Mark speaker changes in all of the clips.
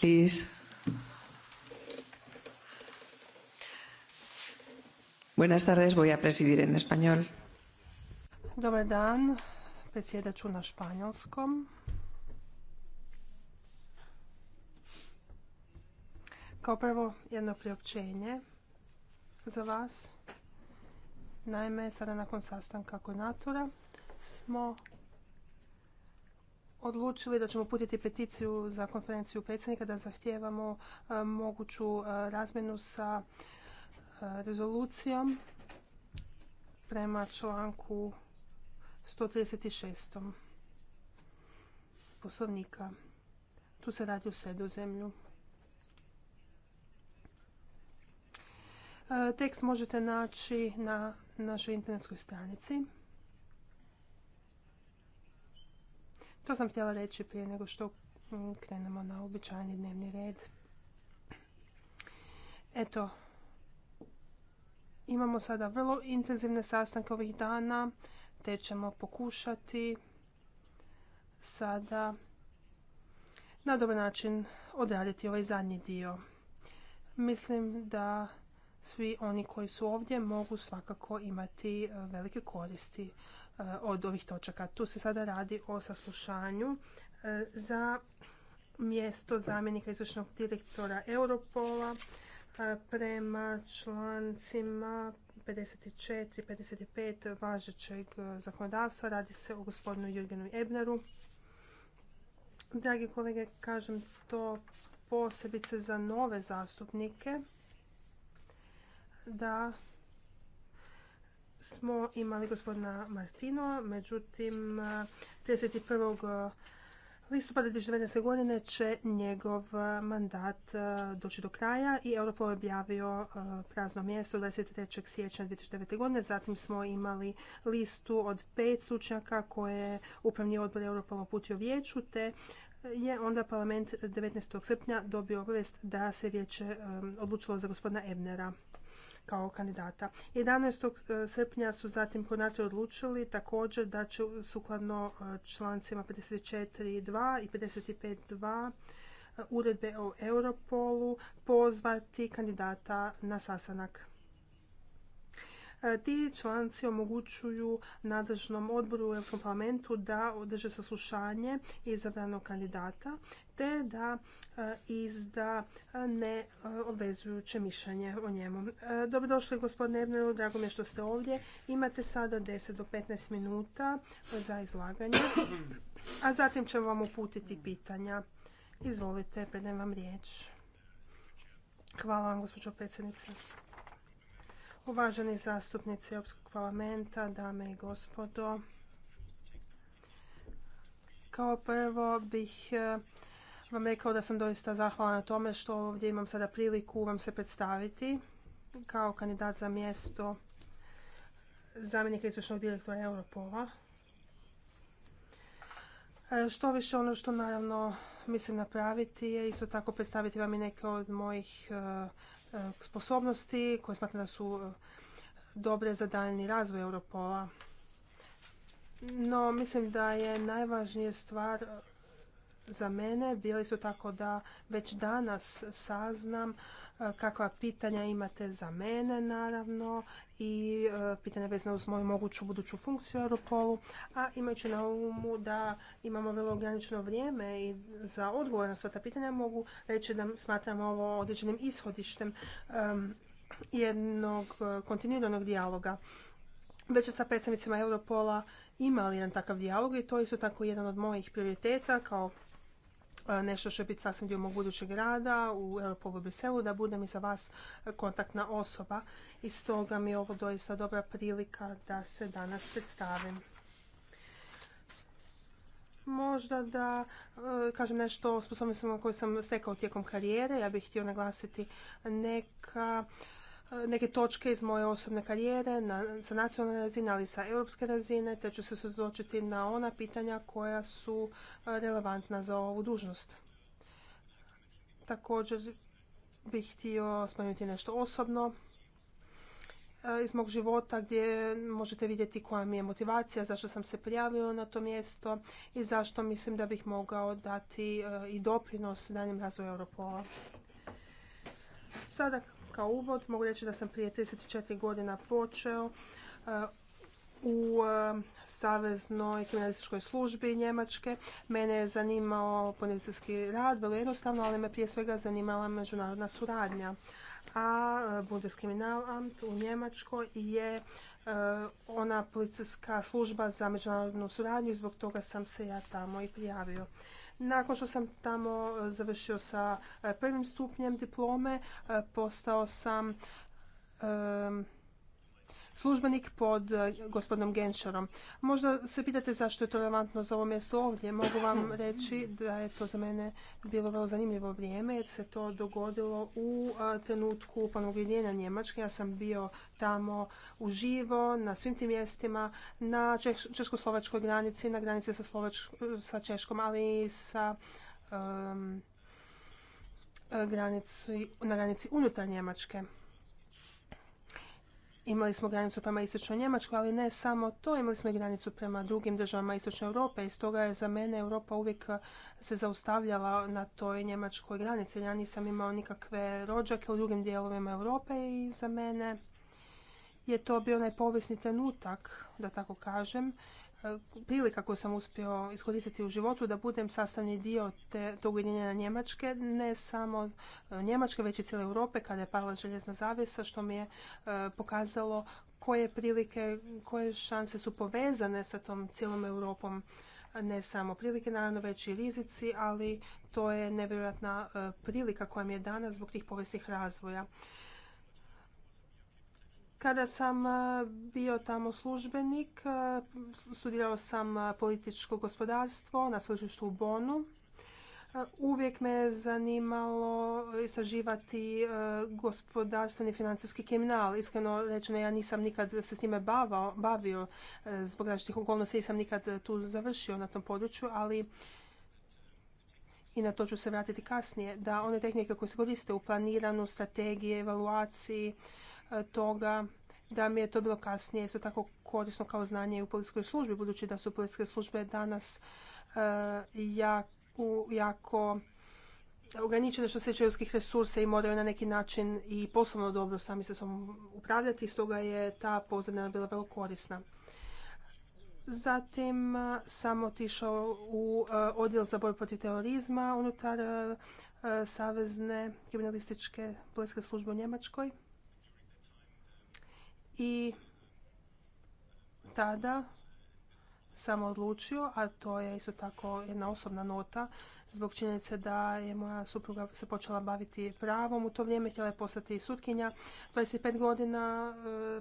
Speaker 1: please. Buenas tardes, voy a presidir en español.
Speaker 2: Dobar dan, predsjedat ću na španjolskom. Kao prvo, jedno priopćenje za vas. Naime, sada nakon sastanka natura, smo odlučili da ćemo putiti peticiju za konferenciju predsjednika da zahtijevamo e, moguću e, razmjenu sa e, rezolucijom prema članku 136. poslovnika. Tu se radi o sredozemlju. Tekst možete naći na našoj internetskoj stranici. To sam htjela reći prije nego što mm, krenemo na običajni dnevni red. Eto, imamo sada vrlo intenzivne sastanke ovih dana, te ćemo pokušati sada na dobar način odraditi ovaj zadnji dio. Mislim da svi oni koji su ovdje mogu svakako imati e, velike koristi E, od ovih točaka. Tu se sada radi o saslušanju e, za mjesto zamjenika izvršnog direktora Europola e, prema člancima 54 55 važećeg zakonodavstva. Radi se o gospodinu Jurgenu Ebneru. Dragi kolege, kažem to posebice za nove zastupnike da smo imali gospodina Martino, međutim 31. Eh, listopada 2019. godine će njegov eh, mandat eh, doći do kraja i Europol je objavio prazno mjesto 23. siječnja 2009. godine. Zatim smo imali listu od pet sučnjaka koje je Upravni odbor Europola uputio vijeću te je onda parlament 19. srpnja dobio obavijest da se vijeće odlučilo za gospodina Ebnera kao kandidata. 11. E, srpnja su zatim koordinatori odlučili također da će sukladno e, člancima 54.2 i 55.2 e, uredbe o Europolu pozvati kandidata na sasanak. E, ti članci omogućuju nadležnom odboru u Europskom parlamentu da održe saslušanje izabranog kandidata te da e, izda e, ne obvezujuće mišljenje o njemu. Dobrodošli gospodine Ebneru, drago mi je što ste ovdje. Imate sada 10 do 15 minuta za izlaganje, a zatim ćemo vam uputiti pitanja. Izvolite, predajem vam riječ. Hvala vam, gospođo predsjednice. Uvaženi zastupnici Europskog parlamenta, dame i gospodo, kao prvo bih eh, vam rekao da sam doista zahvala na tome što ovdje imam sada priliku vam se predstaviti kao kandidat za mjesto zamjenika izvršnog direktora Europola. Eh, što više ono što naravno mislim napraviti je isto tako predstaviti vam i neke od mojih eh, Eh, sposobnosti koje smatram da su eh, dobre za daljni razvoj Europola. No, mislim da je najvažnija stvar eh, za mene bili su tako da već danas saznam E, kakva pitanja imate za mene naravno i e, pitanja vezana uz moju moguću buduću funkciju u Europolu, a imajući na umu da imamo vrlo ograničeno vrijeme i za odgovor na sva ta pitanja mogu reći da smatram ovo određenim ishodištem jednog e, kontinuiranog dijaloga. Već sa predstavnicima Europola imali jedan takav dijalog i to je isto tako jedan od mojih prioriteta kao E, nešto što je biti sasvim dio mog budućeg rada u Europolu Briselu, da budem i za vas kontaktna osoba. I stoga mi je ovo doista dobra prilika da se danas predstavim. Možda da e, kažem nešto o sposobnostima koje sam stekao tijekom karijere. Ja bih htio naglasiti neka neke točke iz moje osobne karijere na, sa nacionalne razine, ali sa europske razine, te ću se sredočiti na ona pitanja koja su e, relevantna za ovu dužnost. Također bih htio spomenuti nešto osobno e, iz mog života gdje možete vidjeti koja mi je motivacija, zašto sam se prijavio na to mjesto i zašto mislim da bih mogao dati e, i doprinos danim razvoju Europola. Sada kao uvod mogu reći da sam prije 34 godina počeo uh, u uh, Saveznoj kriminalističkoj službi Njemačke. Mene je zanimao policijski rad, bilo jednostavno, ali me prije svega zanimala međunarodna suradnja. A uh, Bundeskriminalamt u Njemačkoj je ona policijska služba za međunarodnu suradnju i zbog toga sam se ja tamo i prijavio. Nakon što sam tamo e, završio sa e, prvim stupnjem diplome, e, postao sam službenik pod e, gospodinom Genšarom. Možda se pitate zašto je to relevantno za ovo mjesto ovdje. Mogu vam reći da je to za mene bilo vrlo zanimljivo vrijeme jer se to dogodilo u e, trenutku ponovnog Njemačke. Ja sam bio tamo uživo, na svim tim mjestima, na češko-slovačkoj granici, na granici sa, Češkom, ali i sa e, na granici unutar Njemačke. Imali smo granicu prema istočnoj Njemačkoj, ali ne samo to, imali smo i granicu prema drugim državama istočne Europe i stoga je za mene Europa uvijek se zaustavljala na toj njemačkoj granici. Ja nisam imao nikakve rođake u drugim dijelovima Europe i za mene je to bio onaj povijesni trenutak, da tako kažem, E, prilika koju sam uspio iskoristiti u životu da budem sastavni dio te, tog ujedinjenja Njemačke, ne samo e, Njemačke, već i cijele Europe kada je pala željezna zavjesa, što mi je e, pokazalo koje prilike, koje šanse su povezane sa tom cijelom Europom. Ne samo prilike, naravno već i rizici, ali to je nevjerojatna prilika koja mi je danas zbog tih povijesnih razvoja. Kada sam e, bio tamo službenik, e, studirao sam e, političko gospodarstvo na sveučilištu u Bonu. Uvijek me zanimalo istraživati gospodarstveni financijski kriminal. Iskreno rečeno, ja nisam nikad se s njime bavio zbog različitih okolnosti, nisam nikad tu završio na tom području, ali i na to ću se vratiti kasnije, da one tehnike koje se koriste u planiranu strategije, evaluaciji, toga da mi je to bilo kasnije isto tako korisno kao znanje u policijskoj službi, budući da su policijske službe danas e, jako, jako ograničene što se tiče ljudskih resursa i moraju na neki način i poslovno dobro sami se sobom upravljati, stoga je ta pozadina bila vrlo korisna. Zatim e, sam otišao u e, odjel za borbu protiv terorizma unutar Savezne kriminalističke policijske službe u Njemačkoj i tada sam odlučio, a to je isto tako jedna osobna nota, zbog činjenice da je moja supruga se počela baviti pravom u to vrijeme, htjela je postati sutkinja. 25 godina, e,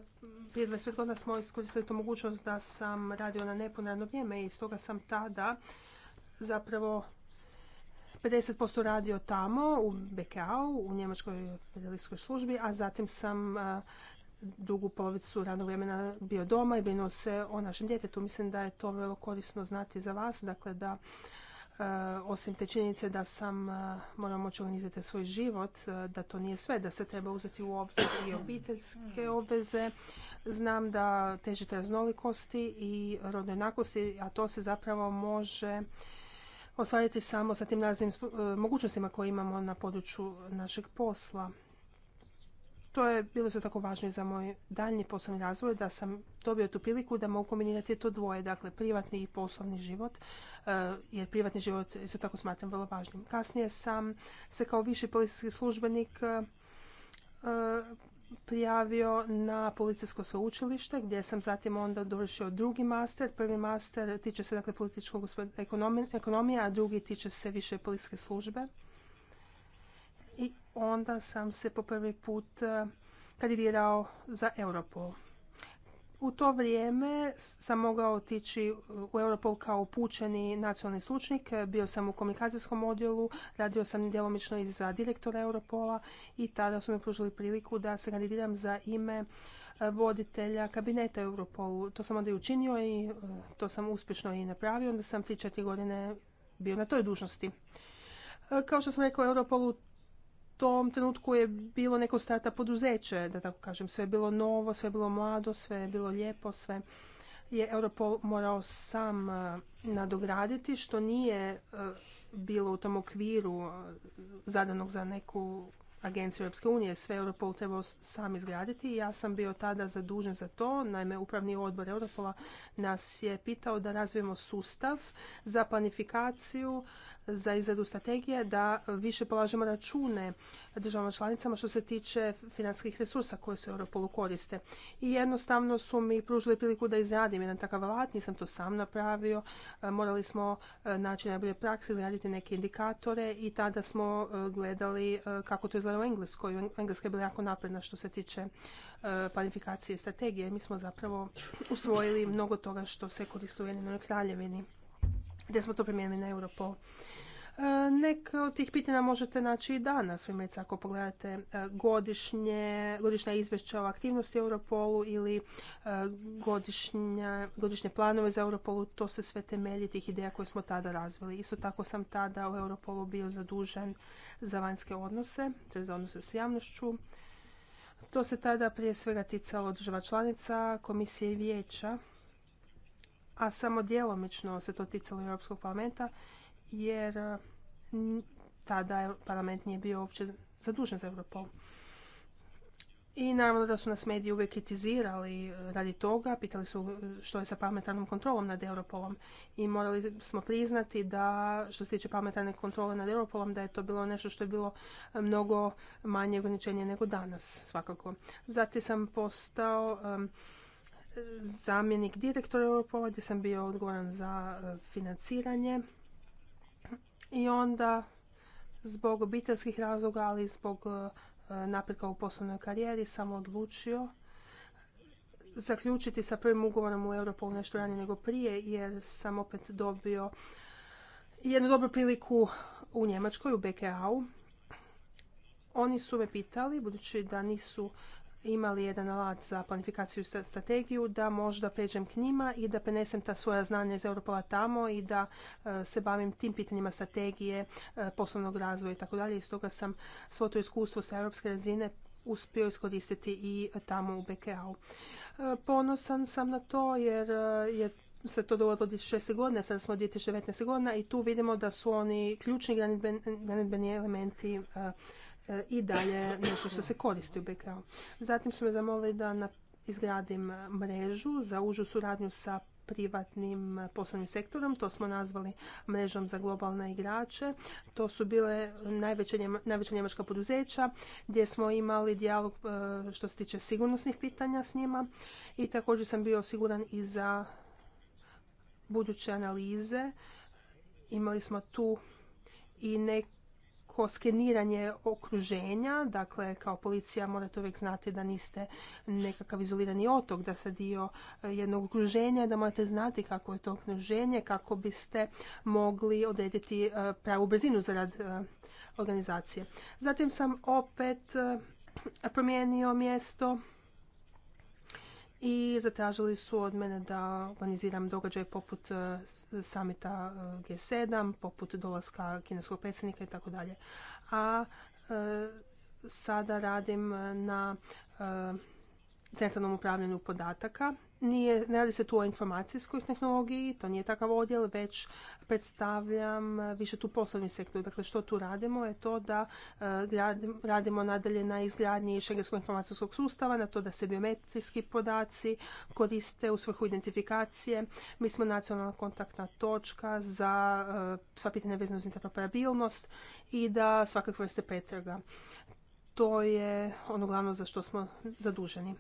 Speaker 2: prije 25 godina smo iskoristili tu mogućnost da sam radio na nepunarno vrijeme i stoga sam tada zapravo 50% radio tamo u BKA-u, Njemačkoj federalistskoj službi, a zatim sam e, drugu polovicu radnog vremena bio doma i brinuo se o našem djetetu. Mislim da je to vrlo korisno znati za vas, dakle da eh, osim te činjenice da sam moramo eh, moram moći organizirati svoj život, eh, da to nije sve, da se treba uzeti u obzir i obiteljske obveze. Znam da težite raznolikosti i rodne jednakosti, a to se zapravo može ostvariti samo sa tim raznim mogućnostima koje imamo na području našeg posla. To je bilo se tako važno i za moj daljnji poslovni razvoj da sam dobio tu priliku da mogu kombinirati to dvoje, dakle privatni i poslovni život, e, jer privatni život isto tako smatram vrlo važnim. Kasnije sam se kao viši policijski službenik e, e, prijavio na policijsko sveučilište gdje sam zatim onda dovršio drugi master. Prvi master tiče se dakle političkog ekonomija, a drugi tiče se više policijske službe i onda sam se po prvi put e, kandidirao za Europol. U to vrijeme sam mogao otići u Europol kao upućeni nacionalni slučnik. E, bio sam u komunikacijskom odjelu, radio sam djelomično i za direktora Europola i tada su mi pružili priliku da se kandidiram za ime e, voditelja kabineta Europolu. To sam onda i učinio i to sam uspješno i napravio. Onda sam 3-4 godine bio na toj dužnosti. Kao što sam rekao, Europolu tom trenutku je bilo neko starta poduzeće, da tako kažem. Sve je bilo novo, sve je bilo mlado, sve je bilo lijepo, sve je Europol morao sam eh, nadograditi, što nije eh, bilo u tom okviru eh, zadanog za neku agenciju Europske unije. Sve Europol trebao sam izgraditi i ja sam bio tada zadužen za to. Naime, upravni odbor Europola nas je pitao da razvijemo sustav za planifikaciju, za izradu strategije, da više polažemo račune državama članicama što se tiče financijskih resursa koje se Europolu koriste. I jednostavno su mi pružili priliku da izradim jedan takav alat, nisam to sam napravio. E, morali smo e, naći najbolje prakse, izraditi neke indikatore i tada smo e, gledali kako to izgleda izgleda u Engleskoj. Engleska je bila jako napredna što se tiče e, planifikacije strategije. Mi smo zapravo usvojili mnogo toga što se koristilo u Ujedinjenoj kraljevini gdje smo to primijenili na Europol. E, neka od tih pitanja možete naći i danas, primjerice ako pogledate e, godišnje, godišnja izvješća o aktivnosti Europolu ili e, godišnje planove za Europolu, to se sve temelji tih ideja koje smo tada razvili. Isto tako sam tada u Europolu bio zadužen za vanjske odnose, to za odnose s javnošću. To se tada prije svega ticalo država članica, komisije i vijeća, a samo djelomično se to ticalo Europskog parlamenta jer e, tada parlament nije bio uopće zadužen za Europol. I naravno da su nas mediji uvijek kritizirali e, radi toga, pitali su što je sa parlamentarnom kontrolom nad Europolom i morali smo priznati da što se tiče parlamentarne kontrole nad Europolom da je to bilo nešto što je bilo mnogo manje ograničenje nego danas svakako. Zatim sam postao zamjenik direktora Europola gdje sam bio odgovoran za e, financiranje i onda zbog obiteljskih razloga, ali i zbog e, napretka u poslovnoj karijeri sam odlučio zaključiti sa prvim ugovorom u Europolu nešto ranije nego prije jer sam opet dobio jednu dobru priliku u Njemačkoj, u BKA-u. Oni su me pitali, budući da nisu imali jedan alat za planifikaciju strategiju, da možda pređem k njima i da prenesem ta svoja znanja iz Europola tamo i da e, se bavim tim pitanjima strategije, e, poslovnog razvoja i tako dalje. I stoga sam svo to iskustvo sa europske razine uspio iskoristiti i tamo u BKA-u. E, ponosan sam na to jer je se to dogodilo 2006. godine, sada smo 2019. godina i tu vidimo da su oni ključni granitbeni elementi E, i dalje nešto što se koristi u BKL. Zatim su me zamolili da izgradim e, mrežu za užu suradnju sa privatnim e, poslovnim sektorom. To smo nazvali mrežom za globalne igrače. To su bile najveća njemačka poduzeća gdje smo imali dijalog što se tiče sigurnosnih pitanja s njima i također sam bio osiguran i za buduće analize. Imali smo tu i neke skeniranje okruženja, dakle kao policija morate uvijek znati da niste nekakav izolirani otok, da ste dio e, jednog okruženja, da morate znati kako je to okruženje, kako biste mogli odrediti e, pravu brzinu za rad e, organizacije. Zatim sam opet promijenio mjesto i zatražili su od mene da organiziram događaj poput e, samita e, G7, poput dolaska kineskog predsjednika i tako dalje. A e, sada radim na centralnom upravljanju podataka nije, ne radi se tu o informacijskoj tehnologiji, to nije takav odjel, već predstavljam e, više tu poslovni sektor. Dakle, što tu radimo je to da e, radimo nadalje na izgradnji šengenskog informacijskog sustava, na to da se biometrijski podaci koriste u svrhu identifikacije. Mi smo nacionalna kontaktna točka za e, sva pitanja vezana uz interoperabilnost i da svakakve vrste pretraga. To je ono glavno za što smo zaduženi.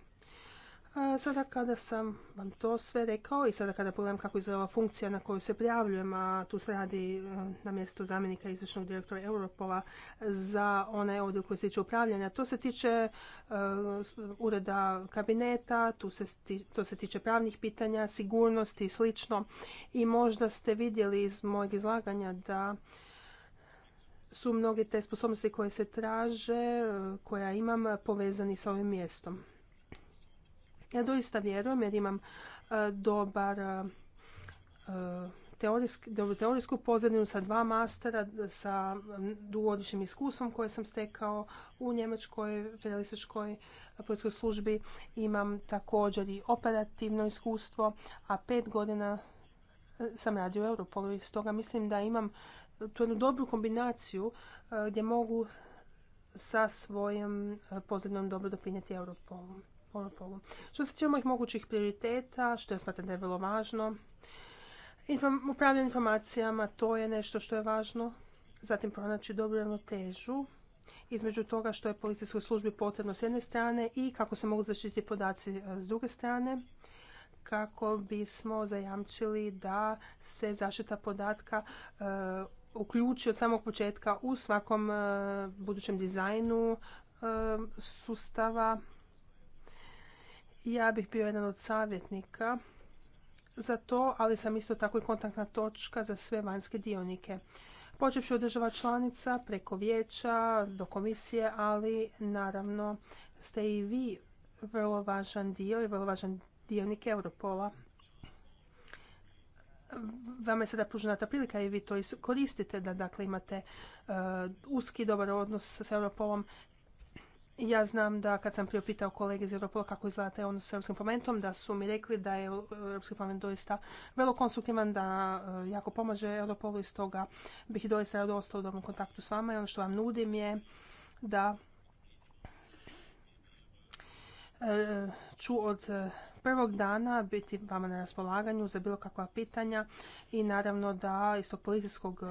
Speaker 2: E, sada kada sam vam to sve rekao i sada kada pogledam kako izgleda funkcija na koju se prijavljujem, a tu se radi e, na mjesto zamjenika izvršnog direktora Europola za onaj odjel koji se tiče upravljanja, to se tiče e, ureda kabineta, to se tiče pravnih pitanja, sigurnosti i slično. I možda ste vidjeli iz mojeg izlaganja da su mnoge te sposobnosti koje se traže, koja imam, povezani sa ovim mjestom. Ja doista vjerujem jer imam e, dobar e, e, dobru teorijsku pozadinu sa dva mastera, sa dugogodišnjim iskustvom koje sam stekao u njemačkoj federalističkoj policijskoj službi. Imam također i operativno iskustvo, a pet godina sam radio u Europolu i stoga mislim da imam tu jednu dobru kombinaciju gdje mogu sa svojom pozadnom dobro doprinijeti Europolu. Što se tiče mojih mogućih prioriteta, što ja smatram da je vrlo važno, upravljanje informacijama, to je nešto što je važno. Zatim pronaći dobru ravnotežu između toga što je policijskoj službi potrebno s jedne strane i kako se mogu zaštititi podaci e, s druge strane kako bismo zajamčili da se zaštita podatka e, uključi od samog početka u svakom e, budućem dizajnu sustava ja bih bio jedan od savjetnika za to, ali sam isto tako i kontaktna točka za sve vanjske dionike. Počevši od država članica, preko vijeća, do komisije, ali naravno ste i vi vrlo važan dio i vrlo važan dionik Europola. Vama je sada pružena ta prilika i vi to koristite, da dakle, imate uh, uski dobar odnos sa Europolom ja znam da kad sam priopitao kolege iz Europola kako izgledate ono s Europskim parlamentom, da su mi rekli da je Europski parlament doista vrlo konstruktivan, da e, jako pomaže Europolu i stoga bih doista rado ostao u dobrom kontaktu s vama i ono što vam nudim je da e, ću od e, prvog dana biti vama na raspolaganju za bilo kakva pitanja i naravno da iz tog policijskog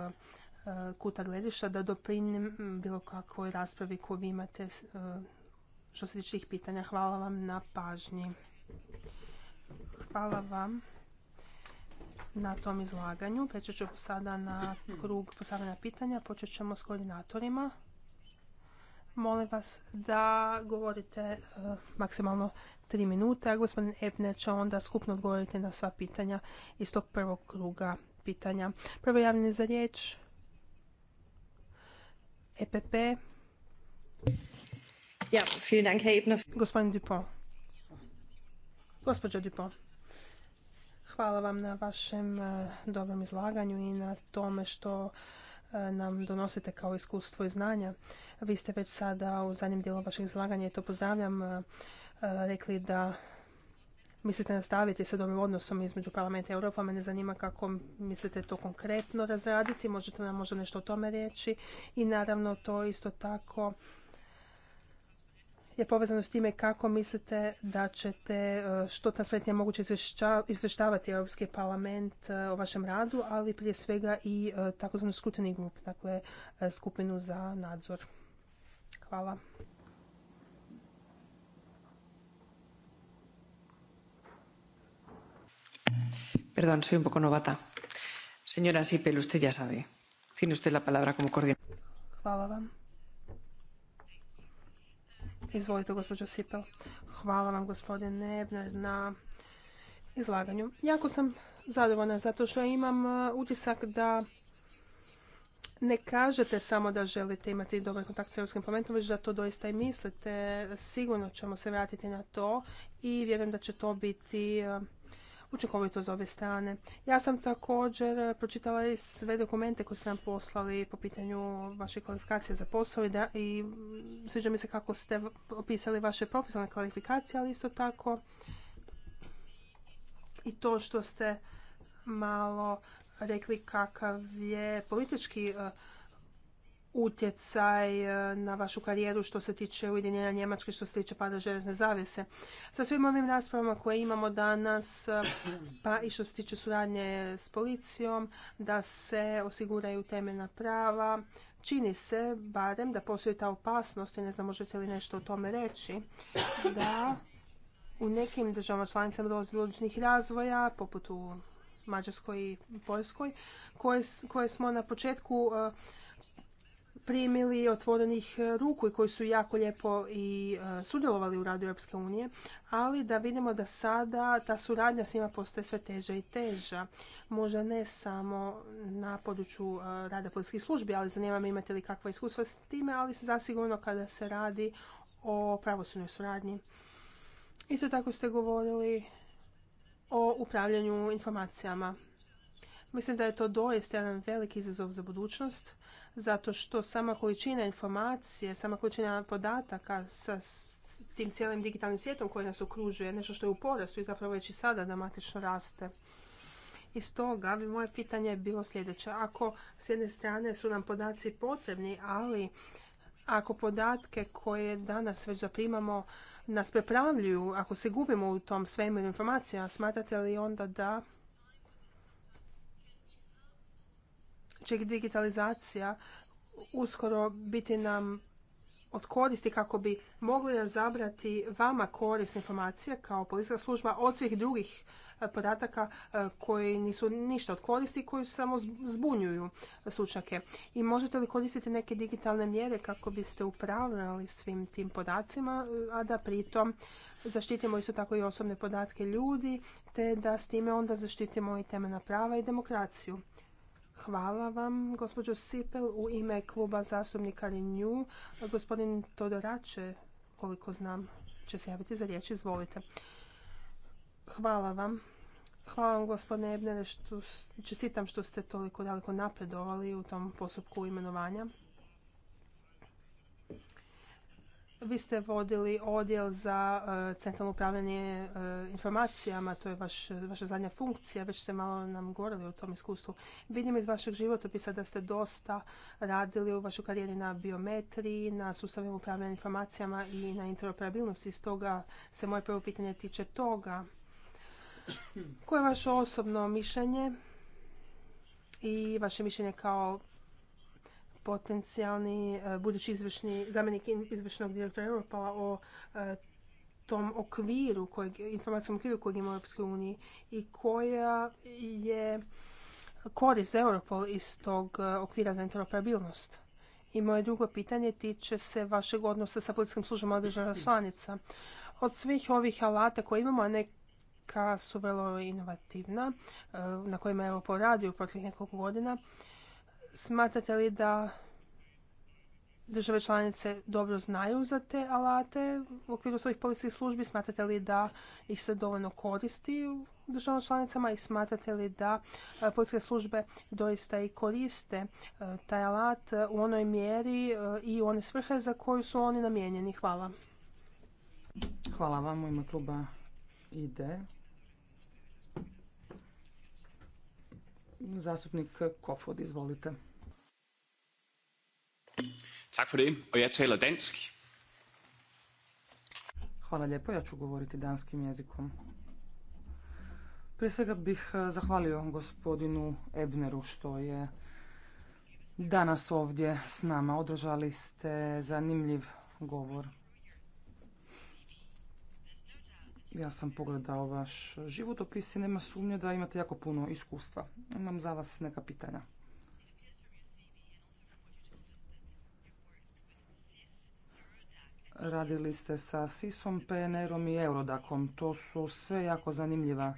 Speaker 2: Eh, kuta gledišta da doprinim bilo kakvoj raspravi koju vi imate eh, što se tiče tih pitanja. Hvala vam na pažnji. Hvala vam na tom izlaganju. Preći ću sada na krug postavljanja pitanja. Počet ćemo s koordinatorima. Molim vas da govorite eh, maksimalno tri minute, a gospodin Epner će onda skupno odgovoriti na sva pitanja iz tog prvog kruga pitanja. Prvo javljanje za riječ, EPP. Ja, vielen Dupont. Hvala vam na vašem e, dobrom izlaganju i na tome što e, nam donosite kao iskustvo i znanja. Vi ste već sada u zadnjem dijelu vašeg izlaganja i to pozdravljam e, rekli da mislite nastaviti sa dobrim odnosom između parlamenta i Europa. Mene zanima kako mislite to konkretno razraditi. Možete nam možda nešto o tome reći. I naravno to isto tako je povezano s time kako mislite da ćete e, što transparentnije moguće izvještavati Europski parlament e, o vašem radu, ali prije svega i e, takozvani scrutiny grup, dakle skupinu za nadzor. Hvala.
Speaker 1: Perdón, soy un poco novata. Señora Sipel, usted ya sabe. Tiene usted la palabra como coordinadora.
Speaker 2: Hvala vam. Izvolite, Sipel. Hvala vam, gospodine na izlaganju. Jako sam zadovoljna zato što imam e, utisak da ne kažete samo da želite imati dobar kontakt s Europskim parlamentom, već da to doista i mislite. Sigurno ćemo se vratiti na to i vjerujem da će to biti e, učinkovito za obje strane. Ja sam također eh, pročitala i sve dokumente koje ste nam poslali po pitanju vaše kvalifikacije za posao i, mm, sviđa mi se kako ste opisali vaše profesionalne kvalifikacije, ali isto tako i to što ste malo rekli kakav je politički eh, utjecaj e, na vašu karijeru što se tiče ujedinjenja Njemačke, što se tiče pada železne zavese. Sa svim ovim raspravama koje imamo danas, e, pa i što se tiče suradnje s policijom, da se osiguraju temeljna prava, čini se barem da postoji ta opasnost, i ne znam možete li nešto o tome reći, da u nekim državama članicama dolazi razvoja, poput u Mađarskoj i Poljskoj, koje, smo na početku e, primili otvorenih e, ruku i koji su jako lijepo i e, sudjelovali u radu Europske unije, ali da vidimo da sada ta suradnja s njima postaje sve teža i teža. Možda ne samo na području e, rada policijskih službi, ali zanima me imate li kakva iskustva s time, ali se zasigurno kada se radi o pravosudnoj suradnji. Isto tako ste govorili o upravljanju informacijama. Mislim da je to doista jedan veliki izazov za budućnost zato što sama količina informacije, sama količina podataka sa tim cijelim digitalnim svijetom koji nas okružuje, nešto što je u porastu i zapravo već i sada dramatično raste. I stoga bi moje pitanje bilo sljedeće. Ako s jedne strane su nam podaci potrebni, ali ako podatke koje danas već zaprimamo nas prepravljuju, ako se gubimo u tom svemiru informacija, smatrate li onda da će digitalizacija uskoro biti nam od koristi kako bi mogli razabrati vama korisne informacije kao policijska služba od svih drugih e, podataka e, koji nisu ništa od koristi koji samo zbunjuju slučake. I možete li koristiti neke digitalne mjere kako biste upravljali svim tim podacima, e, a da pritom zaštitimo isto tako i osobne podatke ljudi, te da s time onda zaštitimo i temena prava i demokraciju. Hvala vam, gospođo Sipel. U ime kluba zastupnika Renew, gospodin Todorače, koliko znam, će se javiti za riječ. Izvolite. Hvala vam. Hvala vam, gospodine Ebnere, što, čestitam što ste toliko daleko napredovali u tom postupku imenovanja. Vi ste vodili odjel za e, centralno upravljanje e, informacijama, to je vaša zadnja funkcija, već ste malo nam govorili o tom iskustvu. Vidim iz vašeg životopisa da ste dosta radili u vašoj karijeri na biometriji, na sustavima upravljanja informacijama i na interoperabilnosti, stoga se moje prvo pitanje tiče toga. Koje je vaše osobno mišljenje i vaše mišljenje kao potencijalni e, budući izvršni, zamjenik izvršnog direktora Europola o e, tom okviru, kojeg, informacijskom okviru kojeg ima u Europskoj uniji i koja je korist Europol iz tog e, okvira za interoperabilnost. I moje drugo pitanje tiče se vašeg odnosa sa policijskim službama država članica. Od svih ovih alata koje imamo, a neka su vrlo inovativna, na kojima je Europol radi u proteklih nekoliko godina, Smatrate li da države članice dobro znaju za te alate u okviru svojih policijskih službi? Smatrate li da ih se dovoljno koristi u državama članicama i smatrate li da e, policijske službe doista i koriste e, taj alat e, u onoj mjeri i u one svrhe za koju su oni namijenjeni? Hvala.
Speaker 3: Hvala vam u ime kluba IDE. Zastupnik Kofod, izvolite.
Speaker 4: Tak for det, og jeg taler dansk.
Speaker 3: Hvala lijepo, ja ću govoriti danskim jezikom. Prije svega bih eh, zahvalio gospodinu Ebneru što je danas ovdje s nama. Održali ste zanimljiv govor. Ja sam pogledao vaš životopis i nema sumnje da imate jako puno iskustva. Imam za vas neka pitanja. Radili ste sa SIS-om, PNR-om i Eurodakom. To su sve jako zanimljiva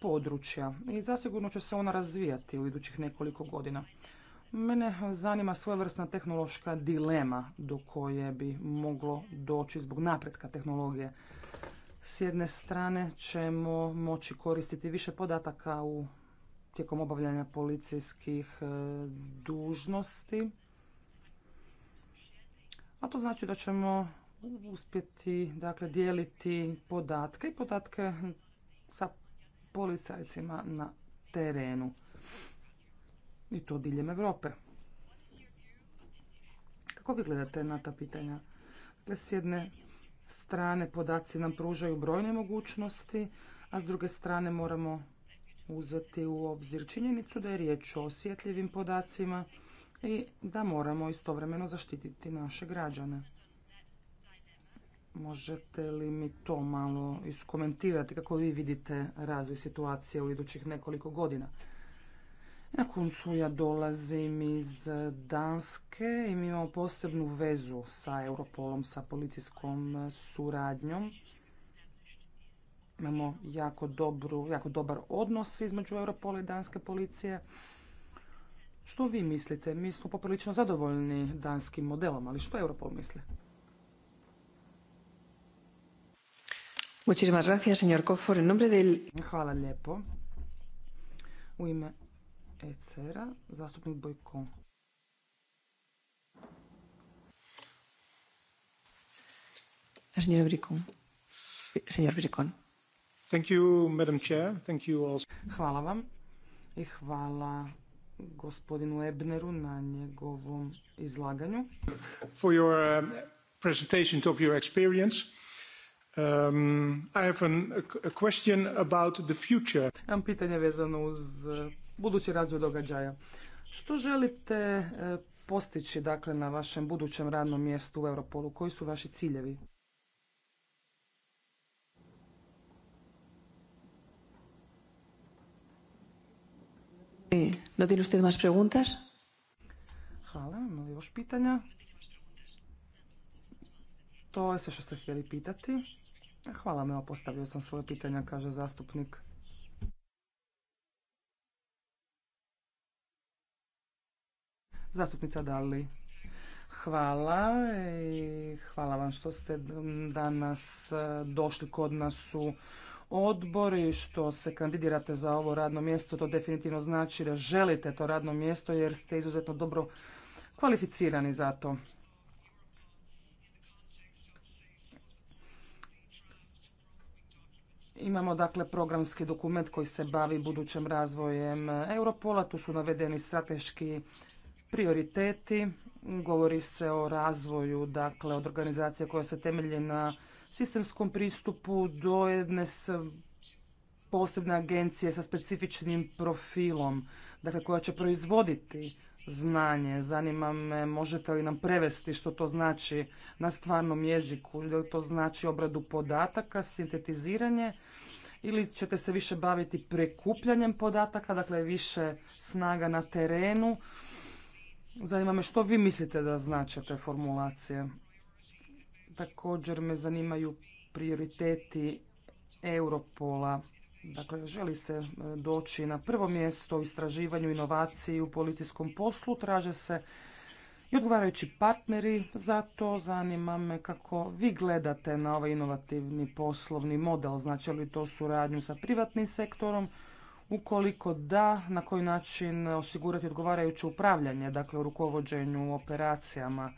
Speaker 3: područja i zasigurno će se ona razvijati u idućih nekoliko godina. Mene zanima svojevrsna tehnološka dilema do koje bi moglo doći zbog napretka tehnologije. S jedne strane ćemo moći koristiti više podataka u tijekom obavljanja policijskih e, dužnosti. A to znači da ćemo uspjeti dakle, dijeliti podatke i podatke sa policajcima na terenu i to diljem Europe. Kako vi gledate na ta pitanja? Dakle, s jedne strane podaci nam pružaju brojne mogućnosti, a s druge strane moramo uzeti u obzir činjenicu da je riječ o osjetljivim podacima i da moramo istovremeno zaštititi naše građane. Možete li mi to malo iskomentirati kako vi vidite razvoj situacije u idućih nekoliko godina? Na koncu ja dolazim iz Danske i mi imamo posebnu vezu sa Europolom, sa policijskom suradnjom. Imamo jako, dobru, jako dobar odnos između Europola i Danske policije. Što vi mislite? Mi smo poprilično zadovoljni danskim modelom, ali što Europol misli?
Speaker 1: Hvala lijepo. U
Speaker 3: ime ECR-a, zastupnik Bojko.
Speaker 1: Senjor Brikon.
Speaker 3: Senjor Thank you, Madam Chair. Thank you also. Hvala vam i hvala gospodinu Ebneru na njegovom izlaganju. For your um, presentation of your experience. Um, I have an, a question about the future. Imam pitanje vezano uz budući razvoj događaja. Što želite e, postići dakle na vašem budućem radnom mjestu u Europolu? Koji su vaši ciljevi?
Speaker 1: No tiene usted más preguntas?
Speaker 3: Hvala, ima još pitanja? To je sve što ste htjeli pitati. Hvala me, postavio sam svoje pitanja, kaže zastupnik. Zastupnica Dali. Hvala i hvala vam što ste danas e, došli kod nas u odbor i što se kandidirate za ovo radno mjesto. To definitivno znači da želite to radno mjesto jer ste izuzetno dobro kvalificirani za to. Imamo dakle programski dokument koji se bavi budućim razvojem Europola. Tu su navedeni strateški prioriteti, govori se o razvoju, dakle od organizacije koja se temelji na sistemskom pristupu do jedne posebne agencije sa specifičnim profilom, dakle koja će proizvoditi znanje. Zanima me možete li nam prevesti što to znači na stvarnom jeziku, da li to znači obradu podataka, sintetiziranje ili ćete se više baviti prekupljanjem podataka, dakle više snaga na terenu Zanima me što vi mislite da znače te formulacije. Također me zanimaju prioriteti Europola. Dakle, želi se e, doći na prvo mjesto u istraživanju inovaciji u policijskom poslu. Traže se i odgovarajući partneri. za to. zanima me kako vi gledate na ovaj inovativni poslovni model. Znači li to suradnju sa privatnim sektorom Ukoliko da, na koji način osigurati odgovarajuće upravljanje, dakle u rukovođenju operacijama?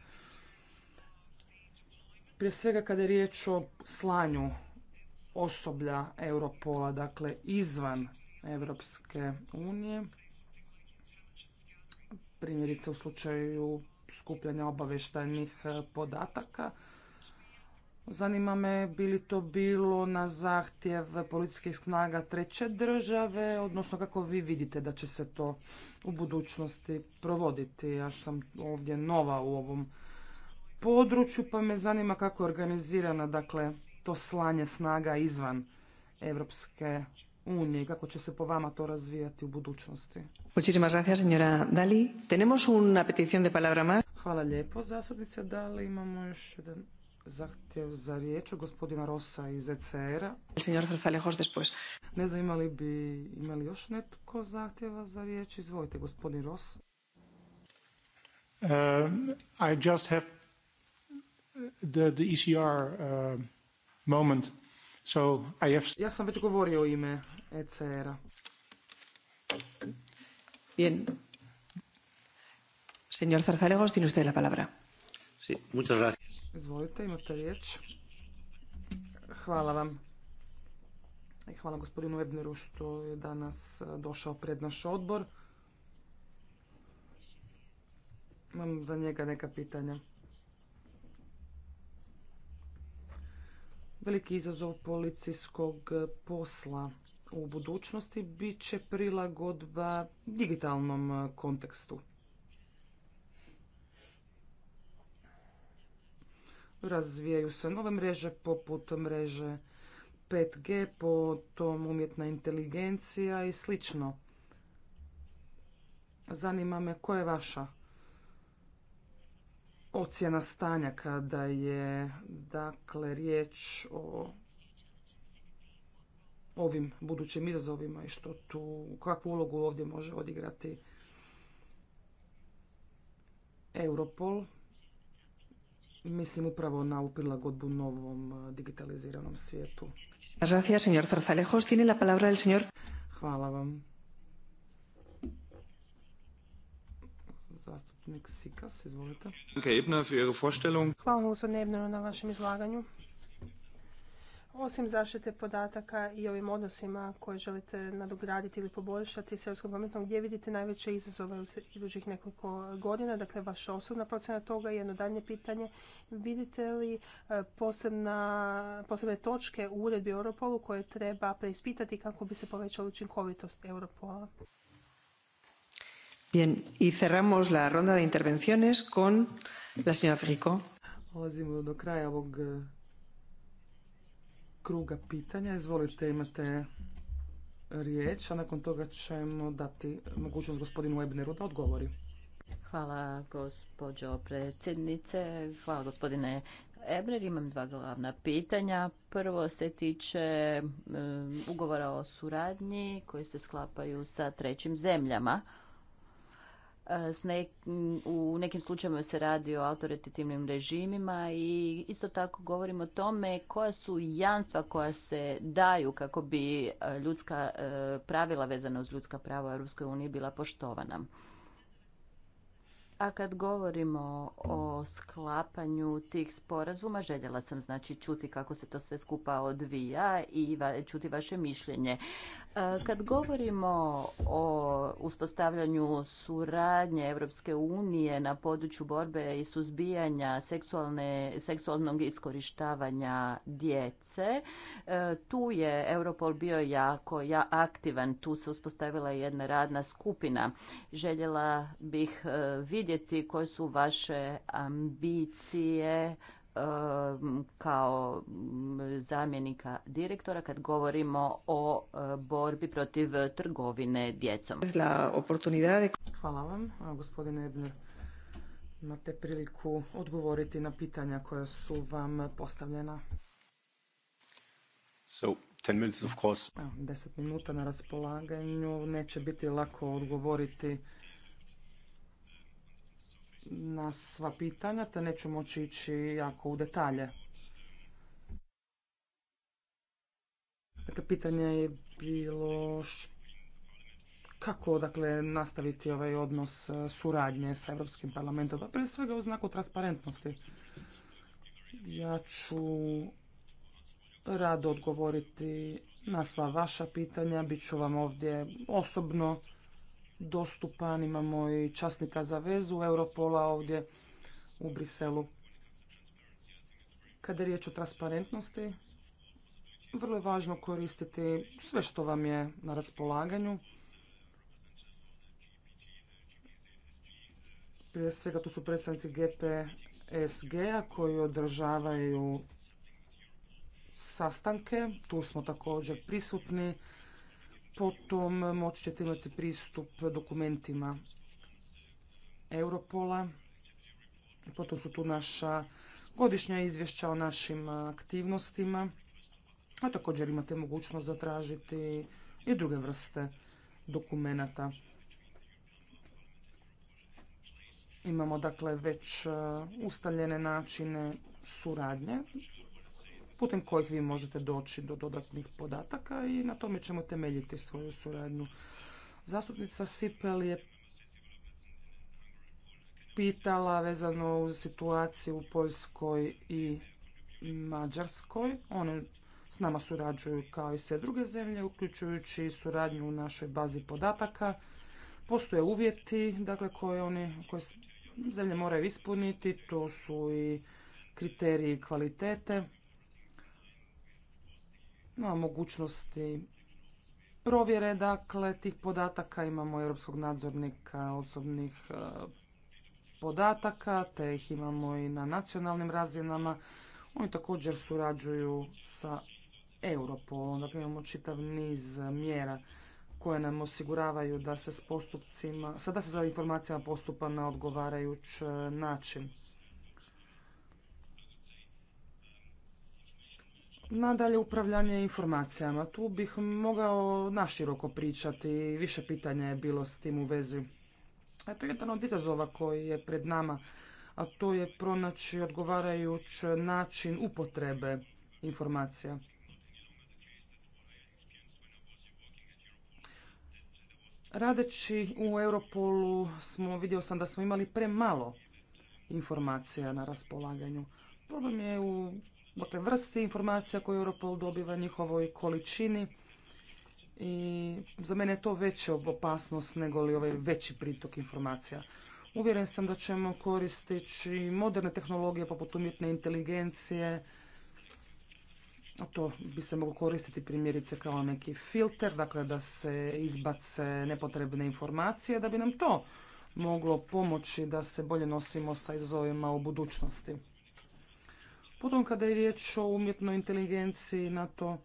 Speaker 3: Prije svega kada je riječ o slanju osoblja Europola, dakle izvan Europske unije, primjerice u slučaju skupljanja obavještajnih podataka, Zanima me bi li to bilo na zahtjev policijskih snaga treće države, odnosno kako vi vidite da će se to u budućnosti provoditi. Ja sam ovdje nova u ovom području pa me zanima kako je organizirana dakle, to slanje snaga izvan Evropske unije i kako će se po vama to razvijati u budućnosti. Hvala lijepo, zastupnice Dali. Imamo još jedan zahtjev za riječ gospodina Rosa iz ECR-a. Ne znam imali bi imali još netko zahtjeva za riječ. Izvolite gospodin Ros. Um, I just have the, the ECR uh, moment. So I have... Ja sam već govorio o ime ECR-a. Bien. Señor
Speaker 1: Zarzalejos, tiene usted la palabra.
Speaker 3: Sí, muchas gracias. Izvolite, imate riječ. Hvala vam. I hvala gospodinu Ebneru što je danas e, došao pred naš odbor. Imam za njega neka pitanja. Veliki izazov policijskog e, posla u budućnosti bit će prilagodba digitalnom e, kontekstu. Razvijaju se nove mreže poput mreže 5G, potom umjetna inteligencija i slično. Zanima me koja je vaša ocjena stanja kada je dakle riječ o ovim budućim izazovima i što tu, kakvu ulogu ovdje može odigrati Europol mislimo pravo na ukrla godbu novom e, digitaliziranom svijetu
Speaker 1: Gracias señor Cerza lejos tiene la palabra el señor
Speaker 3: Zasut Meksika se dozvolite
Speaker 4: Danke Eber für ihre Vorstellung
Speaker 2: Klaus und Eber na vašem islaganju osim zaštite podataka i ovim odnosima koje želite nadograditi ili poboljšati s Europskom pametnom, gdje vidite najveće izazove u idućih nekoliko godina, dakle vaša osobna procjena toga i jedno daljnje pitanje, vidite li e, posebna, posebne točke u uredbi Europolu koje treba preispitati kako bi se povećala učinkovitost Europola?
Speaker 1: Bien, y cerramos la ronda de intervenciones con la señora Frico.
Speaker 3: do kraja ovog kruga pitanja. Izvolite, imate riječ, a nakon toga ćemo dati
Speaker 4: mogućnost gospodinu Ebneru da odgovori. Hvala gospođo predsjednice, hvala gospodine Ebner. Imam dva glavna pitanja. Prvo se tiče um, ugovora o suradnji koji se sklapaju sa trećim zemljama. E, s u nekim slučajevima se radi o autoritativnim režimima i isto tako govorimo o tome koja su jamstva koja se daju kako bi e, ljudska e, pravila vezana uz ljudska prava u EU bila poštovana. A kad govorimo o sklapanju tih sporazuma, željela sam znači čuti kako se to sve skupa odvija i čuti vaše mišljenje. E, kad govorimo o uspostavljanju suradnje Europske unije na području borbe i suzbijanja seksualne, seksualnog iskorištavanja djece, e, tu je Europol bio jako ja, aktivan, tu se uspostavila jedna radna skupina. Željela bih e, vidjeti koje su vaše ambicije Um, kao zamjenika direktora kad govorimo o e, borbi protiv trgovine djecom.
Speaker 3: Hvala vam, gospodine Ebner. Imate priliku odgovoriti na pitanja koja su vam postavljena. Deset minuta na raspolaganju. Neće biti lako odgovoriti na sva pitanja, te neću moći ići jako u detalje. Dakle, pitanje je bilo kako dakle, nastaviti ovaj odnos e, suradnje sa Europskim parlamentom, pa prije svega u znaku transparentnosti. Ja ću rado odgovoriti na sva vaša pitanja, bit ću vam ovdje osobno dostupan, imamo i časnika za vezu Europola ovdje u Briselu. Kada je riječ o transparentnosti, vrlo je važno koristiti sve što vam je na raspolaganju. Prije svega tu su predstavnici GPSG-a koji održavaju sastanke. Tu smo također prisutni Potom moći ćete imati pristup dokumentima Europola. Potom su tu naša godišnja izvješća o našim aktivnostima. A također imate mogućnost zatražiti i druge vrste dokumenata. Imamo dakle već uh, ustaljene načine suradnje putem kojih vi možete doći do dodatnih podataka i na tome ćemo temeljiti svoju suradnju. Zastupnica Sipel je pitala vezano uz situaciju u Poljskoj i Mađarskoj. One s nama surađuju kao i sve druge zemlje, uključujući suradnju u našoj bazi podataka. Postoje uvjeti dakle, koje, oni, koje zemlje moraju ispuniti, to su i kriteriji kvalitete. Imamo mogućnosti provjere dakle tih podataka, imamo europskog nadzornika osobnih e, podataka, te ih imamo i na nacionalnim razinama. Oni također surađuju sa Europom. dakle imamo čitav niz mjera koje nam osiguravaju da se s postupcima, sada se za informacijama postupa na odgovarajući e, način. Nadalje, upravljanje informacijama. Tu bih mogao naširoko pričati, više pitanja je bilo s tim u vezi. A to je jedan od izazova koji je pred nama, a to je pronaći odgovarajuć način upotrebe informacija. Radeći u Europolu smo, vidio sam da smo imali premalo informacija na raspolaganju. Problem je u dakle, vrsti informacija koje Europol dobiva, njihovoj količini. I za mene je to veća opasnost nego li ovaj veći pritok informacija. Uvjeren sam da ćemo koristeći moderne tehnologije poput umjetne inteligencije, a to bi se moglo koristiti primjerice kao neki filter, dakle da se izbace nepotrebne informacije, da bi nam to moglo pomoći da se bolje nosimo sa izazovima u budućnosti. Potom kada je riječ o umjetnoj inteligenciji na to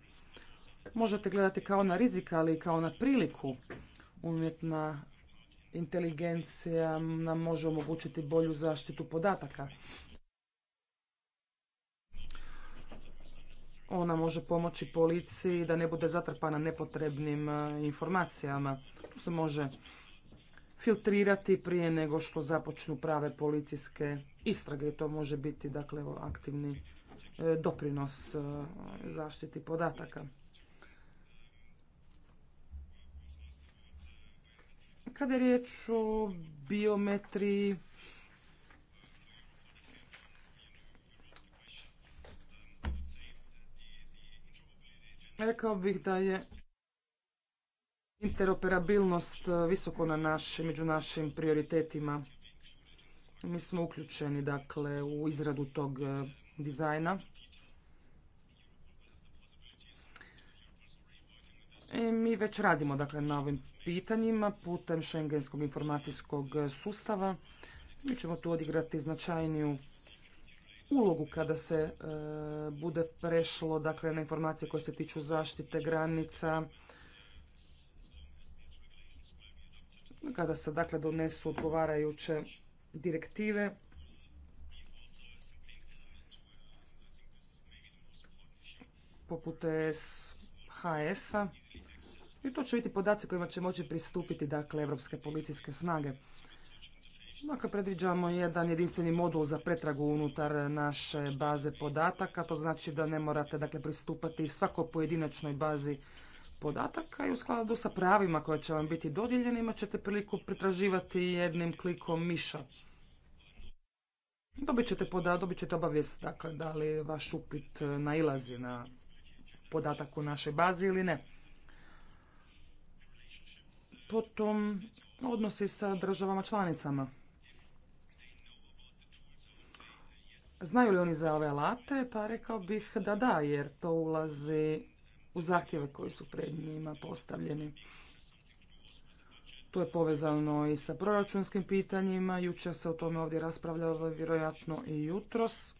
Speaker 3: možete gledati kao na rizik, ali i kao na priliku. Umjetna inteligencija nam može omogućiti bolju zaštitu podataka. Ona može pomoći policiji da ne bude zatrpana nepotrebnim eh, informacijama. To se može filtrirati prije nego što započnu prave policijske istrage i to može biti dakle aktivni e, doprinos e, zaštiti podataka. Kada je riječ o biometriji, rekao bih da je interoperabilnost e, visoko na našim, među našim prioritetima. Mi smo uključeni dakle u izradu tog e, dizajna. I e, mi već radimo dakle na ovim pitanjima putem šengenskog informacijskog sustava. Mi ćemo tu odigrati značajniju ulogu kada se bude prešlo dakle na informacije koje se tiču zaštite granica, kada se dakle donesu odgovarajuće direktive. poput SHS-a. I to će biti podaci kojima će moći pristupiti dakle evropske policijske snage. Dakle, predviđamo jedan jedinstveni modul za pretragu unutar naše baze podataka. To znači da ne morate dakle, pristupati svakoj pojedinačnoj bazi podataka i u skladu sa pravima koja će vam biti dodijeljena imat ćete priliku pretraživati jednim klikom miša. Dobit ćete, poda, dobit ćete obavijest dakle, da li vaš upit e, nailazi na podatak u našoj bazi ili ne. Potom odnosi sa državama članicama. Znaju li oni za ove alate? Pa rekao bih da da, jer to ulazi u zahtjeve koji su pred njima postavljeni. To je povezano i sa proračunskim pitanjima. Jučer se o tome ovdje raspravljalo, vjerojatno i jutros.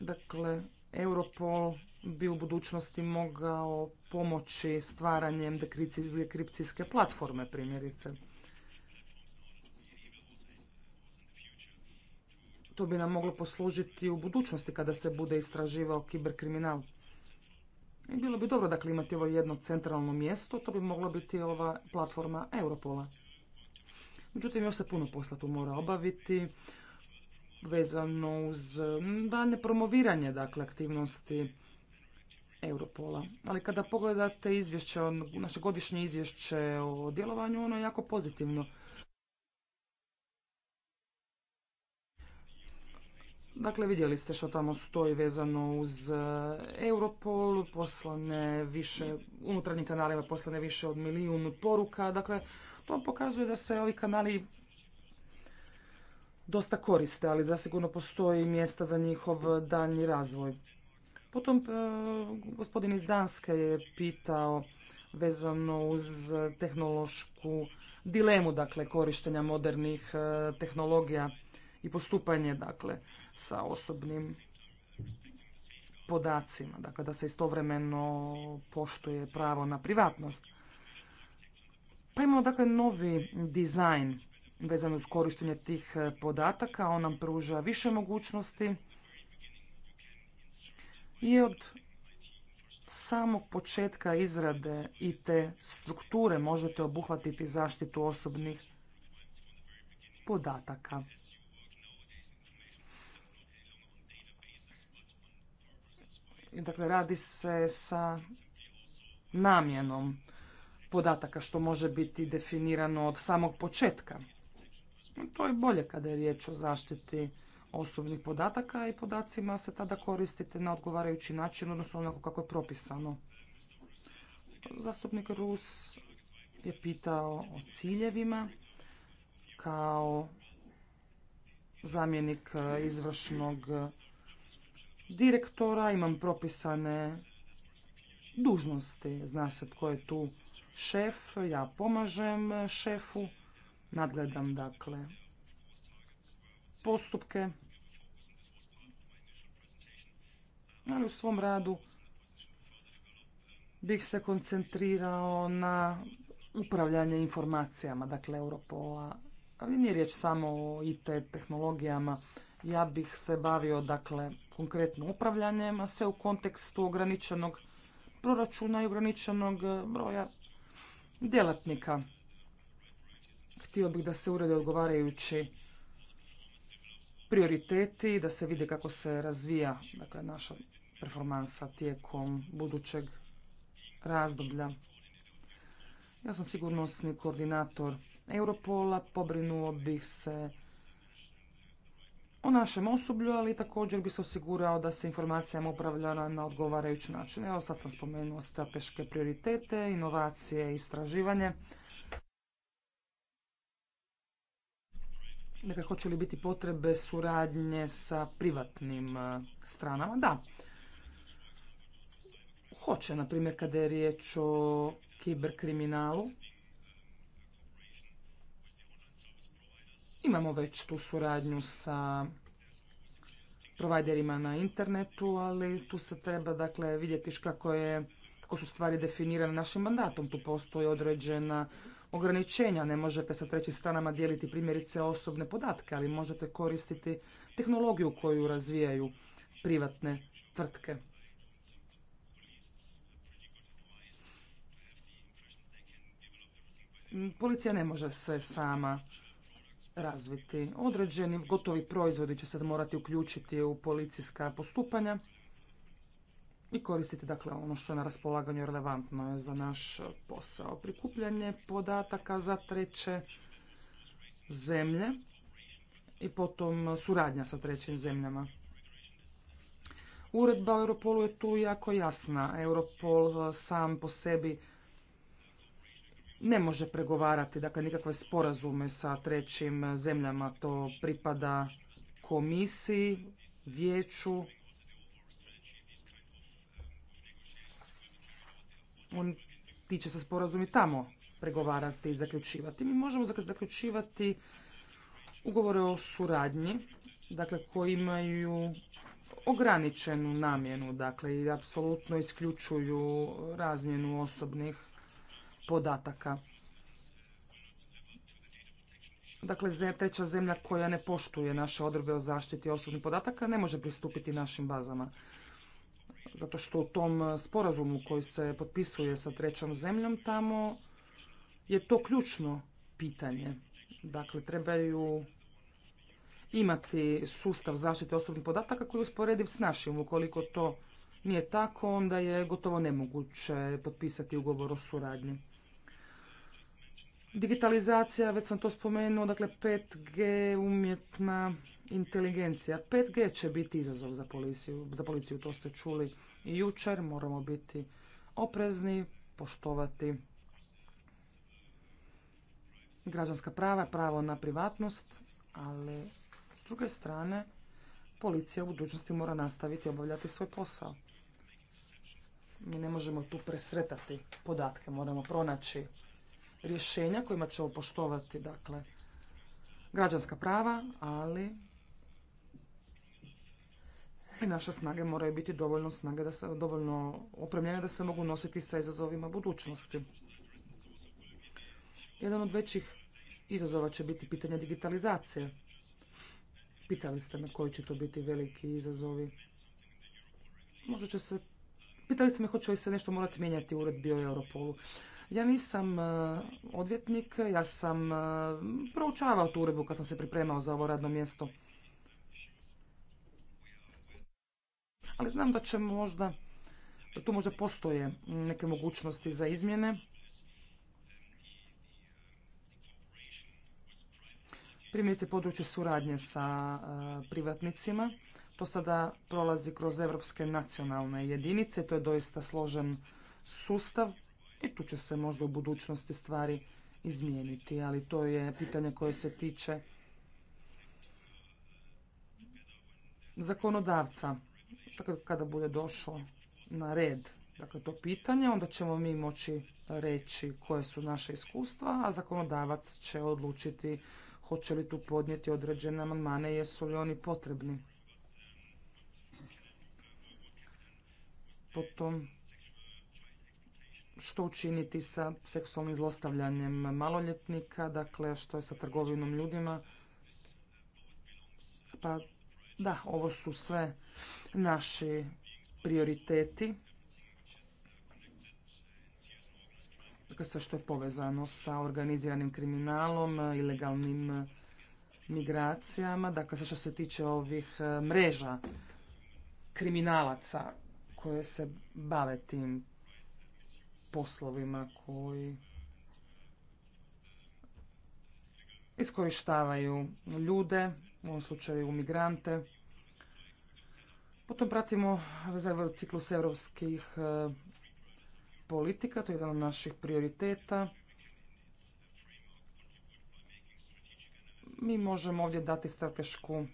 Speaker 3: Dakle, Europol bi u budućnosti mogao pomoći stvaranjem dekripcijske platforme, primjerice. To bi nam moglo poslužiti u budućnosti kada se bude istraživao kiberkriminal. I bilo bi dobro dakle imati ovo jedno centralno mjesto, to bi mogla biti ova platforma Europola. Međutim, još se puno posla tu mora obaviti vezano uz dalje promoviranje dakle, aktivnosti Europola. Ali kada pogledate izvješće, naše godišnje izvješće o djelovanju, ono je jako pozitivno. Dakle, vidjeli ste što tamo stoji vezano uz e, Europol, poslane više, unutarnjim kanalima poslane više od milijun poruka. Dakle, to pokazuje da se ovi kanali dosta koriste, ali zasigurno postoji mjesta za njihov daljnji razvoj. Potom e, gospodin iz Danske je pitao vezano uz tehnološku dilemu, dakle, korištenja modernih e, tehnologija i postupanje, dakle sa osobnim podacima, dakle da se istovremeno poštuje pravo na privatnost. Pa imamo dakle novi dizajn vezan uz korištenje tih e, podataka, on nam pruža više mogućnosti i od samog početka izrade i te strukture možete obuhvatiti zaštitu osobnih podataka. Dakle, radi se sa namjenom podataka što može biti definirano od samog početka. To je bolje kada je riječ o zaštiti osobnih podataka i podacima se tada koristite na odgovarajući način, odnosno onako kako je propisano. Zastupnik Rus je pitao o ciljevima kao zamjenik izvršnog direktora, imam propisane dužnosti. Zna se tko je tu šef, ja pomažem šefu, nadgledam dakle postupke. Ali u svom radu bih se koncentrirao na upravljanje informacijama, dakle Europola. Ali nije riječ samo o IT tehnologijama. Ja bih se bavio, dakle, konkretno upravljanjem, a sve u kontekstu ograničenog proračuna i ograničenog eh, broja djelatnika. Htio bih da se urede odgovarajući prioriteti, da se vidi kako se razvija dakle, naša performansa tijekom budućeg razdoblja. Ja sam sigurnosni koordinator Europola, pobrinuo bih se o našem osoblju, ali također bi se osigurao da se informacijama upravlja na odgovarajući način. Evo sad sam spomenuo strateške prioritete, inovacije, i istraživanje. Neka, dakle, hoće li biti potrebe suradnje sa privatnim e, stranama? Da. Hoće, na primjer, kada je riječ o kiberkriminalu. Imamo već tu suradnju sa providerima na internetu, ali tu se treba dakle vidjeti kako je kako su stvari definirane našim mandatom. Tu postoje određena ograničenja. Ne možete sa trećim stranama dijeliti primjerice osobne podatke, ali možete koristiti tehnologiju koju razvijaju privatne tvrtke. Policija ne može se sama razviti. Određeni gotovi proizvodi će se morati uključiti u policijska postupanja i koristiti dakle ono što je na raspolaganju relevantno je za naš posao. Prikupljanje podataka za treće zemlje i potom suradnja sa trećim zemljama. Uredba o Europolu je tu jako jasna. Europol sam po sebi ne može pregovarati, dakle nikakve sporazume sa trećim zemljama. To pripada komisiji, vijeću. On ti će se sporazumi tamo pregovarati i zaključivati. Mi možemo zaključivati ugovore o suradnji, dakle koji imaju ograničenu namjenu, dakle i apsolutno isključuju razmjenu osobnih podataka. Dakle, treća zemlja koja ne poštuje naše odredbe o zaštiti osobnih podataka ne može pristupiti našim bazama. Zato što u tom e, sporazumu koji se potpisuje sa trećom zemljom, tamo je to ključno pitanje. Dakle, trebaju imati sustav zaštite osobnih podataka koji je usporediv s našim. Ukoliko to nije tako, onda je gotovo nemoguće potpisati ugovor o suradnji. Digitalizacija, već sam to spomenuo, dakle 5G, umjetna inteligencija. 5G će biti izazov za policiju, za policiju to ste čuli i jučer. Moramo biti oprezni, poštovati građanska prava, pravo na privatnost, ali s druge strane policija u budućnosti mora nastaviti obavljati svoj posao. Mi ne možemo tu presretati podatke, moramo pronaći rješenja kojima ćemo poštovati dakle, građanska prava, ali i naše snage moraju biti dovoljno snage da se dovoljno opremljene da se mogu nositi sa izazovima budućnosti. Jedan od većih izazova će biti pitanje digitalizacije. Pitali ste me koji će to biti veliki izazovi. Možda će se Pitali ste me hoće li se nešto morati mijenjati u uredbi o Europolu. Ja nisam e, odvjetnik, ja sam e, proučavao tu uredbu kad sam se pripremao za ovo radno mjesto. Ali znam da će možda, da tu možda postoje neke mogućnosti za izmjene. Primjerice područje suradnje sa e, privatnicima što sada prolazi kroz evropske nacionalne jedinice. To je doista složen sustav i tu će se možda u budućnosti stvari izmijeniti, ali to je pitanje koje se tiče zakonodavca. Dakle, kada bude došlo na red dakle, to pitanje, onda ćemo mi moći reći koje su naše iskustva, a zakonodavac će odlučiti hoće li tu podnijeti određene amandmane, jesu li oni potrebni. tom što učiniti sa seksualnim zlostavljanjem maloljetnika, dakle što je sa trgovinom ljudima. Pa da, ovo su sve naši prioriteti. Dakle, sve što je povezano sa organiziranim kriminalom, ilegalnim migracijama, dakle sve što se tiče ovih eh, mreža kriminalaca koje se bave tim poslovima koji iskorištavaju ljude, u ovom slučaju migrante. Potom pratimo ciklus europskih e, politika, to je jedan od naših prioriteta. Mi možemo ovdje dati stratešku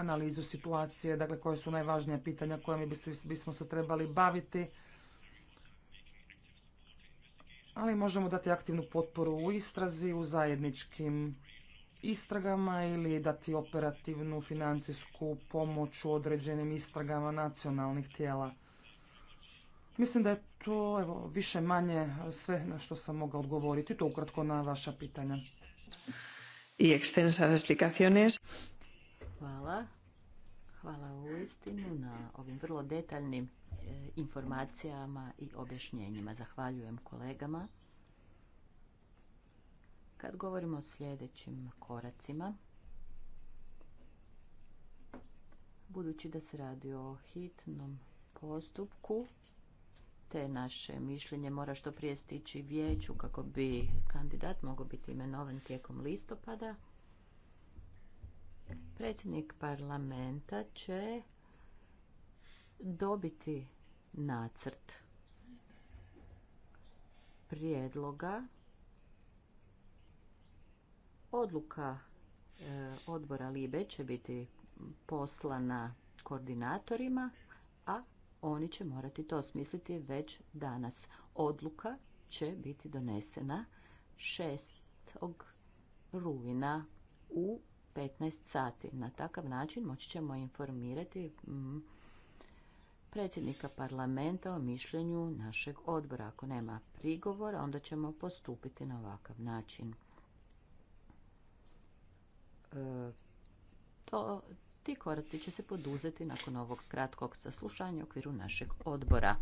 Speaker 3: analizu situacije, dakle koje su najvažnija pitanja kojima bismo se trebali baviti. Ali možemo dati aktivnu potporu u istrazi, u zajedničkim istragama ili dati operativnu financijsku pomoć u određenim istragama nacionalnih tijela. Mislim da je to evo, više manje sve na što sam mogao odgovoriti. To ukratko na vaša pitanja.
Speaker 1: I explicaciones.
Speaker 4: Hvala. Hvala u istinu na ovim vrlo detaljnim e, informacijama i objašnjenjima. Zahvaljujem kolegama. Kad govorimo o sljedećim koracima, budući da se radi o hitnom postupku, te naše mišljenje mora što prije stići vijeću kako bi kandidat mogao biti imenovan tijekom listopada. Predsjednik parlamenta će dobiti nacrt prijedloga odluka e, odbora Libe će biti poslana koordinatorima, a oni će morati to smisliti već danas. Odluka će biti donesena 6. rujna u 15 sati. Na takav način moći ćemo informirati mm, predsjednika parlamenta o mišljenju našeg odbora. Ako nema prigovora, onda ćemo postupiti na ovakav način. E, to, ti koraci će se poduzeti nakon ovog kratkog saslušanja u okviru našeg odbora.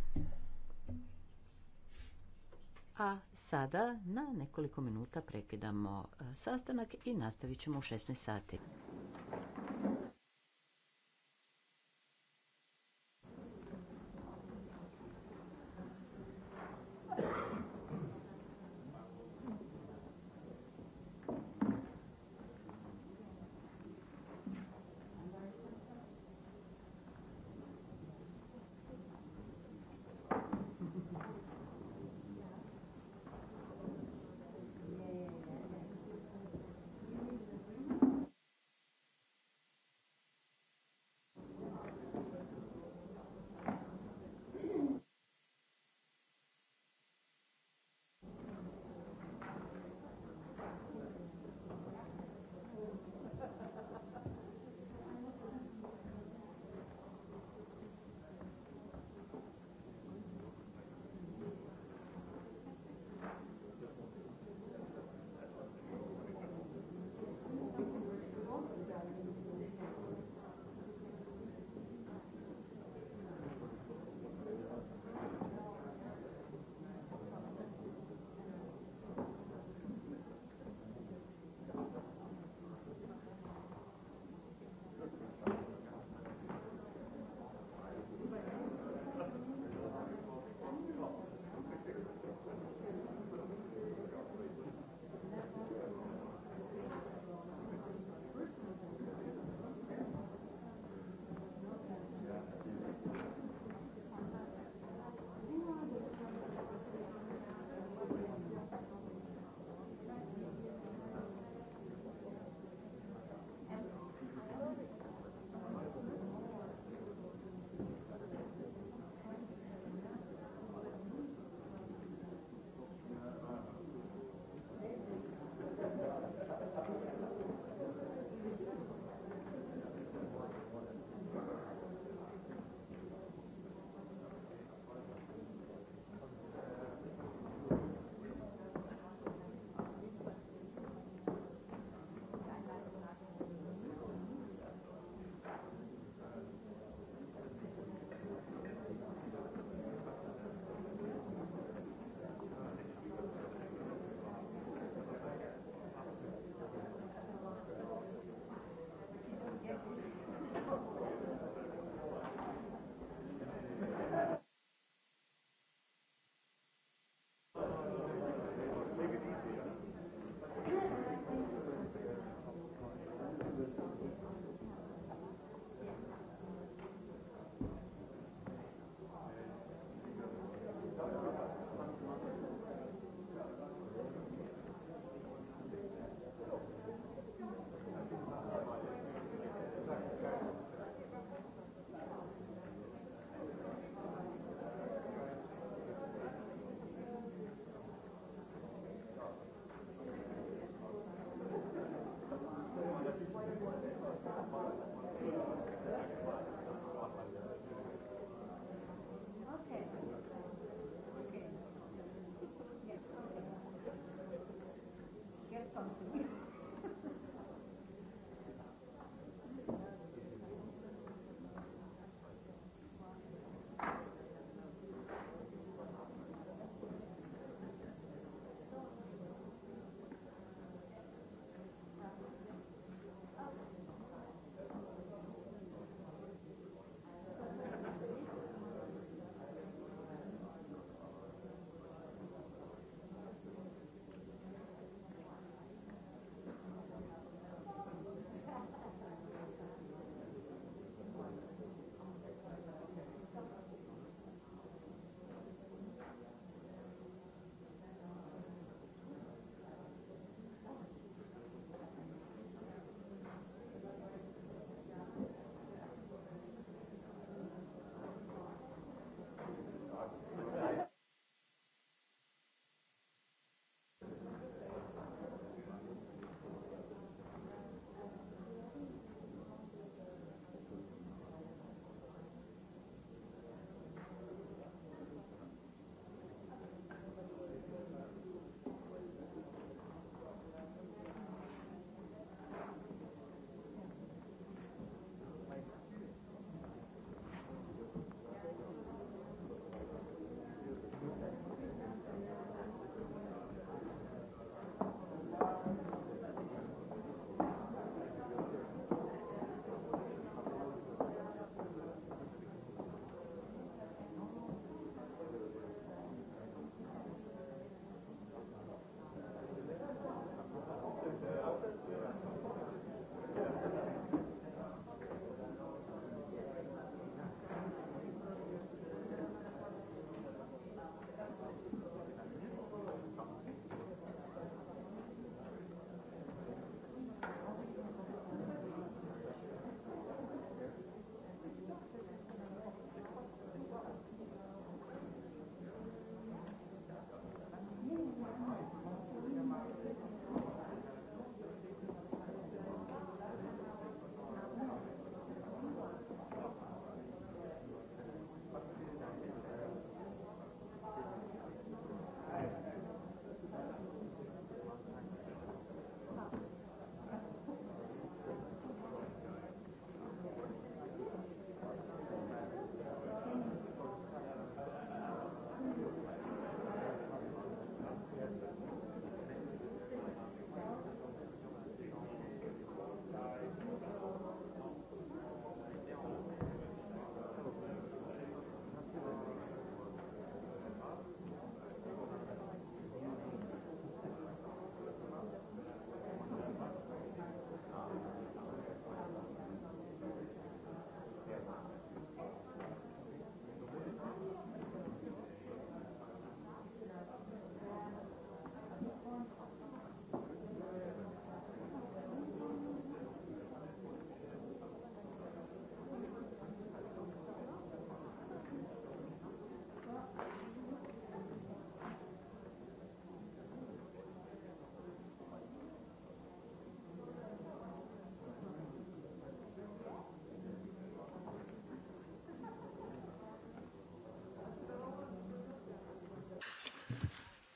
Speaker 4: A sada na nekoliko minuta prekidamo e, sastanak i nastavit ćemo u 16 sati.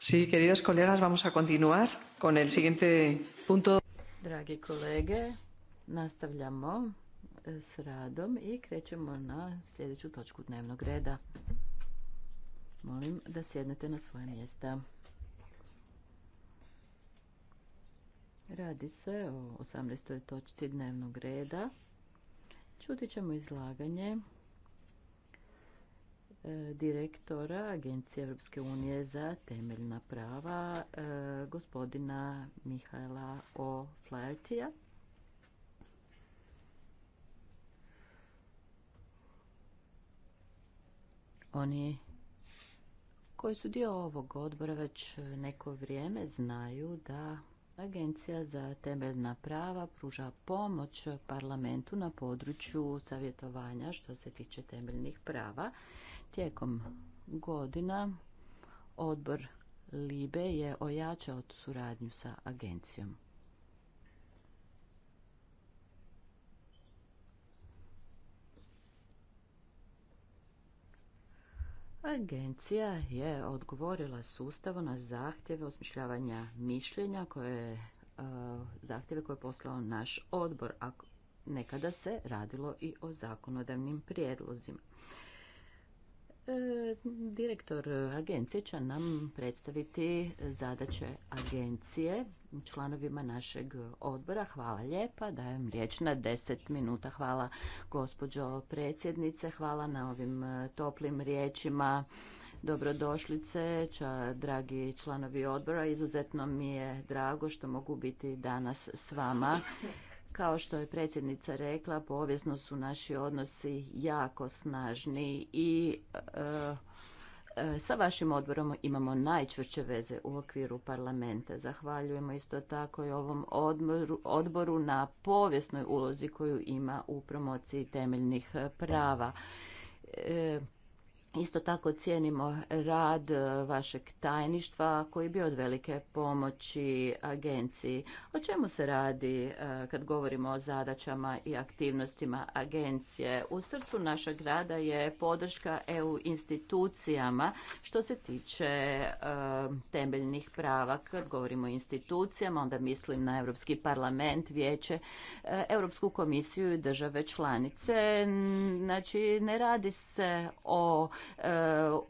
Speaker 1: Sí, queridos colegas, vamos a continuar con el siguiente punto.
Speaker 4: Dragi kolege, nastavljamo eh, s radom i krećemo na sljedeću točku dnevnog reda. Molim da sjednete na svoje mjesta. Radi se o 18. točci dnevnog reda. Čuti ćemo izlaganje direktora Agencije Europske unije za temeljna prava e, gospodina Mihajla O'Flahertija. Oni koji su dio ovog odbora već neko vrijeme znaju da Agencija za temeljna prava pruža pomoć parlamentu na području savjetovanja što se tiče temeljnih prava Tijekom godina odbor Libe je ojačao suradnju sa agencijom. Agencija je odgovorila sustavu na zahtjeve osmišljavanja mišljenja koje e, zahtjeve koje je poslao naš odbor, a nekada se radilo i o zakonodavnim prijedlozima. E, direktor agencije će nam predstaviti zadaće agencije članovima našeg odbora. Hvala lijepa, dajem riječ na 10 minuta. Hvala gospođo predsjednice, hvala na ovim e, toplim riječima. Dobrodošlice, dragi članovi odbora, izuzetno mi je drago što mogu biti danas s vama. Kao što je predsjednica rekla, povijesno su naši odnosi jako snažni i e, e, sa vašim odborom imamo najčvrće veze u okviru parlamenta. Zahvaljujemo isto tako i ovom odboru, na povijesnoj ulozi koju ima u promociji temeljnih prava. E, Isto tako cijenimo rad e, vašeg tajništva koji bi bio od velike pomoći agenciji. O čemu se radi e, kad govorimo o zadaćama i aktivnostima agencije? U srcu našeg rada je podrška EU institucijama što se tiče e, temeljnih prava. Kad govorimo o institucijama, onda mislim na Europski parlament, vijeće, Europsku komisiju i države članice. Znači, ne radi se o E,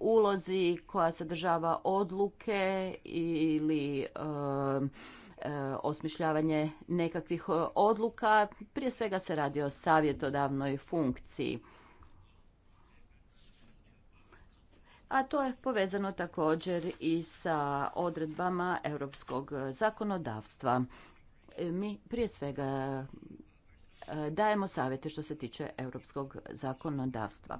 Speaker 4: ulozi koja sadržava odluke ili e, e, osmišljavanje nekakvih odluka. Prije svega se radi o savjetodavnoj funkciji. a to je povezano također i sa odredbama europskog zakonodavstva. Mi prije svega dajemo savjete što se tiče europskog zakonodavstva.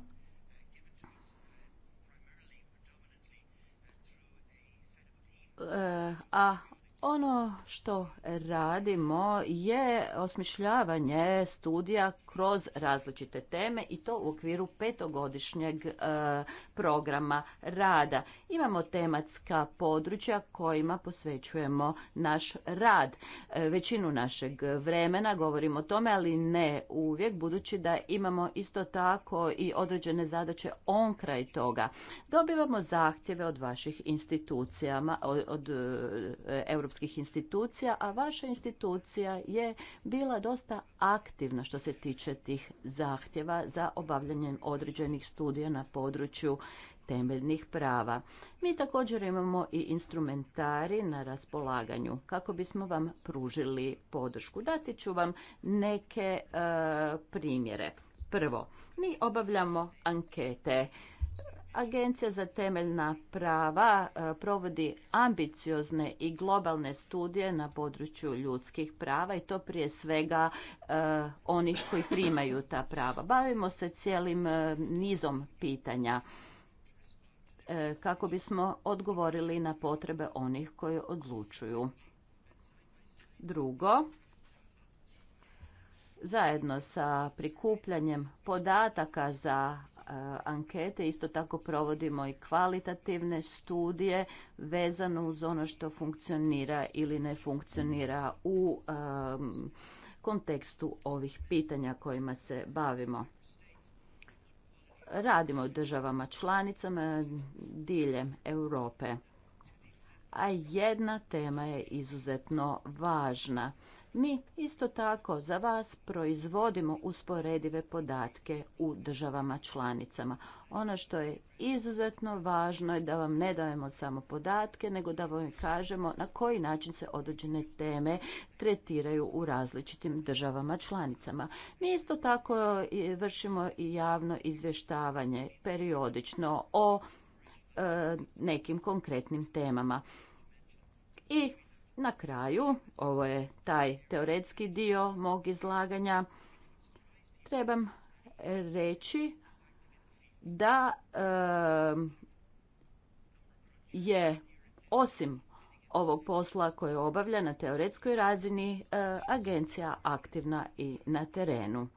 Speaker 4: E, a ono što radimo je osmišljavanje studija kroz različite teme i to u okviru petogodišnjeg e, programa rada. Imamo tematska područja kojima posvećujemo naš rad. E, većinu našeg vremena govorimo o tome, ali ne uvijek, budući da imamo isto tako i određene zadaće on kraj toga. Dobivamo zahtjeve od vaših institucijama, od, e, europskih institucija, a vaša institucija je bila dosta aktivna što se tiče različitih zahtjeva za obavljanje određenih studija na području temeljnih prava. Mi također imamo i instrumentari na raspolaganju kako bismo vam pružili podršku. Dati ću vam neke e, primjere. Prvo, mi obavljamo ankete Agencija za temeljna prava e, provodi ambiciozne i globalne studije na području ljudskih prava i to prije svega e, onih koji primaju ta prava. Bavimo se cijelim e, nizom pitanja kako bismo odgovorili na potrebe onih koji odlučuju. Drugo, zajedno sa prikupljanjem podataka za E, ankete, isto tako provodimo i kvalitativne studije vezano uz ono što funkcionira ili ne funkcionira u e, kontekstu ovih pitanja kojima se bavimo. Radimo u državama članicama diljem Europe. A jedna tema je izuzetno važna. Mi isto tako za vas proizvodimo usporedive podatke u državama članicama. Ono što je izuzetno važno je da vam ne dajemo samo podatke, nego da vam kažemo na koji način se određene teme tretiraju u različitim državama članicama. Mi isto tako vršimo i javno izvještavanje periodično o e, nekim konkretnim temama. I na kraju, ovo je taj teoretski dio mog izlaganja, trebam reći da je osim ovog posla koje obavlja na teoretskoj razini e, agencija aktivna i na terenu.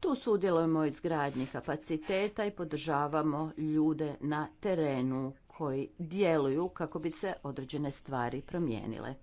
Speaker 4: Tu sudjelujemo u izgradnji kapaciteta i podržavamo ljude na terenu koji djeluju kako bi se određene stvari promijenile.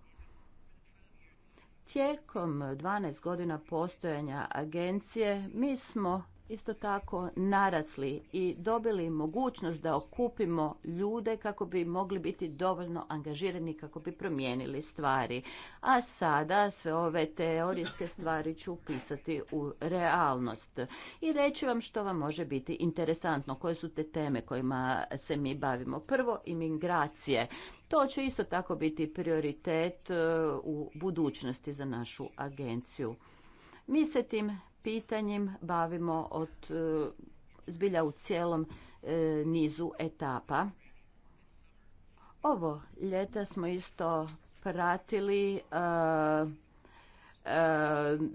Speaker 4: Tijekom 12 godina postojanja agencije mi smo isto tako narasli i dobili mogućnost da okupimo ljude kako bi mogli biti dovoljno angažirani kako bi promijenili stvari. A sada sve ove teorijske stvari ću upisati u realnost i reći vam što vam može biti interesantno, koje su te teme kojima se mi bavimo. Prvo, imigracije. To će isto tako biti prioritet e, u budućnosti za našu agenciju. Mi se tim pitanjem bavimo od e, zbilja u cijelom e, nizu etapa. Ovo ljeta smo isto pratili e,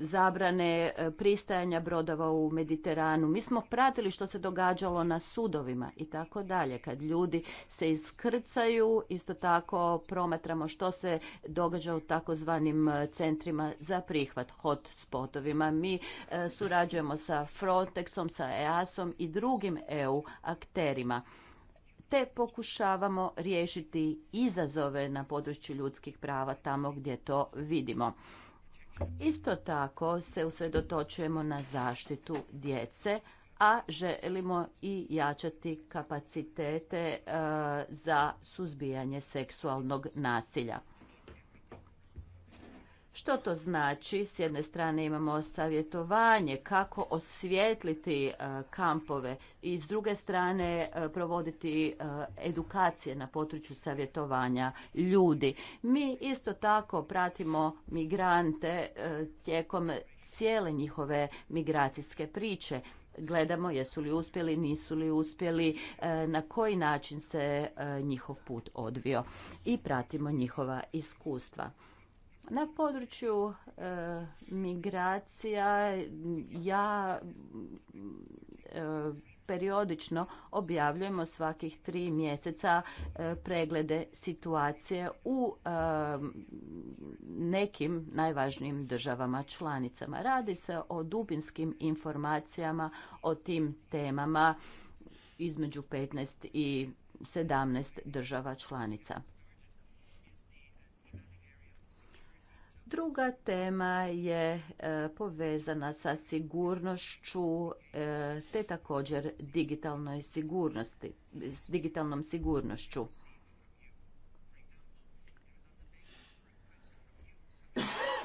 Speaker 4: zabrane e, pristajanja brodova u Mediteranu. Mi smo pratili što se događalo na sudovima i tako dalje. Kad ljudi se iskrcaju, isto tako promatramo što se događa u takozvanim e, centrima za prihvat, hot spotovima. Mi e, surađujemo sa Frontexom, sa EASom i drugim EU akterima te pokušavamo riješiti izazove na području ljudskih prava tamo gdje to vidimo. Isto tako se usredotočujemo na zaštitu djece, a želimo i jačati kapacitete e, za suzbijanje seksualnog nasilja. Što to znači? S jedne strane imamo savjetovanje kako osvijetliti e, kampove i s druge strane e, provoditi e, edukacije na području savjetovanja ljudi. Mi isto tako pratimo migrante tijekom cijele njihove migracijske priče gledamo jesu li uspjeli, nisu li uspjeli, na koji način se njihov put odvio i pratimo njihova iskustva. Na području e, migracija ja e, periodično objavljujemo svakih tri mjeseca e, preglede situacije u nekim najvažnijim državama članicama. Radi se o dubinskim informacijama o tim temama između 15 i 17 država članica. Druga tema je e, povezana sa sigurnošću e, te također digitalnoj sigurnosti, s digitalnom sigurnošću.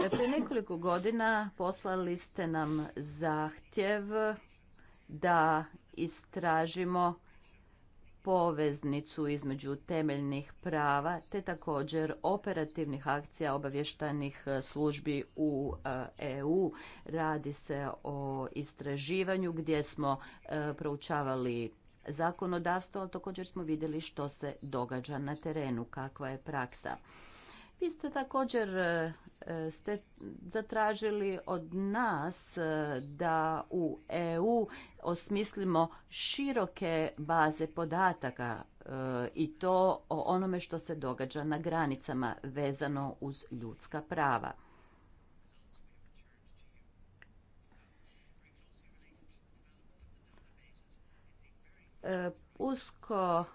Speaker 4: E, prije nekoliko godina poslali ste nam zahtjev da istražimo poveznicu između temeljnih prava te također operativnih akcija obavještajnih službi u EU. E Radi se o istraživanju gdje smo e, proučavali zakonodavstvo, ali također smo vidjeli što se događa na terenu, kakva je praksa. Vi ste također e, e, ste zatražili od nas e, da u EU osmislimo široke baze podataka i to o onome što se događa na granicama vezano uz ljudska prava. Usko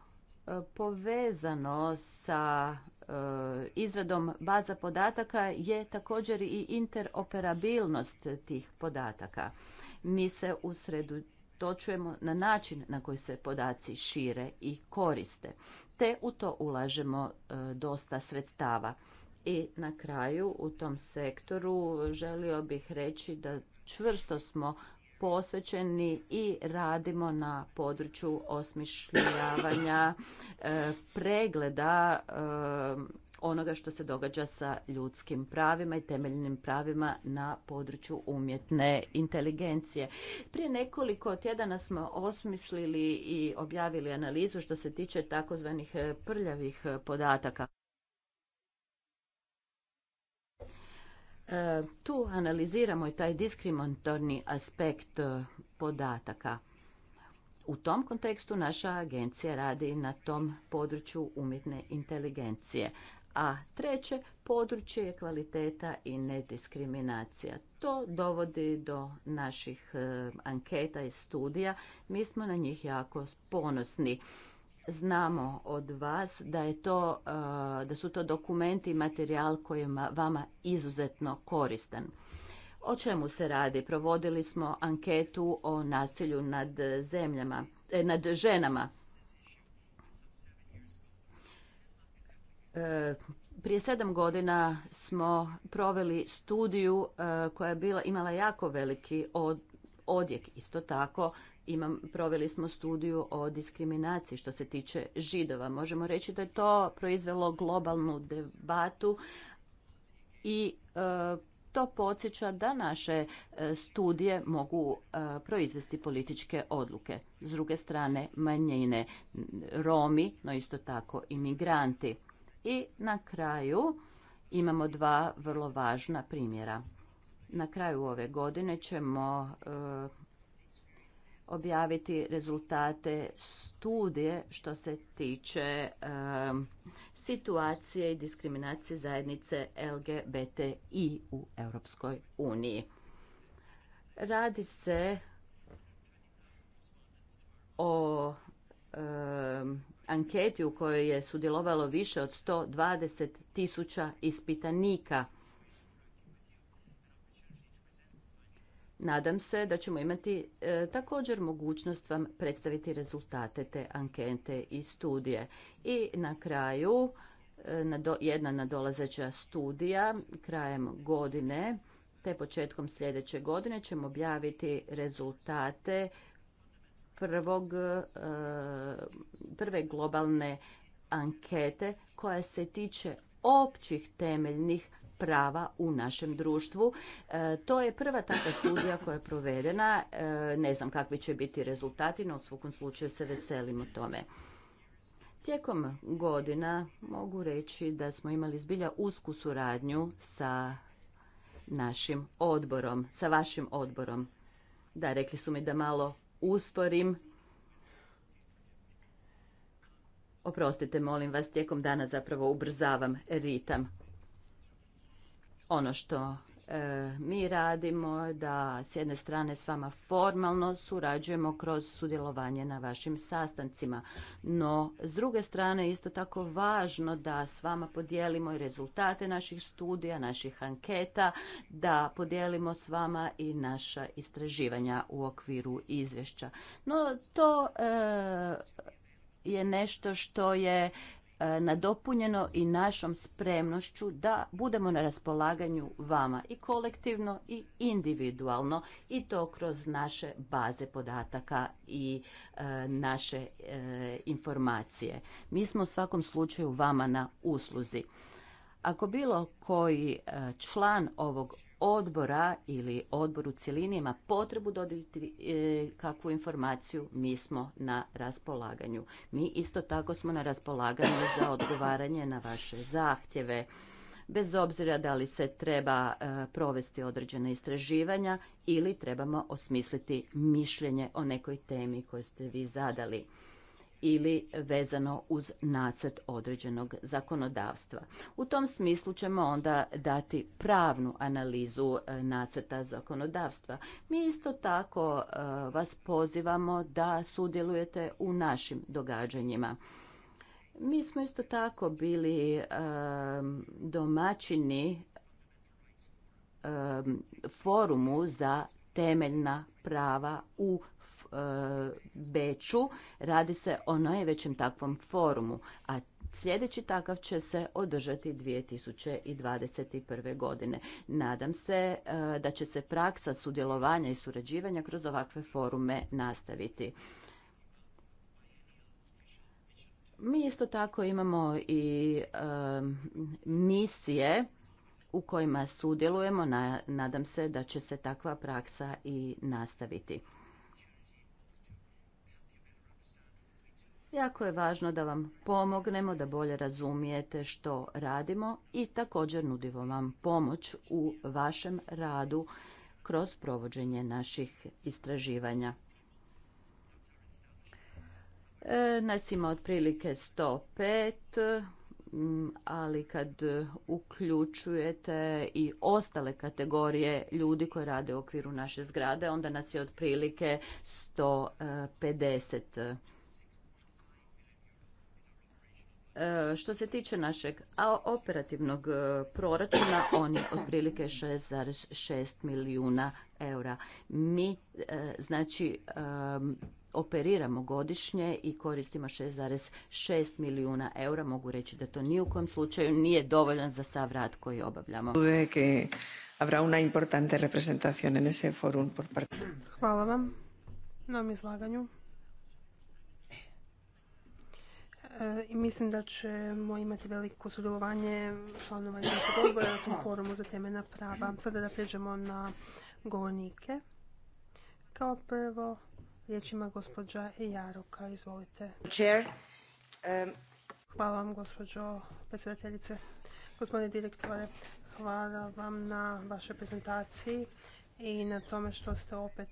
Speaker 4: povezano sa E, izradom baza podataka je također i interoperabilnost tih podataka. Mi se usredotočujemo na način na koji se podaci šire i koriste, te u to ulažemo e, dosta sredstava. I na kraju u tom sektoru želio bih reći da čvrsto smo posvećeni i radimo na području osmišljavanja e, pregleda e, onoga što se događa sa ljudskim pravima i temeljnim pravima na području umjetne inteligencije. Prije nekoliko tjedana smo osmislili i objavili analizu što se tiče takozvanih e, prljavih podataka. E, tu analiziramo i taj diskriminatorni aspekt e, podataka. U tom kontekstu naša agencija radi na tom području umjetne inteligencije. A treće područje je kvaliteta i nediskriminacija. To dovodi do naših e, anketa i studija. Mi smo na njih jako ponosni znamo od vas da, je to, e, da su to dokumenti i materijal koji je vama izuzetno koristan. O čemu se radi? Provodili smo anketu o nasilju nad, zemljama, e, nad ženama. E, prije sedam godina smo proveli studiju koja je bila, imala jako veliki odjek. Isto tako imam, proveli smo studiju o diskriminaciji što se tiče židova. Možemo reći da je to proizvelo globalnu debatu i e, to podsjeća da naše e, studije mogu e, proizvesti političke odluke. S druge strane manjine Romi, no isto tako i migranti. I na kraju imamo dva vrlo važna primjera. Na kraju ove godine ćemo objaviti rezultate studije što se tiče situacije i diskriminacije zajednice LGBTI u Europskoj uniji. Radi se o anketi u kojoj je sudjelovalo više od 120 tisuća ispitanika Nadam se da ćemo imati e, također mogućnost vam predstaviti rezultate te ankete i studije. I na kraju e, jedna nadolazeća studija krajem godine te početkom sljedeće godine ćemo objaviti rezultate prvog, e, prve globalne ankete koja se tiče općih temeljnih prava u našem društvu. E, to je prva takva studija koja je provedena. E, ne znam kakvi će biti rezultati, no u svakom slučaju se veselimo tome. Tijekom godina mogu reći da smo imali zbilja usku suradnju sa našim odborom, sa vašim odborom. Da, rekli su mi da malo usporim. Oprostite, molim vas, tijekom dana zapravo ubrzavam ritam ono što e, mi radimo da s jedne strane s vama formalno surađujemo kroz sudjelovanje na vašim sastancima, no s druge strane isto tako važno da s vama podijelimo i rezultate naših studija, naših anketa, da podijelimo s vama i naša istraživanja u okviru izvješća. No to e, je nešto što je E, nadopunjeno i našom spremnošću da budemo na raspolaganju vama i kolektivno i individualno i to kroz naše baze podataka i e, naše e, informacije. Mi smo u svakom slučaju vama na usluzi. Ako bilo koji član ovog odbora ili odboru cjelini ima potrebu dodati e, kakvu informaciju mi smo na raspolaganju. Mi isto tako smo na raspolaganju za odgovaranje na vaše zahtjeve. Bez obzira da li se treba e, provesti određena istraživanja ili trebamo osmisliti mišljenje o nekoj temi koju ste vi zadali ili vezano uz nacrt određenog zakonodavstva. U tom smislu ćemo onda dati pravnu analizu e, nacrta zakonodavstva. Mi isto tako e, vas pozivamo da sudjelujete u našim događanjima. Mi smo isto tako bili e, domaćini forumu za temeljna prava u Beču. Radi se o najvećem takvom forumu, a Sljedeći takav će se održati 2021. godine. Nadam se e, da će se praksa sudjelovanja i surađivanja kroz ovakve forume nastaviti. Mi isto tako imamo i e, misije u kojima sudjelujemo. Nadam se da će se takva praksa i nastaviti. Jako je važno da vam pomognemo da bolje razumijete što radimo i također nudimo vam pomoć u vašem radu kroz provođenje naših istraživanja. E, nas ima otprilike 105, ali kad uključujete i ostale kategorije ljudi koji rade u okviru naše zgrade, onda nas je otprilike 150 E, što se tiče našeg operativnog e, proračuna, on je otprilike 6,6 milijuna eura. Mi, e, znači, operiramo godišnje i koristimo 6,6 milijuna eura. Mogu reći da to ni u kojem slučaju nije dovoljan za sav rad koji obavljamo.
Speaker 2: Hvala vam na izlaganju. E, i mislim da ćemo imati veliko sudjelovanje članova našeg odbora tom forumu za temena prava. Sada da prijeđemo na govornike. Kao prvo, riječ ima gospođa Jaruka. Izvolite. Um, hvala vam, gospođo predsjedateljice. Gospodine direktore, hvala vam na vašoj prezentaciji i na tome što ste opet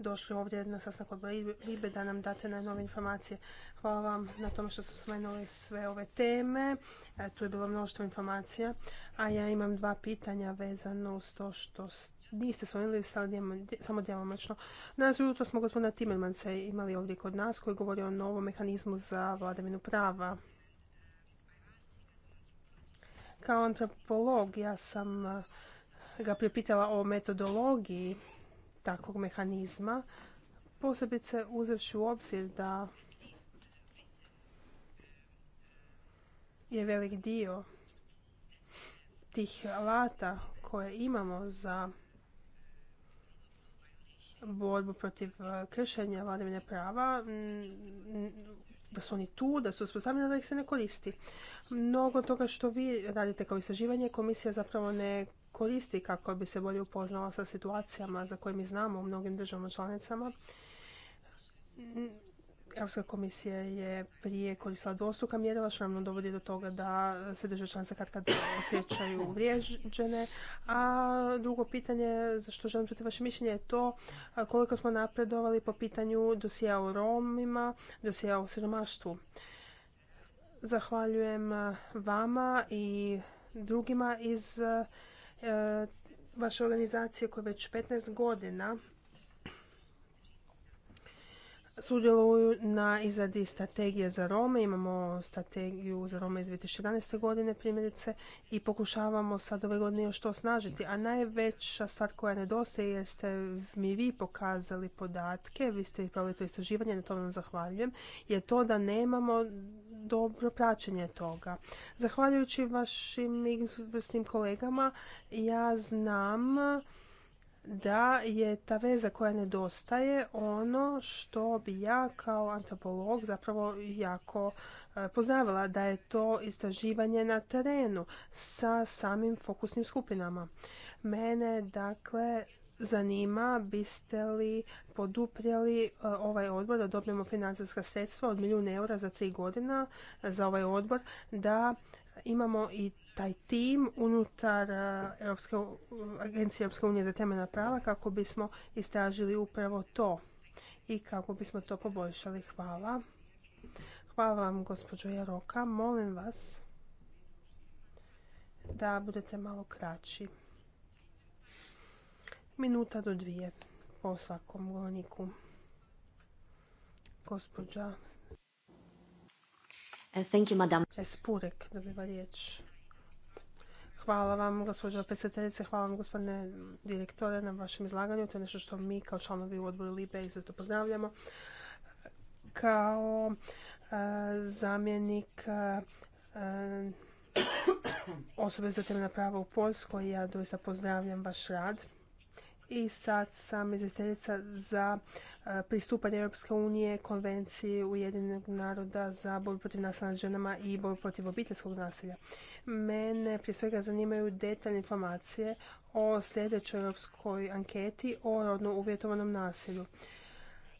Speaker 2: došli ovdje na sastanak odbora Libe da nam date na nove informacije. Hvala vam na tome što ste spomenuli sve ove teme. E, tu je bilo mnoštvo informacija. A ja imam dva pitanja vezano s to što niste spomenuli samo djelomično. Danas ujutro smo gospodina Timmermansa imali ovdje kod nas koji govori o novom mehanizmu za vladavinu prava. Kao antropolog ja sam e, ga pripitala o metodologiji takvog mehanizma, posebice uzevši u obzir da je velik dio tih alata koje imamo za borbu protiv e, kršenja vladavine prava, da su oni tu, da su uspostavljeni, da ih se ne koristi. Mnogo toga što vi radite kao istraživanje, komisija zapravo ne koristi kako bi se bolje upoznala sa situacijama za koje mi znamo u mnogim državama članicama. Europska komisija je prije koristila dostuka mjerila što nam dovodi do toga da se države članice kad kad osjećaju uvrijeđene. A drugo pitanje za što želim čuti vaše mišljenje je to koliko smo napredovali po pitanju dosija o Romima, dosija o siromaštvu. Zahvaljujem vama i drugima iz E, vaše organizacije koje već 15 godina sudjeluju na izradi strategije za Rome. Imamo strategiju za Rome iz 2011. godine primjerice i pokušavamo sad ove godine još to snažiti. A najveća stvar koja nedostaje ste mi vi pokazali podatke, vi ste pravili to istraživanje, na to vam zahvaljujem, je to da nemamo dobro praćenje toga. Zahvaljujući vašim izvrsnim kolegama ja znam da je ta veza koja nedostaje ono što bi ja kao antropolog zapravo jako e, poznavala, da je to istraživanje na terenu sa samim fokusnim skupinama. Mene dakle zanima biste li poduprijeli e, ovaj odbor da dobijemo financijska sredstva od milijuna eura za tri godina e, za ovaj odbor da imamo i taj tim unutar e, Europske, Agencije Europske unije za temeljna prava kako bismo istražili upravo to i kako bismo to poboljšali. Hvala. Hvala vam, gospođo Jaroka. Molim vas da budete malo kraći. Minuta do dvije po svakom govorniku. Gospođa e, Espurek dobiva riječ. Hvala vam, gospođo predsjedateljice, hvala vam, gospodine direktore, na vašem izlaganju. To je nešto što mi kao članovi u odboru Libe izuzetno pozdravljamo. Kao e, zamjenik e, e, osobe za temeljna prava u Poljskoj, ja doista pozdravljam vaš rad i sad sam izvjestiteljica za e, pristupanje Europske unije konvenciji Ujedinjenog naroda za borbu protiv nasilja nad ženama i borbu protiv obiteljskog nasilja. Mene prije svega zanimaju detaljne informacije o sljedećoj europskoj anketi o rodno uvjetovanom nasilju.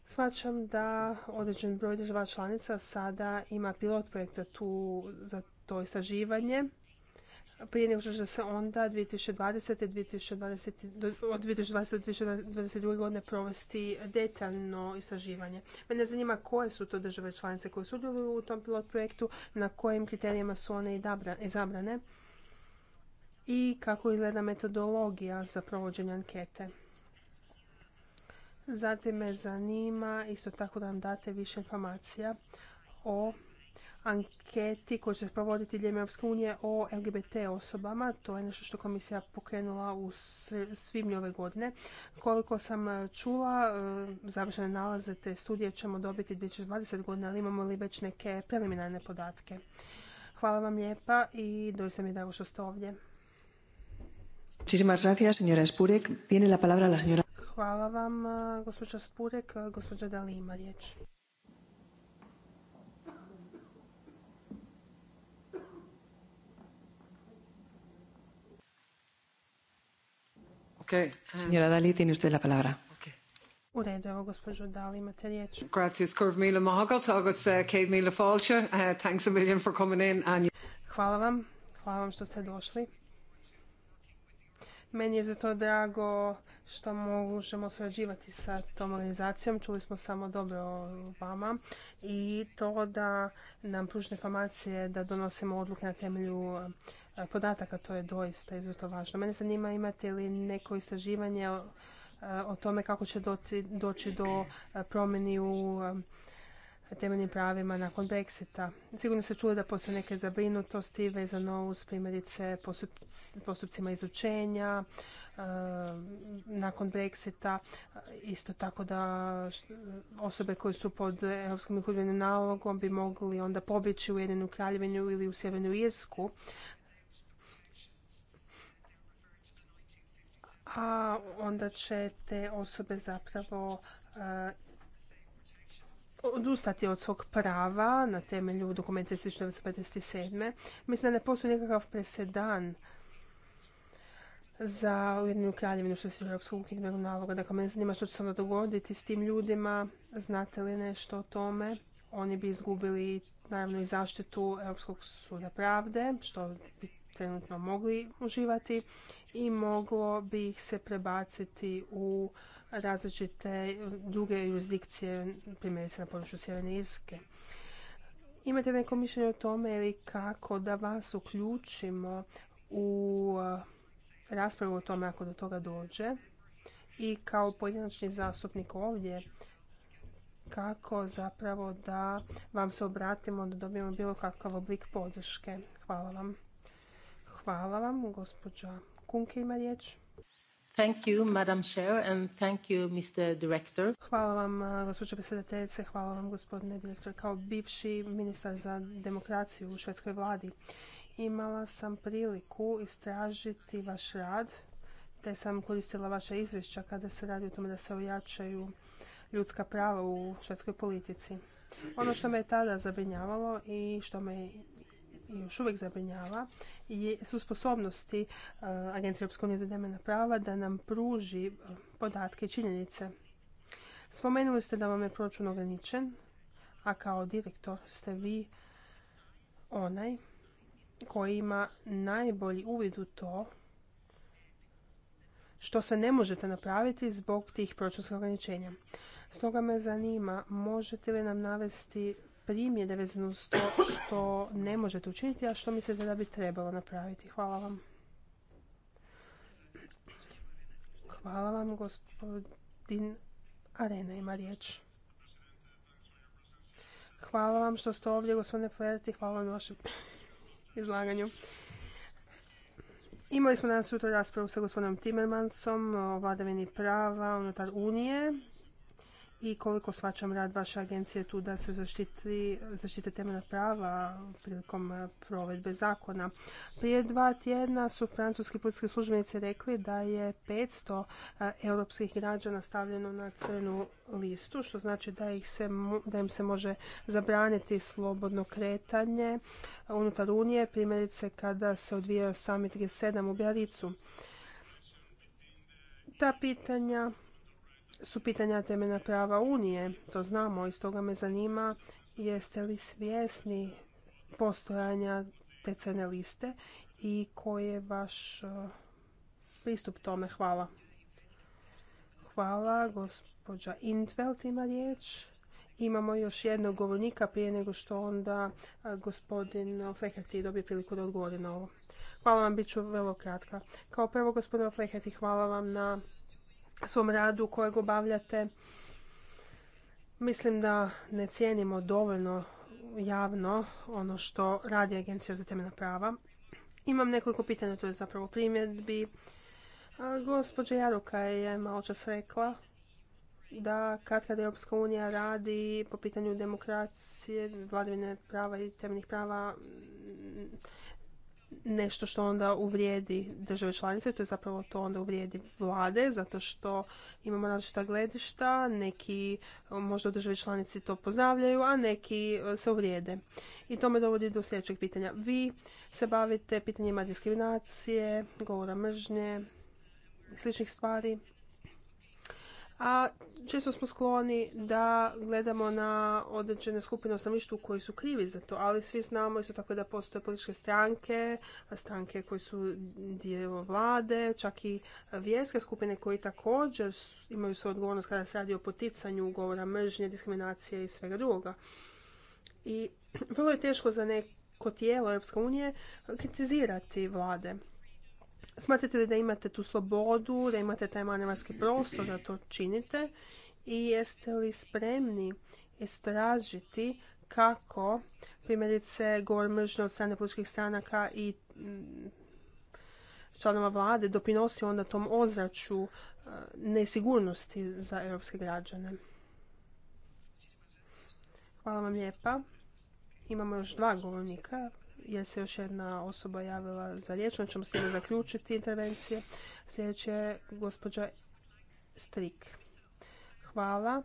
Speaker 2: Svačam da određen broj država članica sada ima pilot projekt za to istraživanje prije nego što se onda 2020. od 2020. do 2022. godine provesti detaljno istraživanje. Mene zanima koje su to države članice koje sudjeluju u tom pilot projektu, na kojim kriterijima su one izabrane i kako izgleda metodologija za provođenje ankete. Zatim me zanima isto tako da nam date više informacija o anketi koji će provoditi diljem Europske unije o LGBT osobama. To je nešto što komisija pokrenula u svibnju ove godine. Koliko sam e, čula, e, završene nalaze te studije ćemo dobiti 2020 godina, ali imamo li već neke preliminarne podatke. Hvala vam lijepa i doista mi je drago što ste ovdje. Hvala vam, e, gospođa Spurek. Gospođa Dali ima riječ.
Speaker 3: Okay. Signora
Speaker 1: Dali, tiene usted la palabra.
Speaker 2: U redu, evo gospođo Dali, imate riječ.
Speaker 1: Grazie, skurv mila
Speaker 2: mahagat, agus kej eh, mila eh, Thanks a million for coming in. And... Hvala vam, hvala vam što ste došli. Meni je za to drago što možemo surađivati sa tom organizacijom. Čuli smo samo dobro o vama i to da nam pružne informacije da donosimo odluke na temelju E, podataka. To je doista izuzetno važno. Mene zanima imate li neko istraživanje e, o, tome kako će doći, do e, promjeni u temeljnim pravima nakon Brexita. Sigurno se čuli da postoje neke zabrinutosti vezano uz primjerice postupcima izučenja nakon Brexita. Isto tako da osobe koje su pod Europskim uhudbenim nalogom bi mogli onda pobjeći u Jedinu kraljevinu ili u Sjevernu Irsku a onda će te osobe zapravo e, odustati od svog prava na temelju dokumenta iz 1957. Mislim da ne postoji nekakav presedan za Ujedinjenu kraljevinu što se Europskog uhidbenog naloga. Dakle, mene zanima što će se onda dogoditi s tim ljudima. Znate li nešto o tome? Oni bi izgubili naravno i zaštitu Europskog suda pravde, što bi trenutno mogli uživati i moglo bi ih se prebaciti u različite druge jurisdikcije, primjerice na području Sjeverne Irske. Imate neko mišljenje o tome ili kako da vas uključimo u e, raspravu o tome ako do toga dođe i kao pojedinačni zastupnik ovdje kako zapravo da vam se obratimo da dobijemo bilo kakav oblik podrške. Hvala vam. Hvala vam, gospođa Kunke ima riječ. Thank you, Madam Chair, Hvala vam, uh, gospođo predsjedateljice, hvala vam, gospodine direktor. Kao bivši ministar za demokraciju u švedskoj vladi, imala sam priliku istražiti vaš rad, te sam koristila vaša izvješća kada se radi o tome da se ojačaju ljudska prava u švedskoj politici. Ono što me je tada zabrinjavalo i što me još uvijek zabrinjava su sposobnosti e, Agencije Europske unije za temeljna prava da nam pruži e, podatke i činjenice. Spomenuli ste da vam je proračun ograničen, a kao direktor ste vi onaj koji ima najbolji uvid u to što se ne možete napraviti zbog tih proračunskih ograničenja. Stoga me zanima, možete li nam navesti primjene vezano s to što ne možete učiniti, a što mislite da bi trebalo napraviti. Hvala vam. Hvala vam, gospodin Arena ima riječ. Hvala vam što ste ovdje, gospodine Flerti, hvala vam na vašem izlaganju. Imali smo danas jutro raspravu sa gospodinom Timmermansom o vladavini prava unutar Unije i koliko shvaćam rad vaše agencije tu da se zaštite temeljna prava prilikom eh, provedbe zakona. Prije dva tjedna su francuski policijski službenici rekli da je 500 eh, europskih građana stavljeno na crnu listu, što znači da, ih da im se može zabraniti slobodno kretanje eh, unutar Unije, primjerice kada se odvijao summit G7 u Bjaricu. Ta pitanja su pitanja temeljna prava Unije. To znamo i stoga me zanima jeste li svjesni postojanja te crne liste i koji je vaš e, pristup tome. Hvala. Hvala. Gospođa Intveld ima riječ. Imamo još jednog govornika prije nego što onda e, gospodin Fleherty dobije priliku da odgovori na ovo. Hvala vam, bit ću vrlo kratka. Kao prvo, gospodin Fleherty, hvala vam na svom radu kojeg obavljate. Mislim da ne cijenimo dovoljno javno ono što radi Agencija za temeljna prava. Imam nekoliko pitanja, to je zapravo primjedbi. Gospođa Jaruka je malo čas rekla da kad kada Europska unija radi po pitanju demokracije, vladavine prava i temeljnih prava nešto što onda uvrijedi države članice, to je zapravo to onda uvrijedi vlade, zato što imamo različita gledišta, neki e, možda u državi članici to pozdravljaju, a neki e, se uvrijede. I to me dovodi do sljedećeg pitanja. Vi se bavite pitanjima diskriminacije, govora mržnje, sličnih stvari a često smo skloni da gledamo na određene skupine u koji su krivi za to, ali svi znamo isto tako da postoje političke stranke, stranke koje su dio vlade, čak i vjerske skupine koji također imaju svoju odgovornost kada se radi o poticanju govora mržnje, diskriminacije i svega drugoga. I vrlo je teško za neko tijelo Europske unije kritizirati vlade. Smatrate li da imate tu slobodu, da imate taj manevarski prostor da to činite i jeste li spremni istražiti kako primjerice govor mržnje od strane političkih stranaka i mm, članova vlade doprinosi onda tom ozračju e, nesigurnosti za europske građane. Hvala vam lijepa. Imamo još dva govornika je se još jedna osoba javila za riječ, onda ćemo s zaključiti intervencije. Sljedeća je gospođa Strik. Hvala.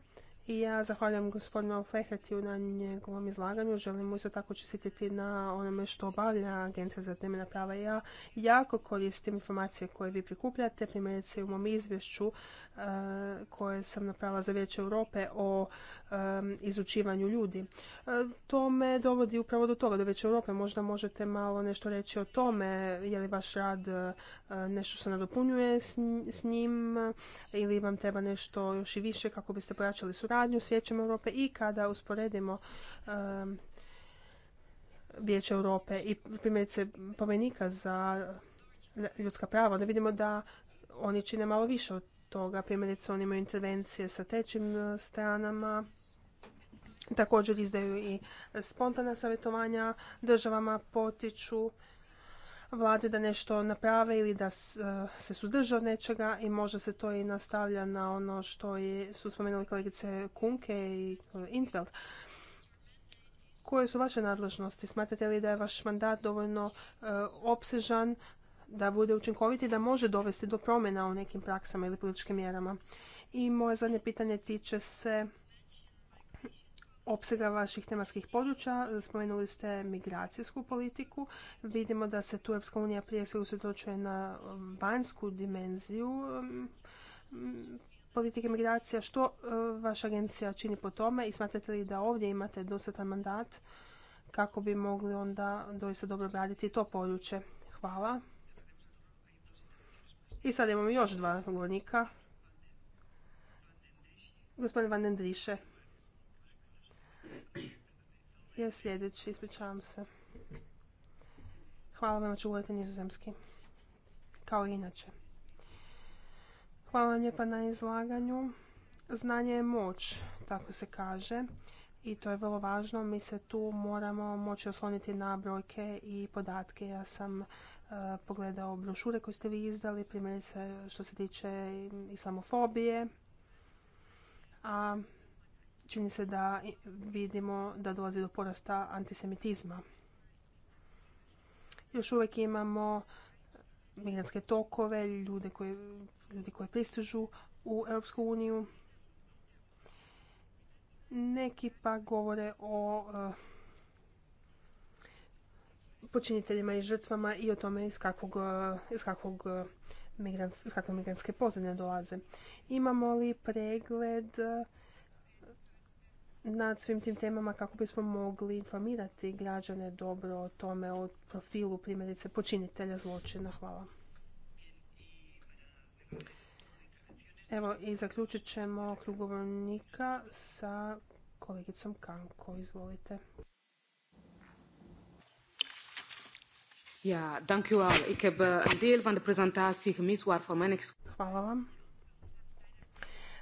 Speaker 2: I ja zahvaljam gospodinu Fehetiju na njegovom izlaganju. Želim mu isto tako čestititi na onome što obavlja Agencija za temeljna prava. Ja jako koristim informacije koje vi prikupljate. Primjerice u mom izvješću Eh, koje sam napravila za Vijeće Europe o izučivanju ljudi. Eh, to me dovodi upravo do toga, da Vijeće Europe. Možda možete malo nešto reći o tome, je li vaš rad eh, nešto se nadopunjuje s njim ili vam treba nešto još i više kako biste pojačali suradnju s Vijećem Europe i kada usporedimo Vijeće Europe i primjerice pomenika za ljudska prava, da vidimo da oni čine malo više od toga. Primjerice, oni imaju intervencije sa trećim e, stranama, također izdaju i spontana savjetovanja državama, potiču vlade da nešto naprave ili da e, se suzdrže od nečega i možda se to i nastavlja na ono što su spomenuli kolegice Kunke i e, Intveld. Koje su vaše nadležnosti? Smatrate li da je vaš mandat dovoljno opsežan da bude učinkovit i da može dovesti do promjena u nekim praksama ili političkim mjerama. I moje zadnje pitanje tiče se opsega vaših tematskih područja. Spomenuli ste migracijsku politiku. Vidimo da se tu Europska unija prije svega usredočuje na um, vanjsku dimenziju um, politike migracija. Što uh, vaša agencija čini po tome i smatrate li da ovdje imate dostatan mandat kako bi mogli onda doista dobro obraditi to područje? Hvala. I sad imamo još dva govornika. Gospodin Van Dendriše je sljedeći, ispričavam se. Hvala vam, ću govoriti nizozemski, kao i inače. Hvala vam lijepa na izlaganju. Znanje je moć, tako se kaže. I to je vrlo važno. Mi se tu moramo moći osloniti na brojke i podatke. Ja sam Eh, pogledao brošure koje ste vi izdali, primjerice što se tiče islamofobije. A čini se da vidimo da dolazi do porasta antisemitizma. Još uvijek imamo migrantske tokove, ljude koji, ljudi koji pristižu u Europsku uniju. Neki pa govore o eh, počiniteljima i žrtvama i o tome iz kakvog, e, iz kakvog e, kakve migrantske pozadine dolaze. Imamo li pregled e, nad svim tim temama kako bismo mogli informirati građane dobro o tome, o profilu primjerice počinitelja zločina. Hvala. Evo i zaključit ćemo krugovornika sa kolegicom Kanko.
Speaker 3: Izvolite. Eh, ja,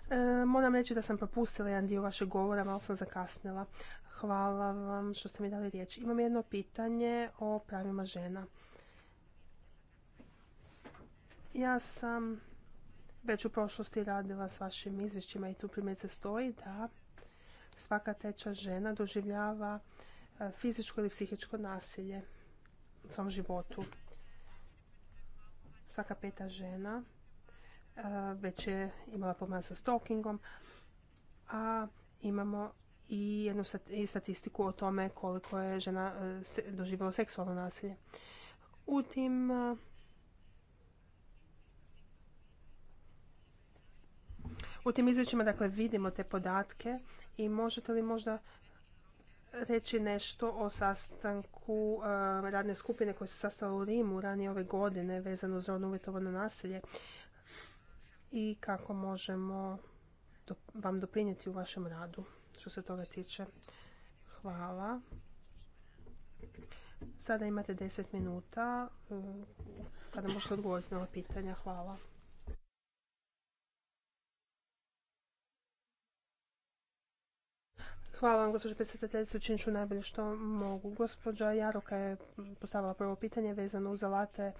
Speaker 2: eh, moram reći da sam propustila jedan dio vašeg govora, malo sam zakasnila. Hvala vam što ste mi dali riječ. Imam jedno pitanje o pravima žena. Ja sam već u prošlosti radila s vašim izvješćima i tu primjerice stoji da svaka teča žena doživljava eh, fizičko ili psihičko nasilje svom životu. Svaka peta žena e, već je imala problem sa stalkingom, a imamo i jednu statistiku o tome koliko je žena e, doživjela seksualno nasilje. U tim e, U tim izvješćima dakle, vidimo te podatke i možete li možda reći nešto o sastanku eh, radne skupine koja se sastala u Rimu ranije ove godine vezano za ono uvjetovano nasilje i kako možemo vam doprinijeti u vašem radu što se toga tiče. Hvala. Sada imate 10 minuta eh, kada možete odgovoriti na ova pitanja. Hvala. Hvala vam, gospođo predsjedateljice. Učinit ću najbolje što mogu. Gospođa Jaroka je postavila prvo pitanje vezano uz alate e,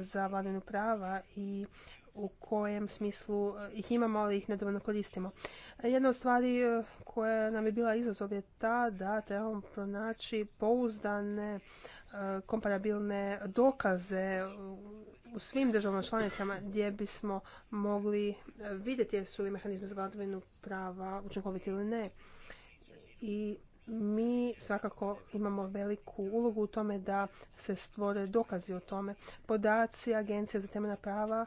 Speaker 2: za vladinu prava i u kojem smislu e, ih imamo, ali ih nedovoljno koristimo. Jedna od stvari e, koja nam je bila izazov je ta da trebamo pronaći pouzdane, komparabilne dokaze u svim državama članicama gdje bismo mogli vidjeti jesu li mehanizmi za vladavinu prava učinkoviti ili ne i mi svakako imamo veliku ulogu u tome da se stvore dokazi o tome. Podaci Agencije za temeljna prava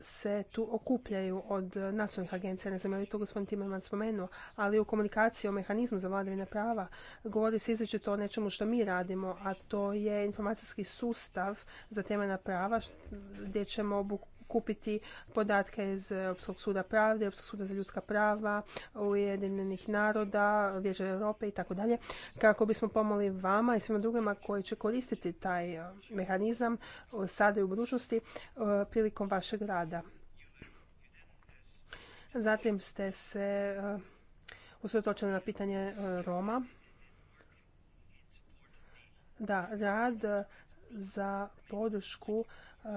Speaker 2: se tu okupljaju od nacionalnih agencija, ne znam je li to gospodin Timerman spomenuo, ali u komunikaciji o mehanizmu za vladavine prava govori se izrečito o nečemu što mi radimo, a to je informacijski sustav za temeljna prava gdje ćemo kupiti podatke iz Europskog suda pravde, Europskog suda za ljudska prava, Ujedinjenih naroda, Vijeća Europe i tako dalje, kako bismo pomogli vama i svima drugima koji će koristiti taj e, mehanizam e, sada i u budućnosti e, prilikom vašeg rada. Zatim ste se usvjetočili na pitanje Roma. Da, rad za podršku e,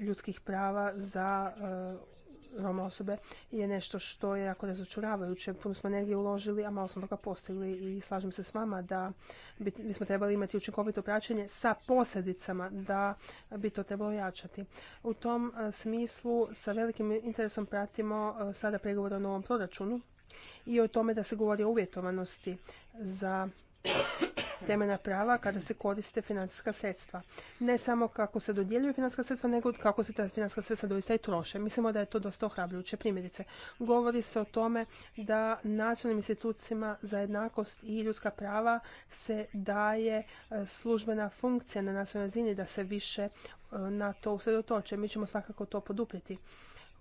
Speaker 2: ljudskih prava za e, Roma osobe je nešto što je jako razočuravajuće. Puno smo energije uložili, a malo smo toga postigli i slažem se s vama da bismo trebali imati učinkovito praćenje sa posljedicama da bi to trebalo jačati. U tom e, smislu sa velikim interesom pratimo sada pregovore o novom proračunu i o tome da se govori o uvjetovanosti za temeljna prava kada se koriste financijska sredstva. Ne samo kako se dodjeljuju financijska sredstva, nego kako se ta financijska sredstva doista i troše. Mislimo da je to dosta ohrabrujuće. Primjerice, govori se o tome da nacionalnim institucijama za jednakost i ljudska prava se daje e, službena funkcija na nacionalnoj razini da se više e, na to usredotoče. Mi ćemo svakako to poduprijeti.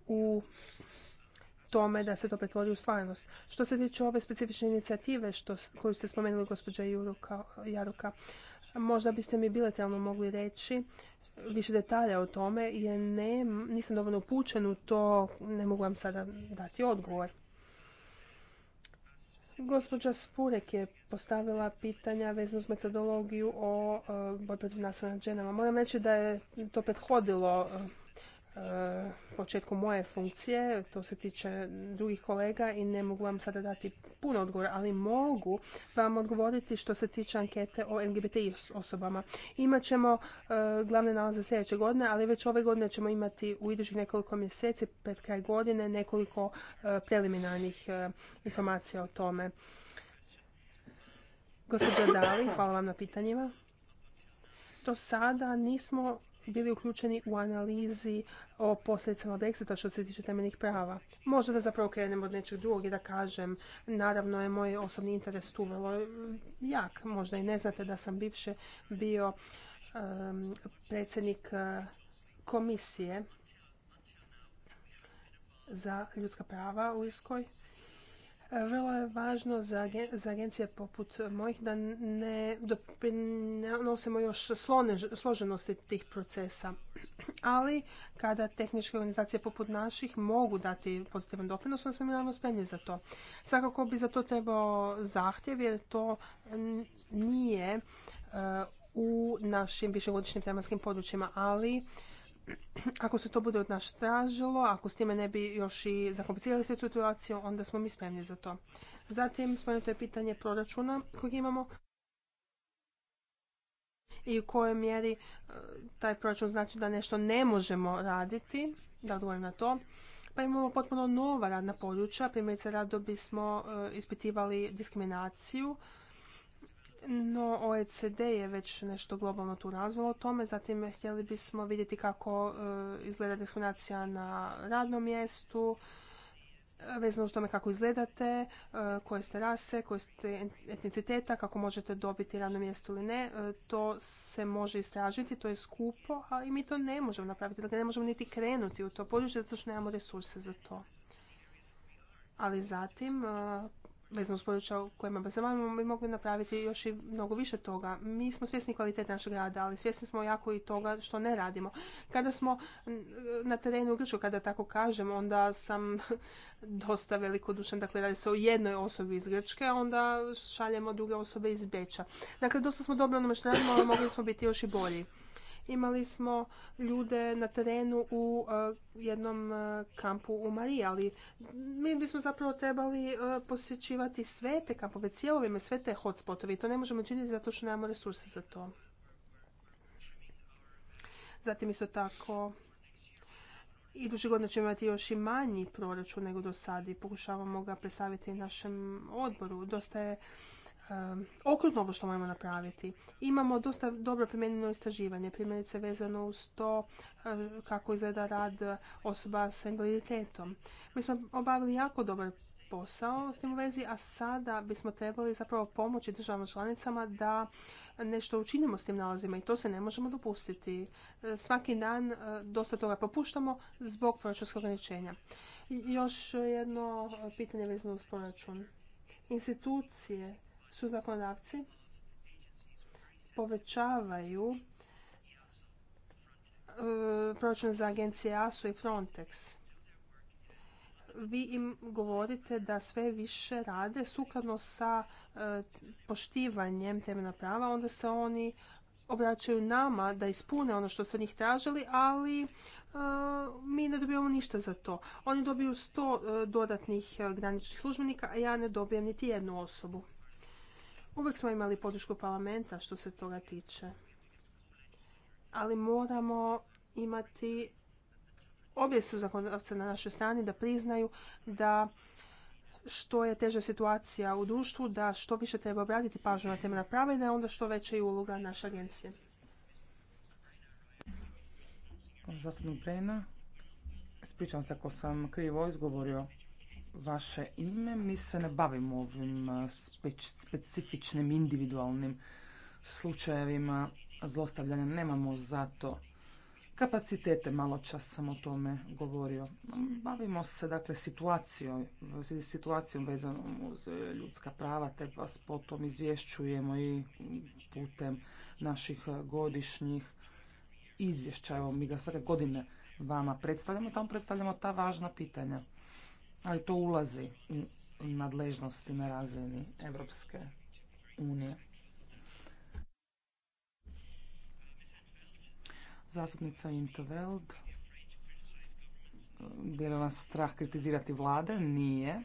Speaker 2: U tome da se to pretvori u stvarnost. Što se tiče ove specifične inicijative što, koju ste spomenuli gospođa Juruka, Jaruka, možda biste mi bilateralno mogli reći više detalja o tome jer ne, nisam dovoljno upućen u to, ne mogu vam sada dati odgovor. Gospođa Spurek je postavila pitanja vezano s metodologiju o e, borbi protiv nasilja nad ženama. Moram reći da je to prethodilo e, E, početku moje funkcije, to se tiče drugih kolega i ne mogu vam sada dati puno odgovora, ali mogu vam odgovoriti što se tiče ankete o LGBTI osobama. Imaćemo e, glavne nalaze sljedeće godine, ali već ove godine ćemo imati u idućih nekoliko mjeseci pred kraj godine nekoliko e, preliminarnih informacija o tome. Gospodin Dali, hvala vam na pitanjima. Do sada nismo bili uključeni u analizi o posljedicama Brexita što se tiče temeljnih prava. Možda da zapravo krenem od nečeg drugog i da kažem, naravno je moj osobni interes tu vrlo jak. Možda i ne znate da sam bivše bio predsjednik e, komisije za ljudska prava u Irskoj vrlo je važno za, agencije poput mojih da ne nosimo još složenosti tih procesa. Ali kada tehničke organizacije poput naših mogu dati pozitivan doprinos, onda smo mi naravno spremni za to. Svakako bi za to trebao zahtjev jer to nije e, u našim višegodišnjim tematskim područjima, ali ako se to bude od nas tražilo, ako s time ne bi još i zakomplicirali se situaciju, onda smo mi spremni za to. Zatim spomenuto je pitanje proračuna kojeg imamo i u kojoj mjeri e, taj proračun znači da nešto ne možemo raditi, da odgovorim na to. Pa imamo potpuno nova radna područja, primjerice rado bismo e, ispitivali diskriminaciju no, OECD je već nešto globalno tu razvilo o tome, zatim htjeli bismo vidjeti kako e, izgleda diskriminacija na radnom mjestu, vezano s tome kako izgledate, e, koje ste rase, koje ste etniciteta, kako možete dobiti radno mjesto ili ne. E, to se može istražiti, to je skupo, a i mi to ne možemo napraviti. Dakle, ne možemo niti krenuti u to područje zato što nemamo resurse za to. Ali zatim, vezano uz područja u kojima mi mogli napraviti još i mnogo više toga. Mi smo svjesni kvalitet našeg rada, ali svjesni smo jako i toga što ne radimo. Kada smo na terenu u Grčku, kada tako kažem, onda sam dosta velikodušan, dakle radi se o jednoj osobi iz Grčke, onda šaljemo druge osobe iz Beča. Dakle, dosta smo dobili onome što radimo, ali mogli smo biti još i bolji. Imali smo ljude na terenu u e, jednom e, kampu u Mariji, ali mi bismo zapravo trebali e, posjećivati sve te kampove cijelo vrijeme, sve te hotspotove i to ne možemo činiti zato što nemamo resurse za to. Zatim isto tako Iduće godine ćemo imati još i manji proračun nego do sada i pokušavamo ga predstaviti našem odboru. Dosta je okrutno ovo što moramo napraviti. Imamo dosta dobro primjenjeno istraživanje, primjerice vezano uz to kako izgleda rad osoba s invaliditetom. Mi smo obavili jako dobar posao s tim u vezi, a sada bismo trebali zapravo pomoći državama članicama da nešto učinimo s tim nalazima i to se ne možemo dopustiti. E, svaki dan e, dosta toga popuštamo zbog proračunskog ograničenja. Još jedno e, pitanje vezano uz proračun. Institucije su zakonodavci povećavaju e, proračun za agencije ASO i Frontex. Vi im govorite da sve više rade sukladno sa e, poštivanjem temeljna prava, onda se oni obraćaju nama da ispune ono što su njih tražili, ali e, mi ne dobijemo ništa za to. Oni dobiju 100 dodatnih graničnih službenika, a ja ne dobijem niti jednu osobu. Uvijek smo imali podršku parlamenta što se toga tiče. Ali moramo imati obje su zakonodavce na našoj strani da priznaju da što je teža situacija u društvu, da što više treba obratiti pažnju na temena prava i da je onda što veća i uloga naše agencije.
Speaker 3: Zastupnik prena, spričam se ako sam krivo izgovorio vaše ime. Mi se ne bavimo ovim eh, specifičnim individualnim slučajevima zlostavljanja. Nemamo zato kapacitete, malo čas sam o tome govorio. Bavimo se dakle situacijom, situacijom vezanom uz ljudska prava, te vas potom izvješćujemo i putem naših godišnjih izvješća. Evo, mi ga svake godine vama predstavljamo, tamo predstavljamo ta važna pitanja ali to ulazi u nadležnosti na razini Evropske unije. Zastupnica Interveld je nas strah kritizirati vlade? Nije.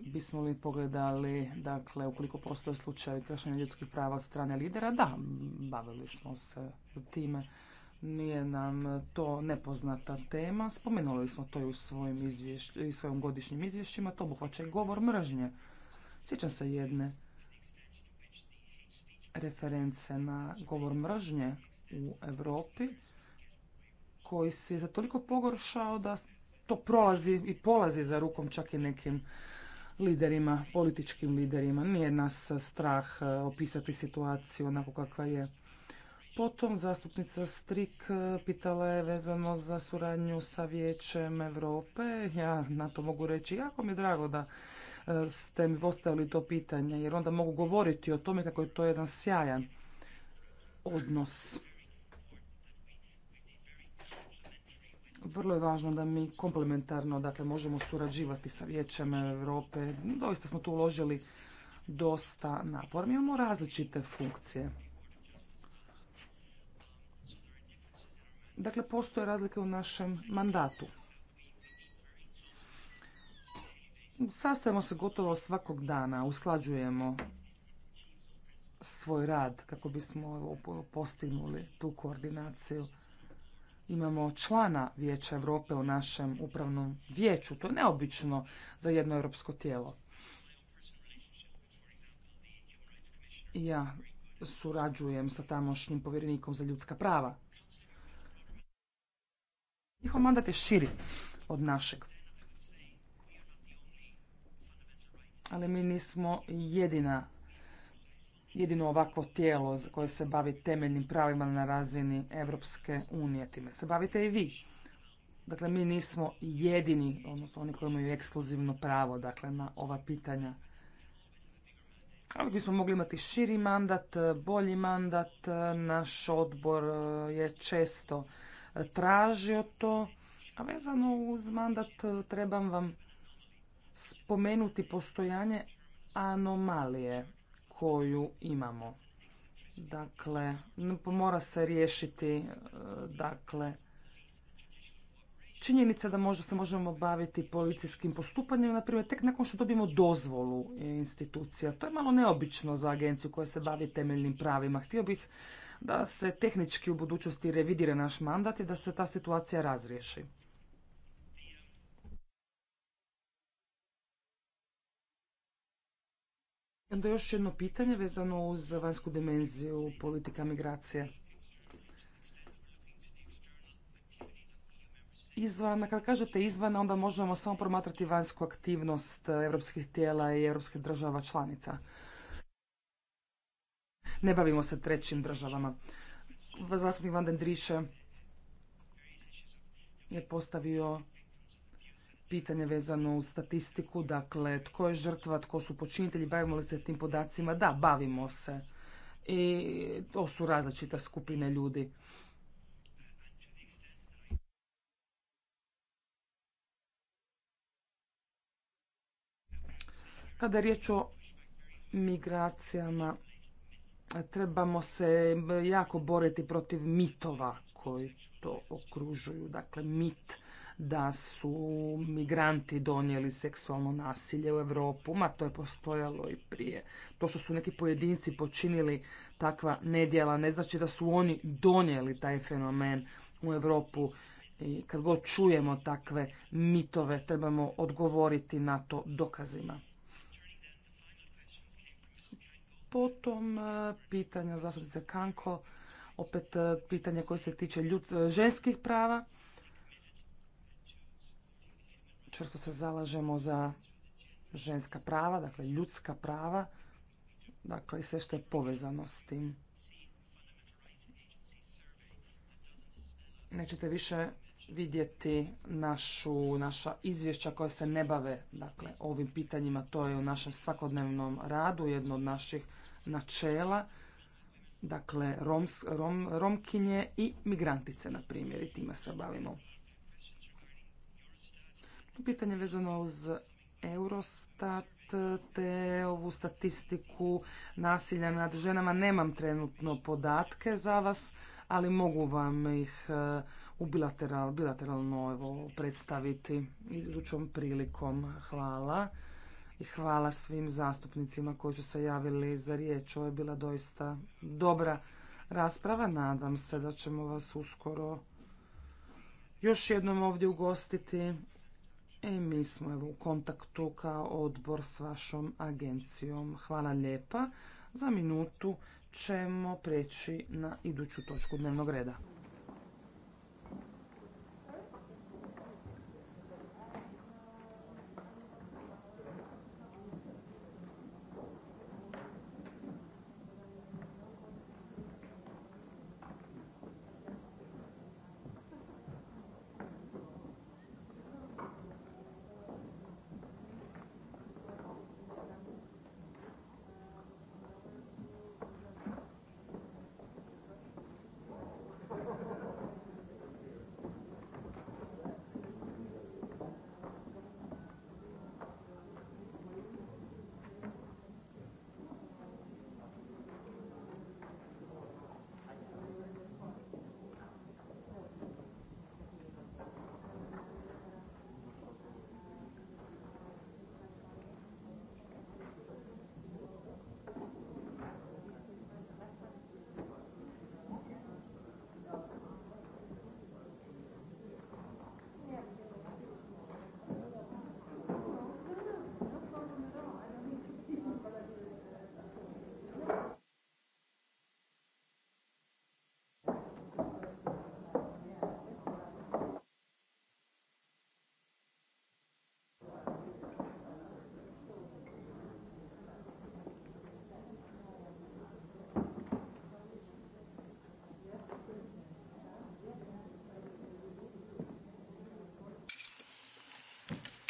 Speaker 3: Bismo li pogledali, dakle, ukoliko postoje slučaje kršenja ljudskih prava od strane lidera? Da, bavili smo se time. Nije nam to nepoznata tema. Spomenuli smo to i u svojim izvješć, i svojim godišnjim izvješćima. To obuhvaća i govor mržnje. Sjećam se jedne reference na govor mržnje u Europi koji se za toliko pogoršao da to prolazi i polazi za rukom čak i nekim liderima, političkim liderima. Nije nas strah eh, opisati situaciju onako kakva je. Potom zastupnica Strik eh, pitala je vezano za suradnju sa Vijećem Europe. Ja na to mogu reći jako mi je drago da eh, ste mi postavili to pitanje jer onda mogu govoriti o tome kako je to jedan sjajan odnos. Vrlo je važno da mi komplementarno dakle, možemo surađivati sa Vijećem Europe. Doista smo tu uložili dosta napora. Mi imamo različite funkcije. Dakle, postoje razlike u našem mandatu. Sastavimo se gotovo svakog dana, usklađujemo svoj rad kako bismo postignuli tu koordinaciju. Imamo člana Vijeća Europe u našem upravnom vijeću. To je neobično za jedno europsko tijelo. Ja surađujem sa tamošnjim povjerenikom za ljudska prava. Njihov mandat je širi od našeg. Ali mi nismo jedina, jedino ovako tijelo koje se bavi temeljnim pravima na razini Evropske unije. Time se bavite i vi. Dakle, mi nismo jedini, odnosno oni koji imaju ekskluzivno pravo dakle, na ova pitanja. Ali bi smo mogli imati širi mandat, bolji mandat. Naš odbor eh, je često tražio to. A vezano uz mandat e, trebam vam spomenuti postojanje anomalije koju imamo. Dakle, mora se riješiti e, dakle, činjenica da možda se možemo baviti policijskim postupanjem, na primjer, tek nakon što dobijemo dozvolu institucija. To je malo neobično za agenciju koja se bavi temeljnim pravima. Htio bih da se tehnički u budućnosti revidira naš mandat i da se ta situacija razriješi. Onda još jedno pitanje vezano uz vanjsku dimenziju politika migracije. Izvana, kad kažete izvana, onda možemo samo promatrati vanjsku aktivnost evropskih tijela i evropskih država članica ne bavimo se trećim državama. Zastupnik Van den Driše je postavio pitanje vezano uz statistiku, dakle tko je žrtva, tko su počinitelji, bavimo li se tim podacima? Da, bavimo se. I to su različite skupine ljudi. Kada je riječ o migracijama, Trebamo se jako boriti protiv mitova koji to okružuju. Dakle, mit da su migranti donijeli seksualno nasilje u Europu, ma to je postojalo i prije. To što su neki pojedinci počinili takva nedjela ne znači da su oni donijeli taj fenomen u Europu. I kad god čujemo takve mitove, trebamo odgovoriti na to dokazima. Potom e, pitanja zastupnice Kanko, opet e, pitanje koje se tiče ljud, e, ženskih prava. Čvrsto se zalažemo za ženska prava, dakle ljudska prava, dakle i sve što je povezano s tim. Nećete više vidjeti našu, naša izvješća koja se ne bave dakle, ovim pitanjima. To je u našem svakodnevnom radu jedno od naših načela. Dakle, rom, romkinje i migrantice, na primjer, i time se bavimo. Pitanje vezano uz Eurostat te ovu statistiku nasilja nad ženama. Nemam trenutno podatke za vas, ali mogu vam ih eh, u bilateral, bilateralno evo, predstaviti idućom prilikom. Hvala. I hvala svim zastupnicima koji su se javili za riječ. Ovo je bila doista dobra rasprava. Nadam se da ćemo vas uskoro još jednom ovdje ugostiti. e mi smo evo, u kontaktu kao odbor s vašom agencijom. Hvala lijepa. Za minutu ćemo preći na iduću točku dnevnog reda.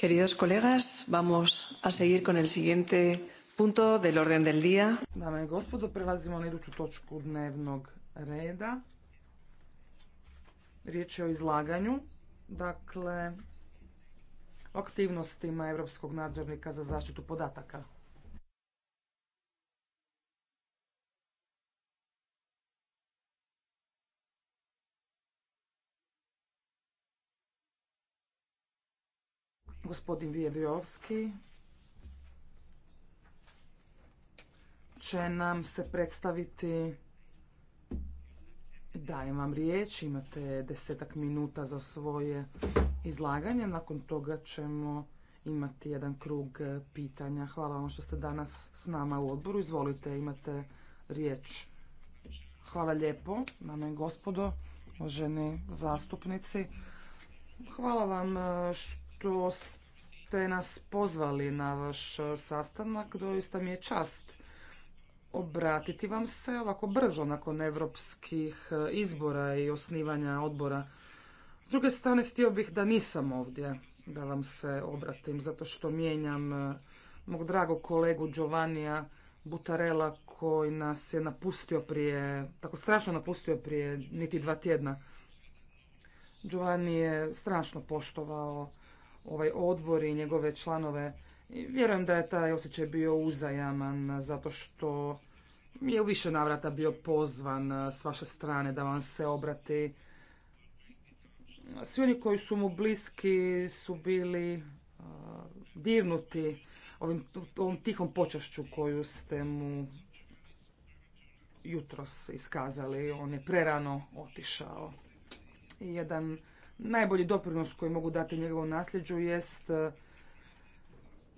Speaker 1: Queridos colegas, vamos
Speaker 3: a seguir con el siguiente
Speaker 1: punto del orden del día. Dame i gospodo,
Speaker 3: prelazimo na iduću točku dnevnog reda. Riječ je o izlaganju, dakle, o aktivnostima Evropskog nadzornika za zaštitu podataka. Gospodin Vjevjovski će nam se predstaviti Dajem vam riječ, imate desetak minuta za svoje izlaganje, nakon toga ćemo imati jedan krug pitanja. Hvala vam što ste danas s nama u odboru, izvolite, imate riječ. Hvala lijepo, dame i gospodo, uvaženi zastupnici. Hvala vam eh, što ste ste nas pozvali na vaš e, sastanak. Doista mi je čast obratiti vam se ovako brzo nakon evropskih e, izbora i osnivanja odbora. S druge strane, htio bih da nisam ovdje da vam se obratim, zato što mijenjam e, mog dragog kolegu Giovannija Butarela koji nas je napustio prije, tako strašno napustio prije niti dva tjedna. Giovanni je strašno poštovao ovaj odbor i njegove članove. I vjerujem da je taj osjećaj bio uzajaman zato što je u više navrata bio pozvan e, s vaše strane da vam se obrati. Svi oni koji su mu bliski su bili e, dirnuti ovim, ovom tihom počašću koju ste mu jutros iskazali. On je prerano otišao. Jedan najbolji doprinos koji mogu dati njegovom nasljeđu jest e,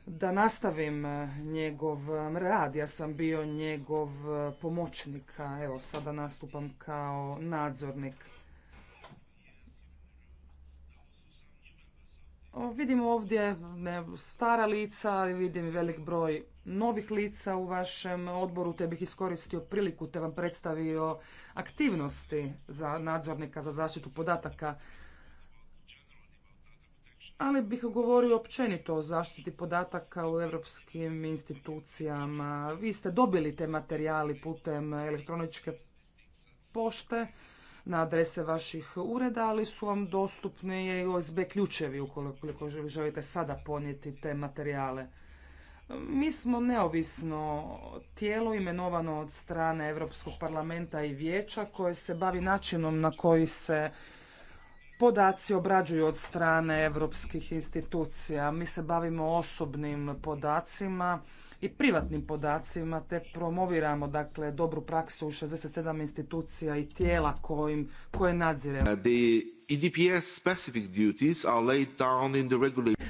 Speaker 3: da nastavim e, njegov e, rad. Ja sam bio njegov pomoćnik, a evo sada nastupam kao nadzornik. Vidim ovdje stara lica, vidim velik broj novih lica u vašem odboru, te bih iskoristio priliku te vam predstavio aktivnosti za nadzornika za zaštitu podataka ali bih govorio općenito o zaštiti podataka u europskim institucijama. Vi ste dobili te materijali putem elektroničke pošte na adrese vaših ureda, ali su vam dostupni i OSB ključevi ukoliko želite sada ponijeti te materijale. Mi smo neovisno tijelo imenovano od strane Europskog parlamenta i vijeća koje se bavi načinom na koji se podaci obrađuju od strane europskih institucija. Mi se bavimo osobnim podacima i privatnim podacima te promoviramo dakle dobru praksu u 67 institucija i tijela kojim, koje nadziremo. E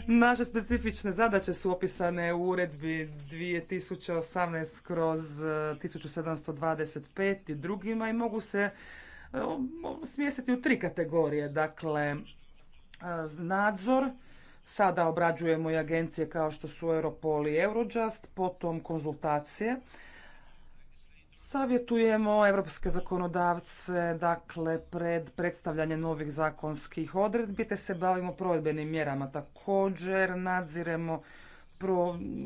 Speaker 3: Naše specifične zadaće su opisane u uredbi 2018 kroz 1725 i drugima i mogu se smjestiti u tri kategorije. Dakle, e, nadzor, sada obrađujemo i agencije kao što su Europol i Eurojust, potom konzultacije. Savjetujemo evropske zakonodavce, dakle, pred predstavljanje novih zakonskih odredbi, te se bavimo provedbenim mjerama. Također nadziremo pro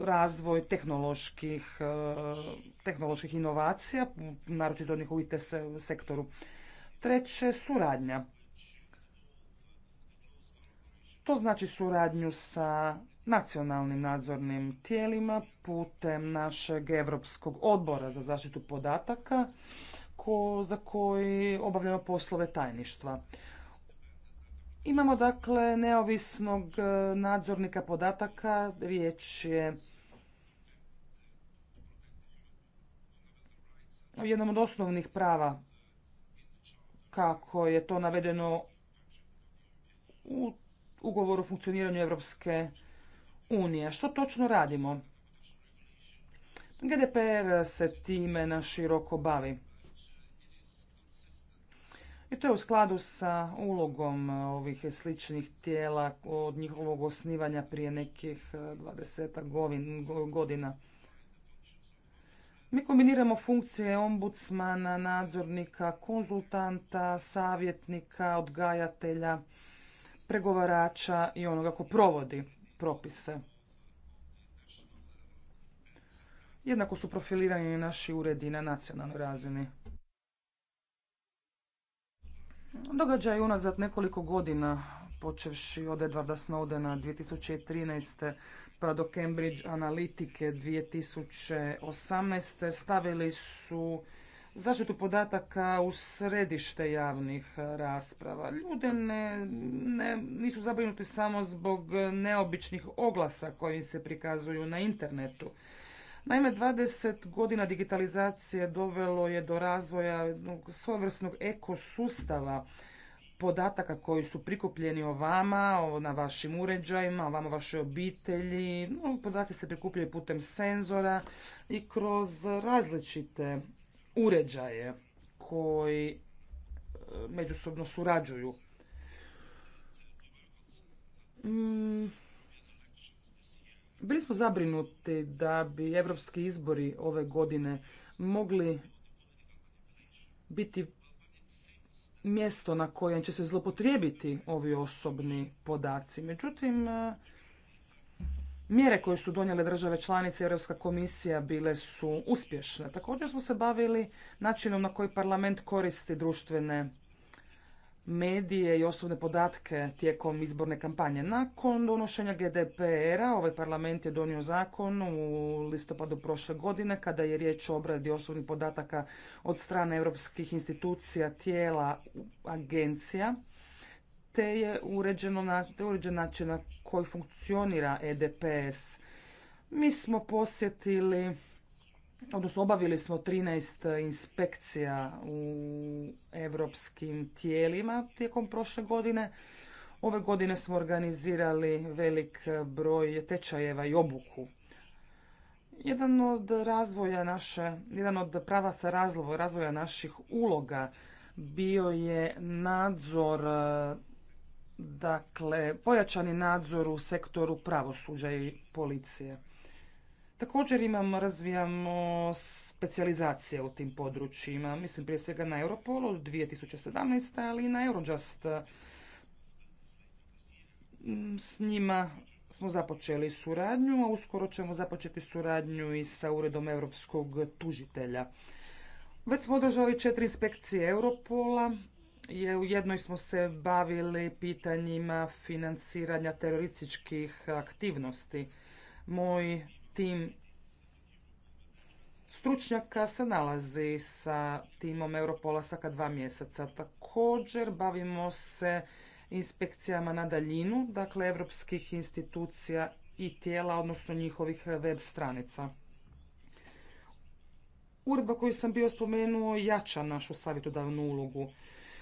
Speaker 3: razvoj tehnoloških, e, tehnoloških inovacija, naročito onih u sektoru. Treće, suradnja. To znači suradnju sa nacionalnim nadzornim tijelima putem našeg Europskog odbora za zaštitu podataka za koji obavljamo poslove tajništva. Imamo dakle neovisnog e, nadzornika podataka, riječ je o jednom od osnovnih prava kako je to navedeno u ugovoru o funkcioniranju Europske unije. Što točno radimo? GDPR se time na široko bavi. I to je u skladu sa ulogom ovih sličnih tijela od njihovog osnivanja prije nekih 20 godina. Mi kombiniramo funkcije ombudsmana, nadzornika, konzultanta, savjetnika, odgajatelja, pregovarača i onoga ko provodi propise. Jednako su profilirani naši uredi na nacionalnoj razini. Događaj unazad nekoliko godina, počevši od Edvarda Snowdena 2013 pa do Cambridge Analitike 2018. stavili su zaštitu podataka u središte javnih e, rasprava. Ljude ne, nisu zabrinuti samo zbog neobičnih oglasa koji se prikazuju na internetu. Naime, 20 godina digitalizacije dovelo je do razvoja svojevrsnog ekosustava podataka koji su prikupljeni o vama, o, na vašim uređajima, o vama, vašoj obitelji. No, podaci se prikupljaju putem senzora i kroz različite uređaje koji e, međusobno surađuju. Mm. Bili smo zabrinuti da bi evropski izbori ove godine mogli biti mjesto na kojem će se zlopotrijebiti ovi osobni podaci. Međutim, e, mjere koje su donijele države članice i Europska komisija bile su uspješne. Također smo se bavili načinom na koji parlament koristi društvene medije i osobne podatke tijekom izborne kampanje. Nakon donošenja GDPR-a ovaj parlament je donio zakon u listopadu prošle godine kada je riječ o obradi osobnih podataka od strane europskih institucija, tijela, agencija te je uređeno, te je uređen način na koji funkcionira EDPS. Mi smo posjetili odnosno obavili smo 13 eh, inspekcija u europskim tijelima tijekom prošle godine. Ove godine smo organizirali velik eh, broj tečajeva i obuku. Jedan od razvoja naše, jedan od pravaca razvoja, razvoja naših uloga bio je nadzor eh, dakle pojačani nadzor u sektoru pravosuđa i policije. Također imamo, razvijamo specijalizacije u tim područjima. Mislim prije svega na Europol od 2017. ali i na Eurojust. Mm, s njima smo započeli suradnju, a uskoro ćemo započeti suradnju i sa Uredom Europskog tužitelja. Već smo održali četiri inspekcije Europola. Je, u jednoj smo se bavili pitanjima financiranja terorističkih aktivnosti. Moj tim stručnjaka se nalazi sa timom Europola svaka dva mjeseca. Također bavimo se inspekcijama na daljinu, dakle europskih institucija i tijela, odnosno njihovih web stranica. Uredba koju sam bio spomenuo jača našu savjetodavnu ulogu.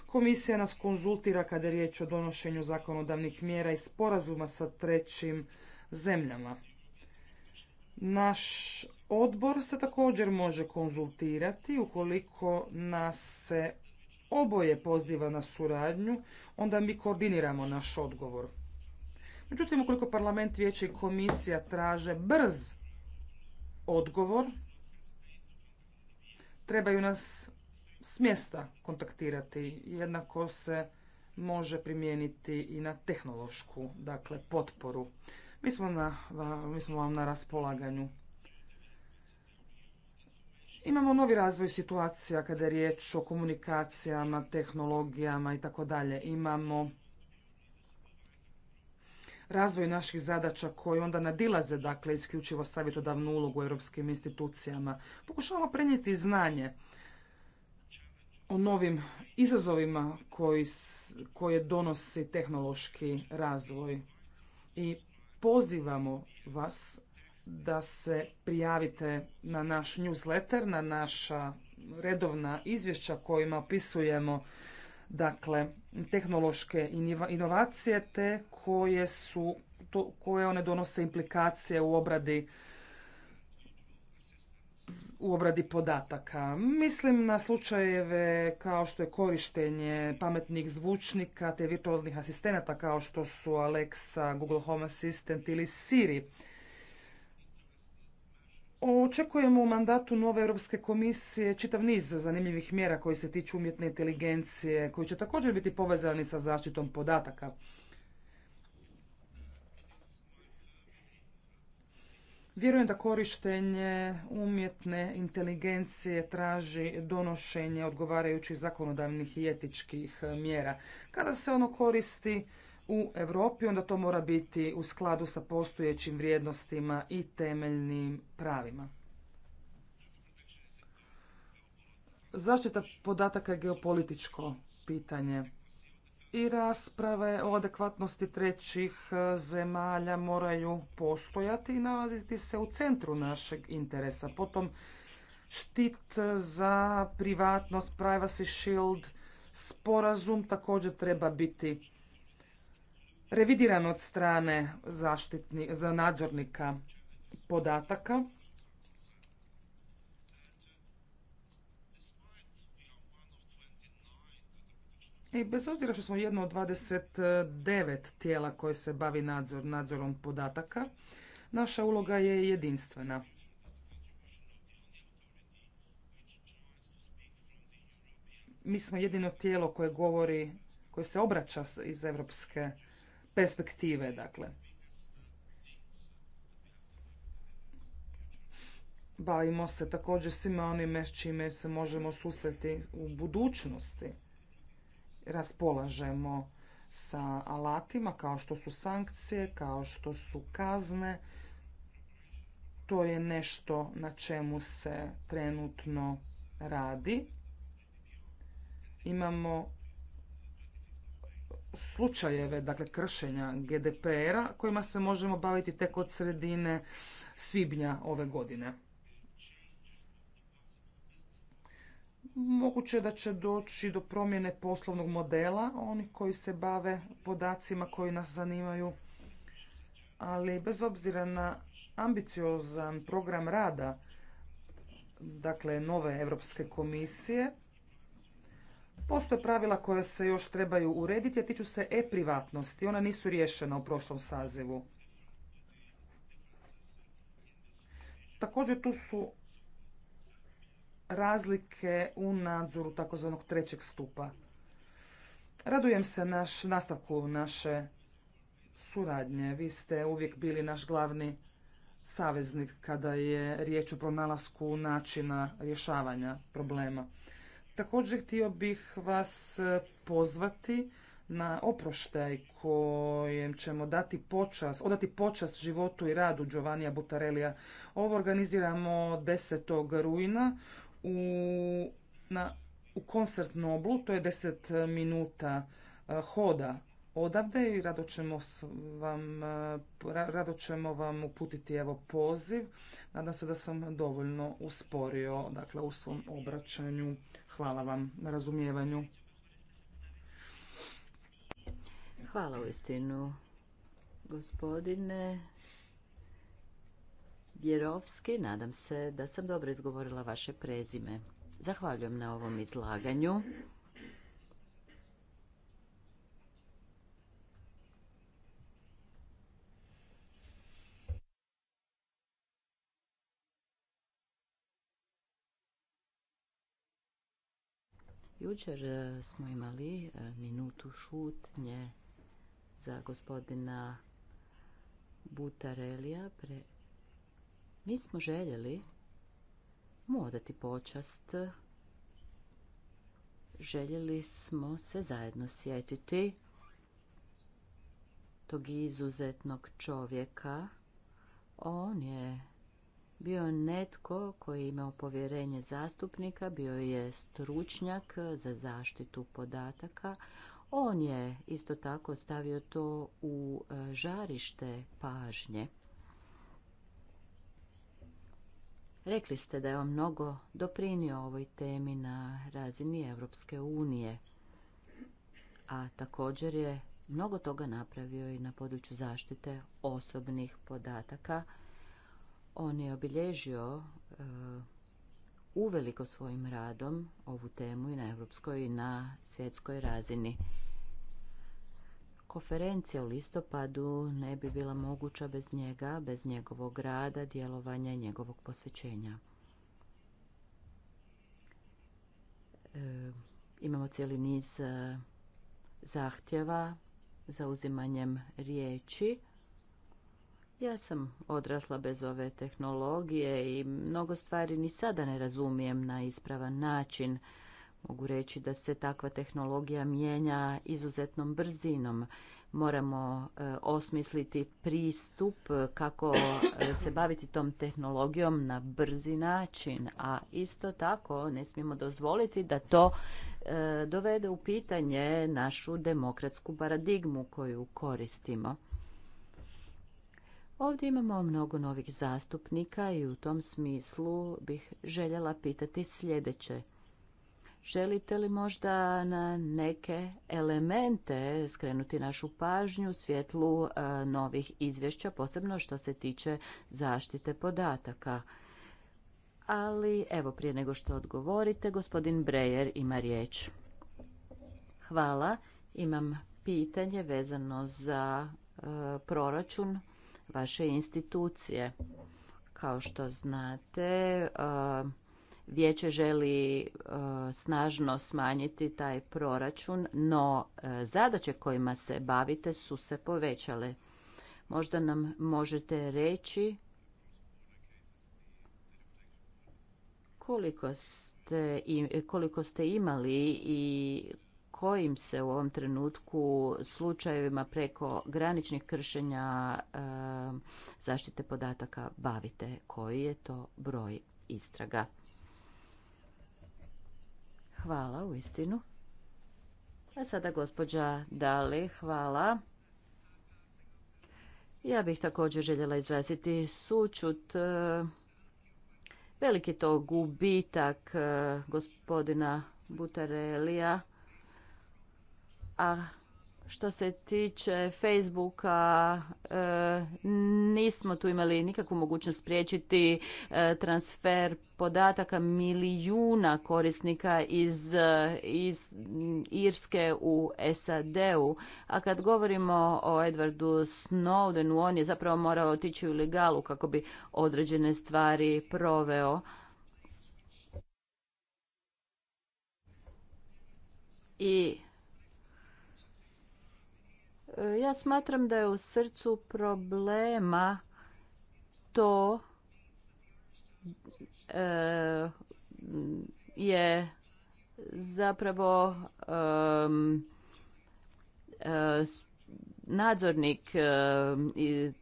Speaker 3: Komisija nas konzultira kada je riječ o donošenju zakonodavnih mjera i sporazuma sa trećim zemljama. Naš odbor se također može konzultirati ukoliko nas se oboje poziva na suradnju, onda mi koordiniramo naš odgovor. Međutim, ukoliko parlament, vijeće i komisija traže brz odgovor, trebaju nas s mjesta kontaktirati. Jednako se može primijeniti i na tehnološku dakle, potporu. Mi smo, na, vam na raspolaganju. Imamo novi razvoj situacija kada je riječ o komunikacijama, tehnologijama i tako dalje. Imamo razvoj naših zadaća koji onda nadilaze dakle isključivo savjetodavnu ulogu u europskim institucijama. Pokušavamo prenijeti znanje o novim izazovima koji, koje donosi tehnološki razvoj i pozivamo vas da se prijavite na naš newsletter, na naša redovna izvješća kojima opisujemo dakle tehnološke inovacije te koje su to, koje one donose implikacije u obradi u obradi podataka. Mislim na slučajeve kao što je korištenje pametnih zvučnika te virtualnih asistenata kao što su Alexa, Google Home Assistant ili Siri. Očekujemo u mandatu nove Europske komisije čitav niz zanimljivih mjera koji se tiču umjetne inteligencije, koji će također biti povezani sa zaštitom podataka. Vjerujem da korištenje umjetne inteligencije traži donošenje odgovarajućih zakonodavnih i etičkih e, mjera. Kada se ono koristi u Europi onda to mora biti u skladu sa postojećim vrijednostima i temeljnim pravima. Zaštita podataka je geopolitičko pitanje i rasprave o adekvatnosti trećih e, zemalja moraju postojati i nalaziti se u centru našeg interesa. Potom štit za privatnost, privacy shield, sporazum također treba biti revidiran od strane za nadzornika podataka. I bez obzira što smo jedno od 29 tijela koje se bavi nadzor, nadzorom podataka, naša uloga je jedinstvena. Mi smo jedino tijelo koje govori, koje se obraća iz europske perspektive, dakle. Bavimo se također svima onime s čime se možemo susreti u budućnosti raspolažemo sa alatima kao što su sankcije, kao što su kazne. To je nešto na čemu se trenutno radi. Imamo slučajeve dakle kršenja GDPR-a kojima se možemo baviti tek od sredine svibnja ove godine. Moguće da će doći do promjene poslovnog modela, oni koji se bave podacima koji nas zanimaju, ali bez obzira na ambiciozan program rada, dakle nove Europske komisije, postoje pravila koja se još trebaju urediti, a tiču se e-privatnosti. Ona nisu riješena u prošlom sazivu. Također tu su razlike u nadzoru takozvanog trećeg stupa. Radujem se naš, nastavku naše suradnje. Vi ste uvijek bili naš glavni saveznik kada je riječ o pronalasku načina rješavanja problema. Također htio bih vas pozvati na oproštaj kojem ćemo dati počas, odati počas životu i radu Giovannija Butarelija. Ovo organiziramo 10. rujna u, na, u to je 10 e, minuta e, hoda odavde i rado ćemo, vam, e, rado ćemo vam uputiti evo poziv. Nadam se da sam dovoljno usporio dakle, u svom obraćanju. Hvala
Speaker 4: vam na razumijevanju. Hvala u istinu, gospodine. Jerovski, nadam se da sam dobro izgovorila vaše prezime. Zahvaljujem na ovom izlaganju. Jučer e, smo imali e, minutu šutnje za gospodina Butarelija, pre, mi smo željeli mu odati počast. Željeli smo se zajedno sjetiti tog izuzetnog čovjeka. On je bio netko koji je imao povjerenje zastupnika, bio je stručnjak za zaštitu podataka. On je isto tako stavio to u e, žarište pažnje. Rekli ste da je on mnogo doprinio ovoj temi na razini Europske unije, a također je mnogo toga napravio i na području zaštite osobnih podataka. On je obilježio e, uveliko svojim radom ovu temu i na europskoj i na svjetskoj razini konferencija u listopadu ne bi bila moguća bez njega, bez njegovog rada, djelovanja i njegovog posvećenja. E, imamo cijeli niz e, zahtjeva za uzimanjem riječi. Ja sam odrasla bez ove tehnologije i mnogo stvari ni sada ne razumijem na ispravan način. Mogu reći da se takva tehnologija mijenja izuzetnom brzinom. Moramo e, osmisliti pristup kako e, se baviti tom tehnologijom na brzi način, a isto tako ne smijemo dozvoliti da to e, dovede u pitanje našu demokratsku paradigmu koju koristimo. Ovdje imamo mnogo novih zastupnika i u tom smislu bih željela pitati sljedeće. Želite li možda na neke elemente skrenuti našu pažnju u svjetlu e, novih izvješća, posebno što se tiče zaštite podataka? Ali evo prije nego što odgovorite, gospodin Brejer ima riječ. Hvala. Imam pitanje vezano za e, proračun vaše institucije. Kao što znate, e, Vijeće želi e, snažno smanjiti taj proračun, no e, zadaće kojima se bavite su se povećale. Možda nam možete reći koliko ste, koliko ste imali i kojim se u ovom trenutku slučajevima preko graničnih kršenja e, zaštite podataka bavite? Koji je to broj istraga? Hvala, u istinu. A sada gospođa Dali, hvala. Ja bih također željela izraziti sučut. E, veliki to gubitak e, gospodina Butarelija. A što se tiče Facebooka, e, nismo tu imali nikakvu mogućnost spriječiti e, transfer podataka milijuna korisnika iz, e, iz Irske u SAD-u. A kad govorimo o Edwardu Snowdenu, on je zapravo morao otići u legalu kako bi određene stvari proveo. I E, ja smatram da je u srcu problema to e, je zapravo e, nadzornik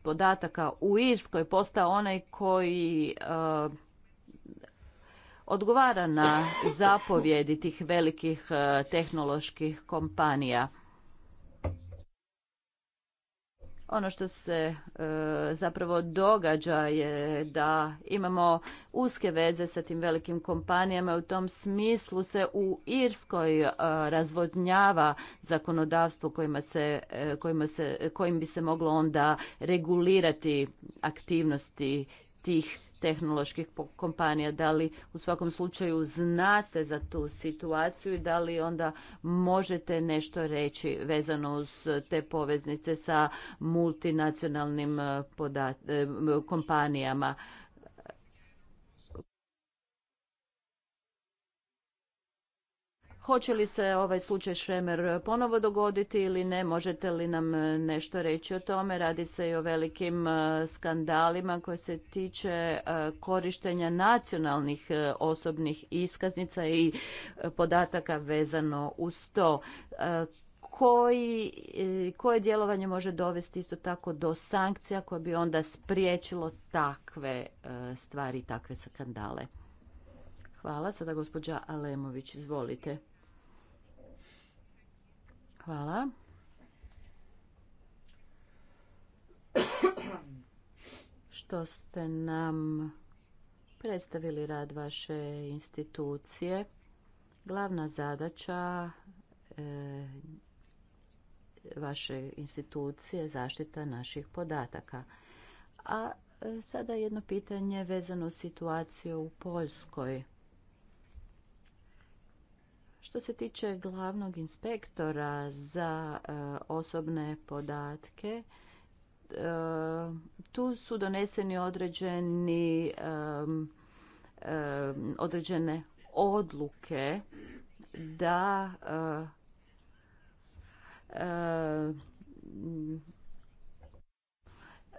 Speaker 4: podataka u Irskoj postao onaj koji odgovara na zapovjedi tih velikih tehnoloških kompanija ono što se e, zapravo događa je da imamo uske veze sa tim velikim kompanijama u tom smislu se u irskoj e, razvodnjava zakonodavstvo kojima se, e, kojima se kojim bi se moglo onda regulirati aktivnosti tih tehnoloških kompanija, da li u svakom slučaju znate za tu situaciju i da li onda možete nešto reći vezano uz te poveznice sa multinacionalnim eh, eh, kompanijama. Hoće li se ovaj slučaj Šremer ponovo dogoditi ili ne? Možete li nam e, nešto reći o tome? Radi se i o velikim e, skandalima koje se tiče e, korištenja nacionalnih osobnih iskaznica i podataka vezano uz to. Koji, koje djelovanje može dovesti isto tako do sankcija koje bi onda spriječilo takve stvari, takve skandale? Hvala. Sada gospođa Alemović, izvolite. Hvala. Što ste nam predstavili rad vaše institucije. Glavna zadaća e, vaše institucije je zaštita naših podataka. A e, sada jedno pitanje vezano uz situaciju u Poljskoj. Što se tiče glavnog inspektora za e, osobne podatke, e, tu su doneseni određeni određene odluke da e,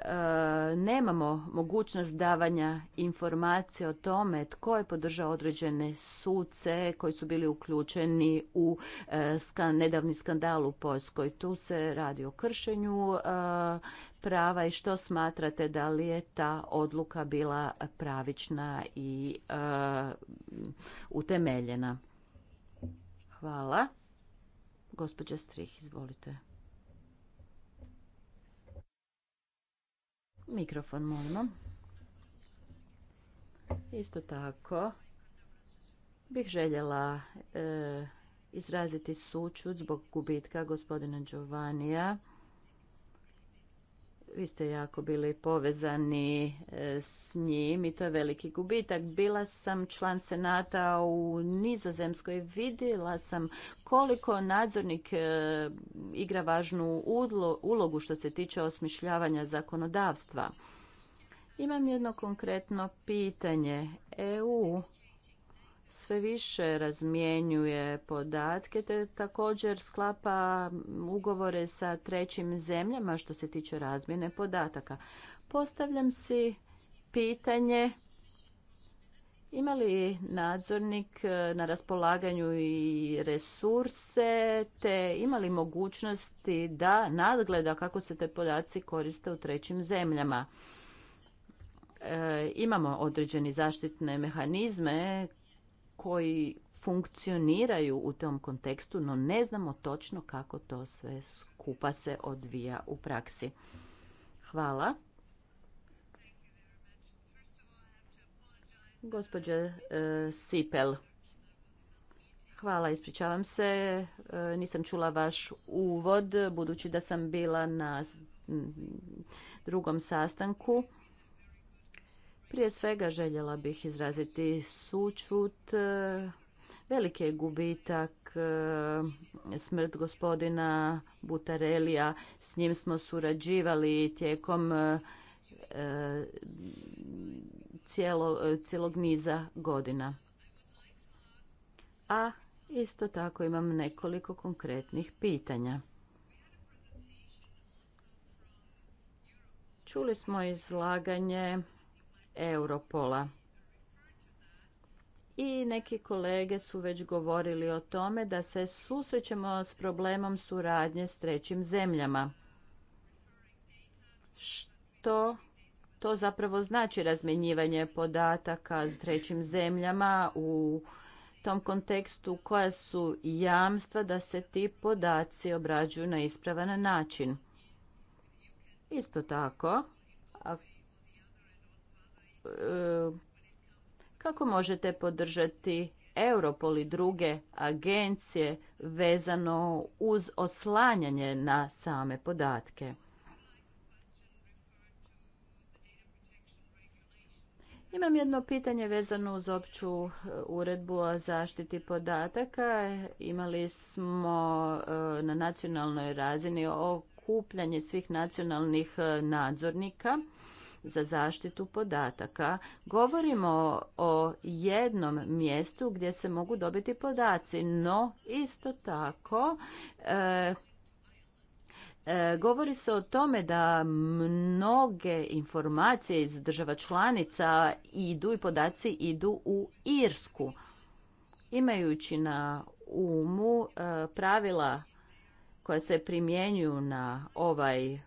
Speaker 4: E, nemamo mogućnost davanja informacije o tome tko je podržao određene suce koji su bili uključeni u e, nedavni skandal u Poljskoj. Tu se radi o kršenju e, prava i što smatrate da li je ta odluka bila pravična i utemeljena. Hvala. Gospođa Strih, izvolite. Mikrofon, molimo. Isto tako, bih željela e, izraziti sućut zbog gubitka gospodina Giovanija vi ste jako bili povezani e, s njim i to je veliki gubitak. Bila sam član senata u Nizozemskoj, vidjela sam koliko nadzornik e, igra važnu ulogu što se tiče osmišljavanja zakonodavstva. Imam jedno konkretno pitanje. EU sve više razmjenjuje podatke te također sklapa ugovore sa trećim zemljama što se tiče razmjene podataka. Postavljam si pitanje ima li nadzornik e, na raspolaganju i resurse te ima li mogućnosti da nadgleda kako se te podaci koriste u trećim zemljama? E, imamo određeni zaštitne mehanizme koji funkcioniraju u tom kontekstu, no ne znamo točno kako to sve skupa se odvija u praksi. Hvala. Gospođe Sipel, hvala, ispričavam se. E, nisam čula vaš uvod, budući da sam bila na drugom sastanku. Prije svega željela bih izraziti sučut. E, veliki je gubitak e, smrt gospodina Butarelija. S njim smo surađivali tijekom e, cijelog niza godina. A isto tako imam nekoliko konkretnih pitanja. Čuli smo izlaganje Europola. I neki kolege su već govorili o tome da se susrećemo s problemom suradnje s trećim zemljama. Što to zapravo znači razmjenjivanje podataka s trećim zemljama u tom kontekstu koja su jamstva da se ti podaci obrađuju na ispravan način. Isto tako, E, kako možete podržati Europol i druge agencije vezano uz oslanjanje na same podatke. Imam jedno pitanje vezano uz opću e, uredbu o zaštiti podataka. Imali smo e, na nacionalnoj razini okupljanje svih nacionalnih nadzornika za zaštitu podataka. Govorimo o jednom mjestu gdje se mogu dobiti podaci, no isto tako e, e, Govori se o tome da mnoge informacije iz država članica idu i podaci idu u Irsku. Imajući na umu e, pravila koja se primjenjuju na ovaj e,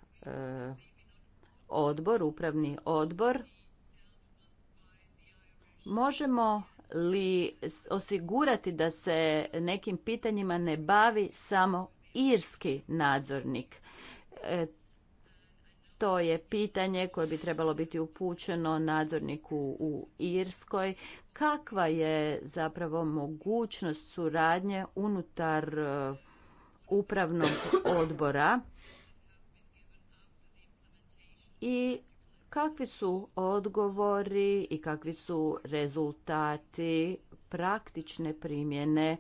Speaker 4: odbor, upravni odbor, možemo li osigurati da se nekim pitanjima ne bavi samo irski nadzornik? E, to je pitanje koje bi trebalo biti upućeno nadzorniku u Irskoj. Kakva je zapravo mogućnost suradnje unutar e, upravnog odbora i kakvi su odgovori i kakvi su rezultati praktične primjene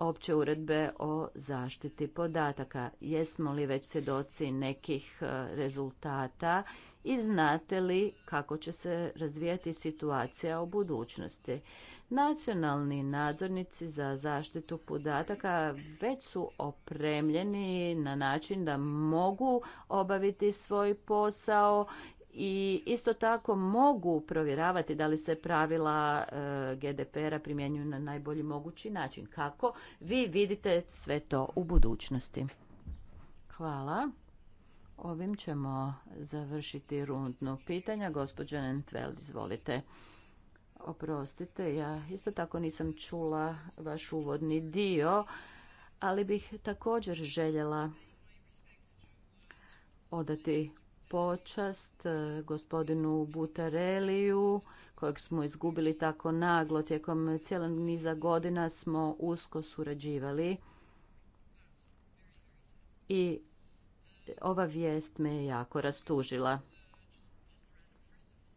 Speaker 4: opće uredbe o zaštiti podataka. Jesmo li već svjedoci nekih e, rezultata i znate li kako će se razvijati situacija u budućnosti? Nacionalni nadzornici za zaštitu podataka već su opremljeni na način da mogu obaviti svoj posao i isto tako mogu provjeravati da li se pravila e, GDPR-a primjenjuju na najbolji mogući način. Kako vi vidite sve to u budućnosti? Hvala. Ovim ćemo završiti rundno pitanja. Gospođa Entveld, izvolite. Oprostite, ja isto tako nisam čula vaš uvodni dio, ali bih također željela odati počast e, gospodinu Butareliju, kojeg smo izgubili tako naglo. Tijekom cijelog niza godina smo usko surađivali i ova vijest me je jako rastužila.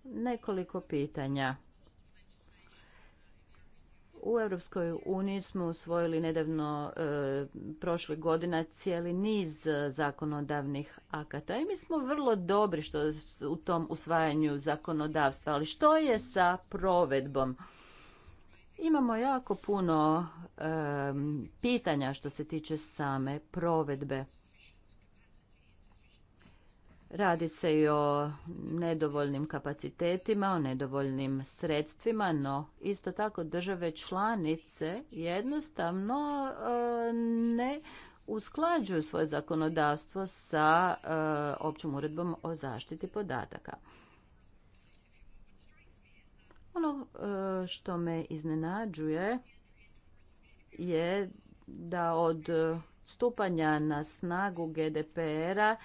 Speaker 4: Nekoliko pitanja. U Europskoj uniji smo usvojili nedavno e, prošle godina cijeli niz e, zakonodavnih akata i mi smo vrlo dobri što u tom usvajanju zakonodavstva, ali što je sa provedbom? Imamo jako puno e, pitanja što se tiče same provedbe. Radi se i o nedovoljnim kapacitetima, o nedovoljnim sredstvima, no isto tako države članice jednostavno e, ne usklađuju svoje zakonodavstvo sa e, općom uredbom o zaštiti podataka. Ono e, što me iznenađuje je da od stupanja na snagu GDPR-a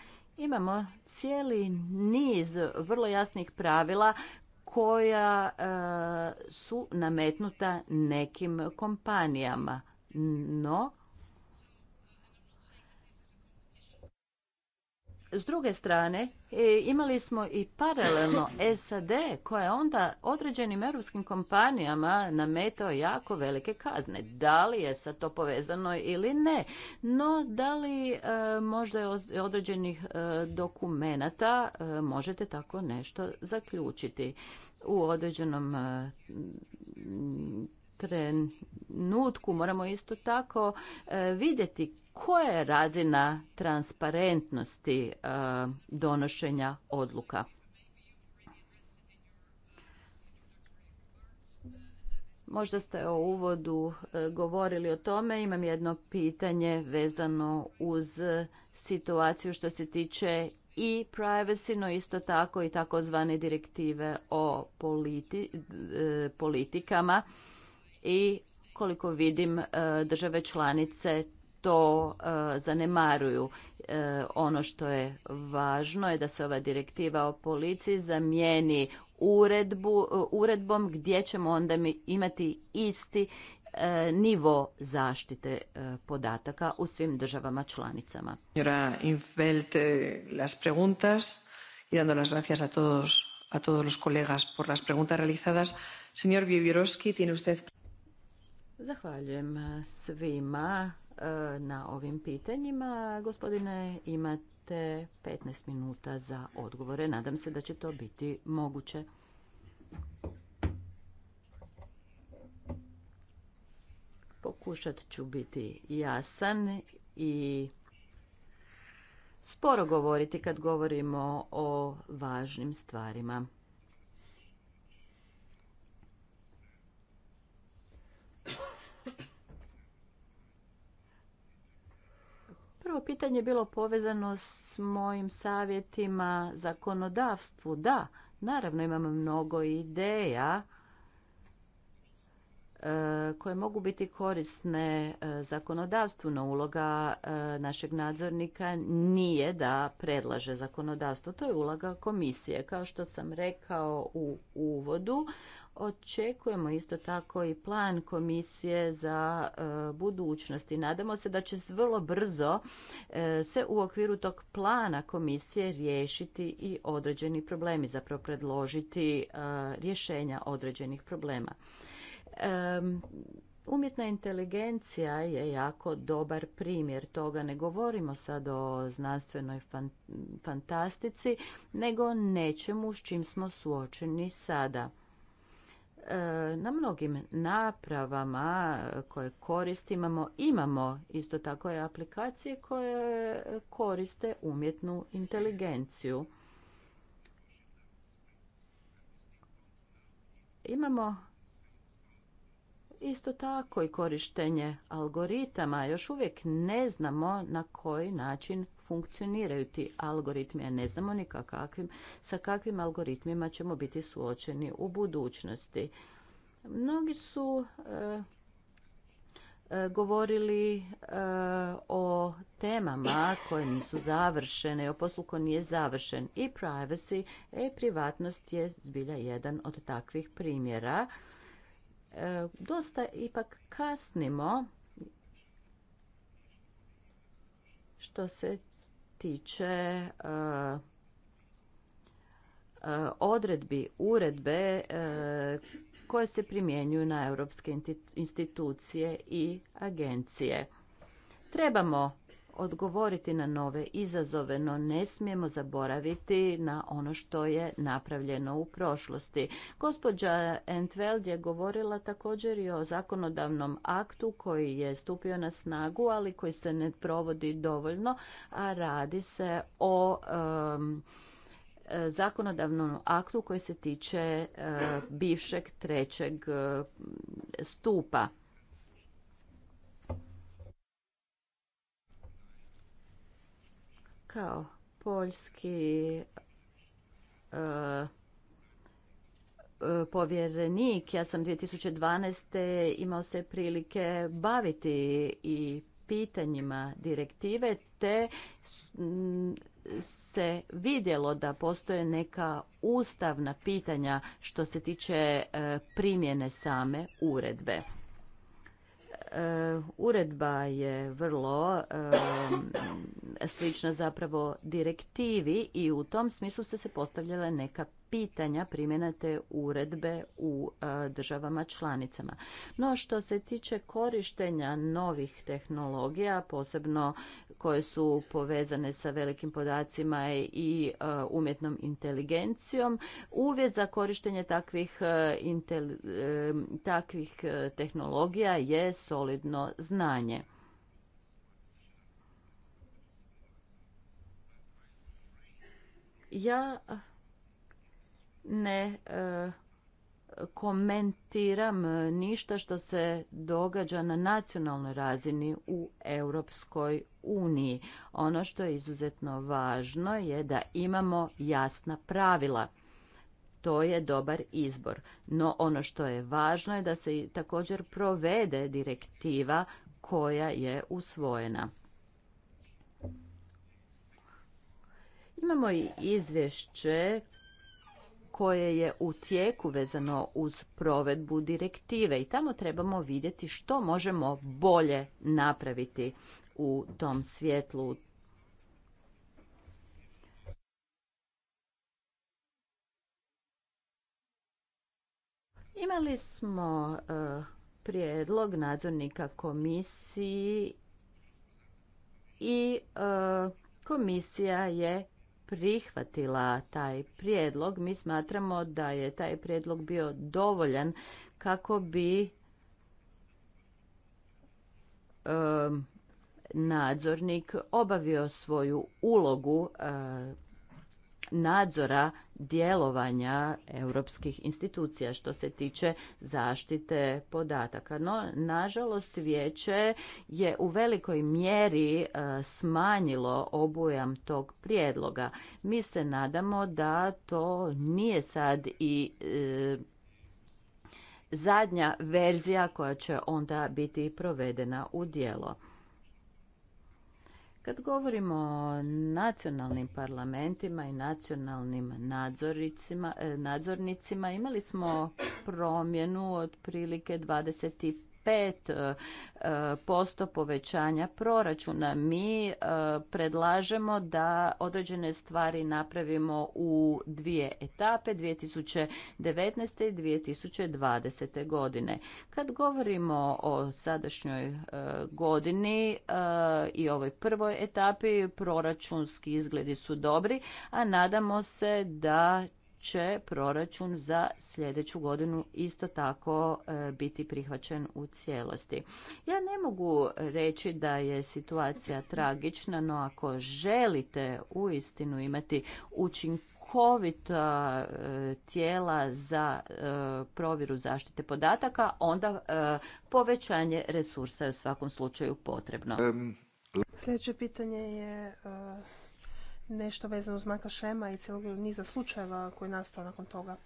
Speaker 4: Imamo cijeli niz vrlo jasnih pravila koja e, su nametnuta nekim kompanijama, no S druge strane, e, imali smo i paralelno SAD koja je onda određenim europskim kompanijama nametao jako velike kazne. Da li je sa to povezano ili ne? No, da li e, možda je određenih e, dokumenata možete tako nešto zaključiti? u određenom trenutku moramo isto tako e, vidjeti koja je razina transparentnosti e, donošenja odluka. Možda ste o uvodu e, govorili o tome. Imam jedno pitanje vezano uz situaciju što se tiče i privacy, no isto tako i takozvane direktive o politikama i koliko vidim e, države članice to e, zanemaruju. E, ono što je važno je da se ova direktiva o policiji zamijeni uredbu, uredbom gdje ćemo onda imati isti nivo zaštite podataka u svim državama članicama.
Speaker 1: Njera Infeld, eh, las preguntas i dando las gracias a todos a todos los colegas por las preguntas realizadas. Señor tiene usted
Speaker 4: Zahvaljujem svima e, na ovim pitanjima. Gospodine, imate 15 minuta za odgovore. Nadam se da će to biti moguće. Pokušat ću biti jasan i sporo govoriti kad govorimo o važnim stvarima. pitanje bilo povezano s mojim savjetima zakonodavstvu. Da, naravno imam mnogo ideja e, koje mogu biti korisne e, zakonodavstvu, no uloga e, našeg nadzornika nije da predlaže zakonodavstvo. To je uloga komisije. Kao što sam rekao u uvodu, Očekujemo isto tako i plan komisije za e, budućnost i nadamo se da će vrlo brzo e, se u okviru tog plana komisije riješiti i određeni problemi, zapravo predložiti e, rješenja određenih problema. Umjetna inteligencija je jako dobar primjer toga. Ne govorimo sad o znanstvenoj fantastici, nego nečemu s čim smo suočeni sada. E, na mnogim napravama koje koristimo imamo isto tako i aplikacije koje koriste umjetnu inteligenciju. Imamo Isto tako i korištenje algoritama. Još uvijek ne znamo na koji način funkcioniraju ti algoritmi, a ne znamo ni kakvim, sa kakvim algoritmima ćemo biti suočeni u budućnosti. Mnogi su eh, eh, govorili eh, o temama koje nisu završene, o poslu koji nije završen. I privacy, e privatnost je zbilja jedan od takvih primjera dosta ipak kasnimo što se tiče e, e, odredbi uredbe e, koje se primjenjuju na europske institucije i agencije. Trebamo odgovoriti na nove izazove, no ne smijemo zaboraviti na ono što je napravljeno u prošlosti. Gospođa Entveld je govorila također i o zakonodavnom aktu koji je stupio na snagu, ali koji se ne provodi dovoljno, a radi se o zakonodavnom aktu koji se tiče e, bivšeg trećeg e, stupa. Kao poljski e, e, povjerenik, ja sam 2012. imao se prilike baviti i pitanjima direktive, te se vidjelo da postoje neka ustavna pitanja što se tiče e, primjene same uredbe. E, uredba je vrlo e, slična zapravo direktivi i u tom smislu se se postavljale neka pitanja primjena te uredbe u e, državama članicama. No što se tiče korištenja novih tehnologija, posebno koje su povezane sa velikim podacima i e, umjetnom inteligencijom, uvjet za korištenje takvih, e, takvih tehnologija je solidno znanje. Ja ne e, komentiram e, ništa što se događa na nacionalnoj razini u Europskoj uniji. Ono što je izuzetno važno je da imamo jasna pravila. To je dobar izbor. No ono što je važno je da se također provede direktiva koja je usvojena. Imamo i izvješće koje je u tijeku vezano uz provedbu direktive i tamo trebamo vidjeti što možemo bolje napraviti u tom svjetlu. Imali smo e, prijedlog nadzornika komisiji i e, komisija je prihvatila taj prijedlog. Mi smatramo da je taj prijedlog bio dovoljan kako bi nadzornik obavio svoju ulogu nadzora djelovanja europskih institucija što se tiče zaštite podataka. No, nažalost, vijeće je u velikoj mjeri e, smanjilo obujam tog prijedloga. Mi se nadamo da to nije sad i e, zadnja verzija koja će onda biti provedena u djelo. Kad govorimo o nacionalnim parlamentima i nacionalnim eh, nadzornicima, imali smo promjenu otprilike 25 E, e, posto povećanja proračuna. Mi e, predlažemo da određene stvari napravimo u dvije etape, 2019. i 2020. godine. Kad govorimo o sadašnjoj godini i ovoj prvoj etapi, proračunski izgledi su dobri, a nadamo se da će proračun za sljedeću godinu isto tako e, biti prihvaćen u cijelosti. Ja ne mogu reći da je situacija tragična, no ako želite uistinu imati učinkovita e, tijela za e, provjeru zaštite podataka, onda povećanje resursa je u svakom slučaju potrebno.
Speaker 2: Sljedeće pitanje je nešto vezano uz Marka shema i cijelog niza slučajeva koji je nastao nakon toga.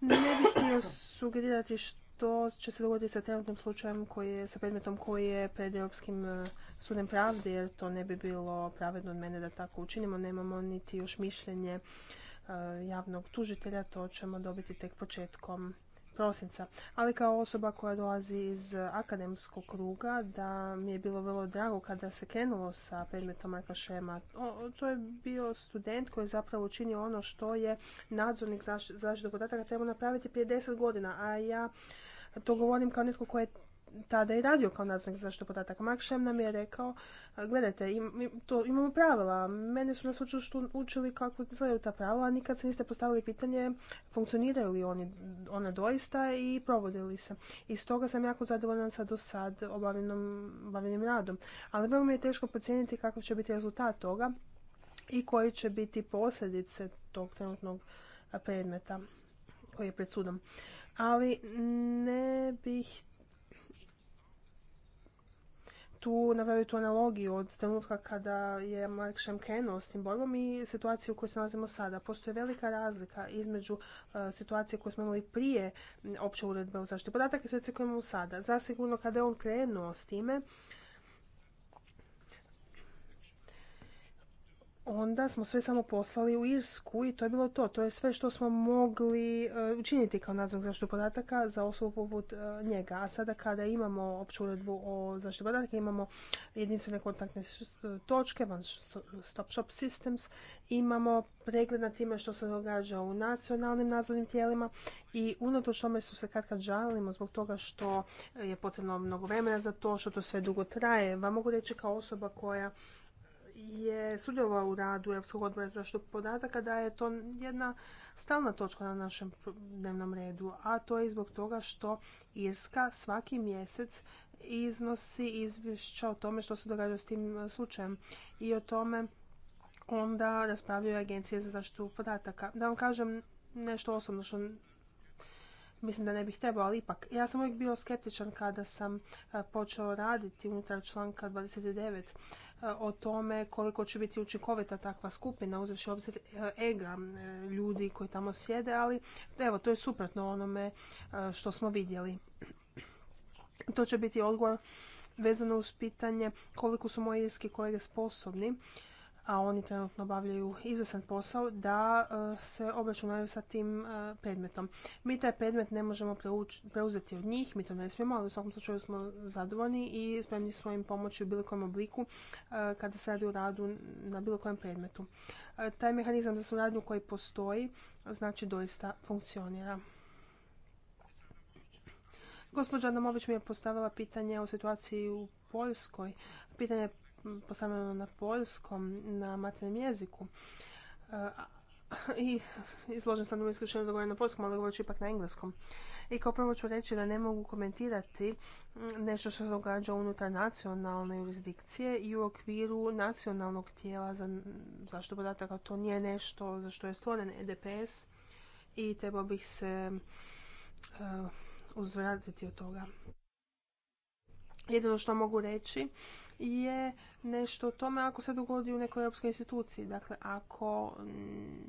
Speaker 2: Ne bih htio sugerirati što će se dogoditi sa trenutnim slučajem koji je, sa predmetom koji je pred Europskim e, sudem pravde, jer to ne bi bilo pravedno od mene da tako učinimo. Nemamo niti još mišljenje e, javnog tužitelja, to ćemo dobiti tek početkom prosinca. Ali kao osoba koja dolazi iz akademskog kruga, da mi je bilo vrlo drago kada se krenulo sa predmetom Marka Šema. to je bio student koji je zapravo učinio ono što je nadzornik zaštite podataka trebao napraviti prije deset godina, a ja to govorim kao netko tko je tada i radio kao nadzornik zaštitu podataka. Mark nam je rekao, gledajte, to, imamo pravila, mene su nas učili kako izgledaju ta pravila, a nikad se niste postavili pitanje funkcioniraju li oni, ona doista i provode li se. I stoga sam jako zadovoljan sa do sad obavljenim radom. Ali vrlo mi je teško procijeniti kakav će biti rezultat toga i koji će biti posljedice tog trenutnog predmeta koji je pred sudom. Ali ne bih tu napravio tu analogiju od trenutka kada je Mark Shem krenuo s tim borbom i situaciju u kojoj se nalazimo sada. Postoje velika razlika između e, situacije koju smo imali prije opće uredbe o zaštiti podataka i situacije koje imamo sada. Zasigurno kada je on krenuo s time, onda smo sve samo poslali u Irsku i to je bilo to. To je sve što smo mogli e, učiniti kao nadzor zaštitu podataka za osobu poput e, njega. A sada kada imamo opću uredbu o zaštitu podataka, imamo jedinstvene kontaktne e, točke, van stop shop systems, imamo pregled na time što se događa u nacionalnim nadzornim tijelima i unatoč tome su se kad kad žalimo zbog toga što je potrebno mnogo vremena za to, što to sve dugo traje. Vam mogu reći kao osoba koja je sudjelovao u radu Europskog odbora za zaštitu podataka da je to jedna stalna točka na našem dnevnom redu, a to je zbog toga što Irska svaki mjesec iznosi izvješća o tome što se događa s tim slučajem i o tome onda raspravljaju agencije za zaštitu podataka. Da vam kažem nešto osobno što mislim da ne bih trebao, ali ipak. Ja sam uvijek bio skeptičan kada sam počeo raditi unutar članka 29 E, o tome koliko će biti učinkovita takva skupina, uzevši obzir e, ega e, ljudi koji tamo sjede, ali evo, to je suprotno onome što smo vidjeli. To će biti odgovor vezano uz pitanje koliko su moji irski kolege sposobni a oni trenutno obavljaju izvrstan posao, da e, se obračunaju sa tim e, predmetom. Mi taj predmet ne možemo preuzeti od njih, mi to ne smijemo, ali u svakom slučaju smo zadovoljni i spremni smo im pomoći u bilo kojem obliku e, kada se radi u radu na bilo kojem predmetu. Taj mehanizam za suradnju koji postoji znači doista funkcionira. Gospođa Adamović mi je postavila pitanje o situaciji u Poljskoj. Pitanje postavljeno na poljskom, na materijem jeziku. E, I izložen sam u isključenju da govorim na poljskom, ali govorit ću ipak na engleskom. I kao prvo ću reći da ne mogu komentirati nešto što se događa unutar nacionalne jurisdikcije i u okviru nacionalnog tijela za zaštitu podataka. To nije nešto za što je stvoren EDPS i trebao bih se uh, uzvratiti od toga jedino što mogu reći je nešto o tome ako se dogodi u nekoj europskoj instituciji. Dakle, ako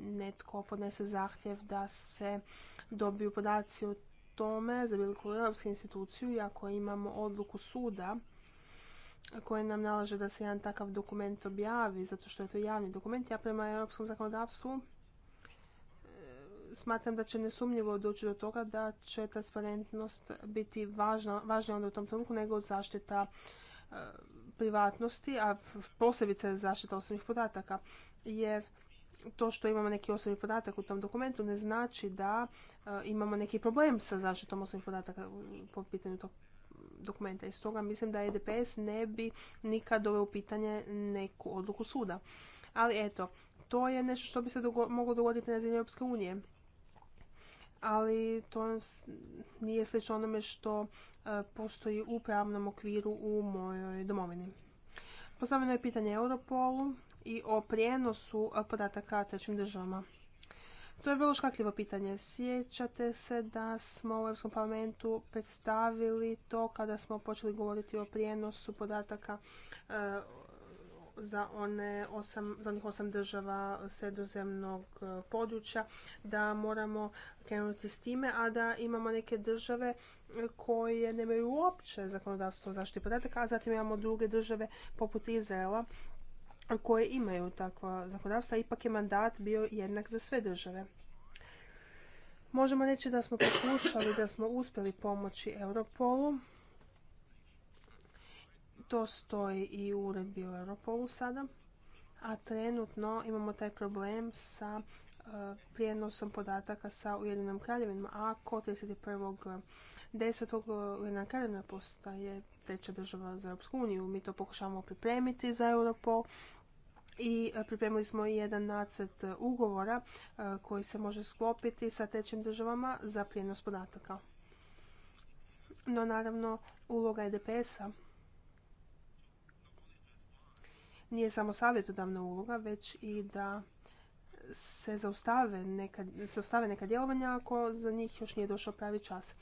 Speaker 2: netko podnese zahtjev da se dobiju podaci o tome za bilo koju europsku instituciju i ako imamo odluku suda koje nam nalaže da se jedan takav dokument objavi zato što je to javni dokument, ja prema europskom zakonodavstvu smatram da će nesumnjivo doći do toga da će transparentnost biti važnija onda u tom trenutku nego zaštita e, privatnosti, a posebice zaštita osobnih podataka. Jer to što imamo neki osobni podatak u tom dokumentu ne znači da e, imamo neki problem sa zaštitom osobnih podataka po pitanju tog dokumenta. I stoga mislim da EDPS ne bi nikad doveo u pitanje neku odluku suda. Ali eto, to je nešto što bi se moglo dogoditi na razini Europske unije ali to nije slično onome što e, postoji u pravnom okviru u mojoj domovini. Postavljeno je pitanje Europolu i o prijenosu e, podataka trećim državama. To je vrlo škakljivo pitanje. Sjećate se da smo u Europskom parlamentu predstavili to kada smo počeli govoriti o prijenosu podataka e, za, one osam, za onih osam država sredozemnog e, područja, da moramo krenuti s time, a da imamo neke države e, koje nemaju uopće zakonodavstvo o zaštiti podataka, a zatim imamo druge države poput Izraela koje imaju takva zakonodavstva. Ipak je mandat bio jednak za sve države. Možemo reći da smo pokušali, da smo uspjeli pomoći Europolu to stoji i u uredbi u Europolu sada, a trenutno imamo taj problem sa e, prijenosom podataka sa Ujedinom kraljevinom, a ko 31.10. Ujedina kraljevina postaje treća država za Europsku uniju. Mi to pokušavamo pripremiti za Europol i e, pripremili smo i jedan nacrt ugovora e, koji se može sklopiti sa trećim državama za prijenos podataka. No naravno uloga EDPS-a nije samo savjetodavna uloga, već i da se zaustave neka, zaustave neka djelovanja ako za njih još nije došao pravi čas.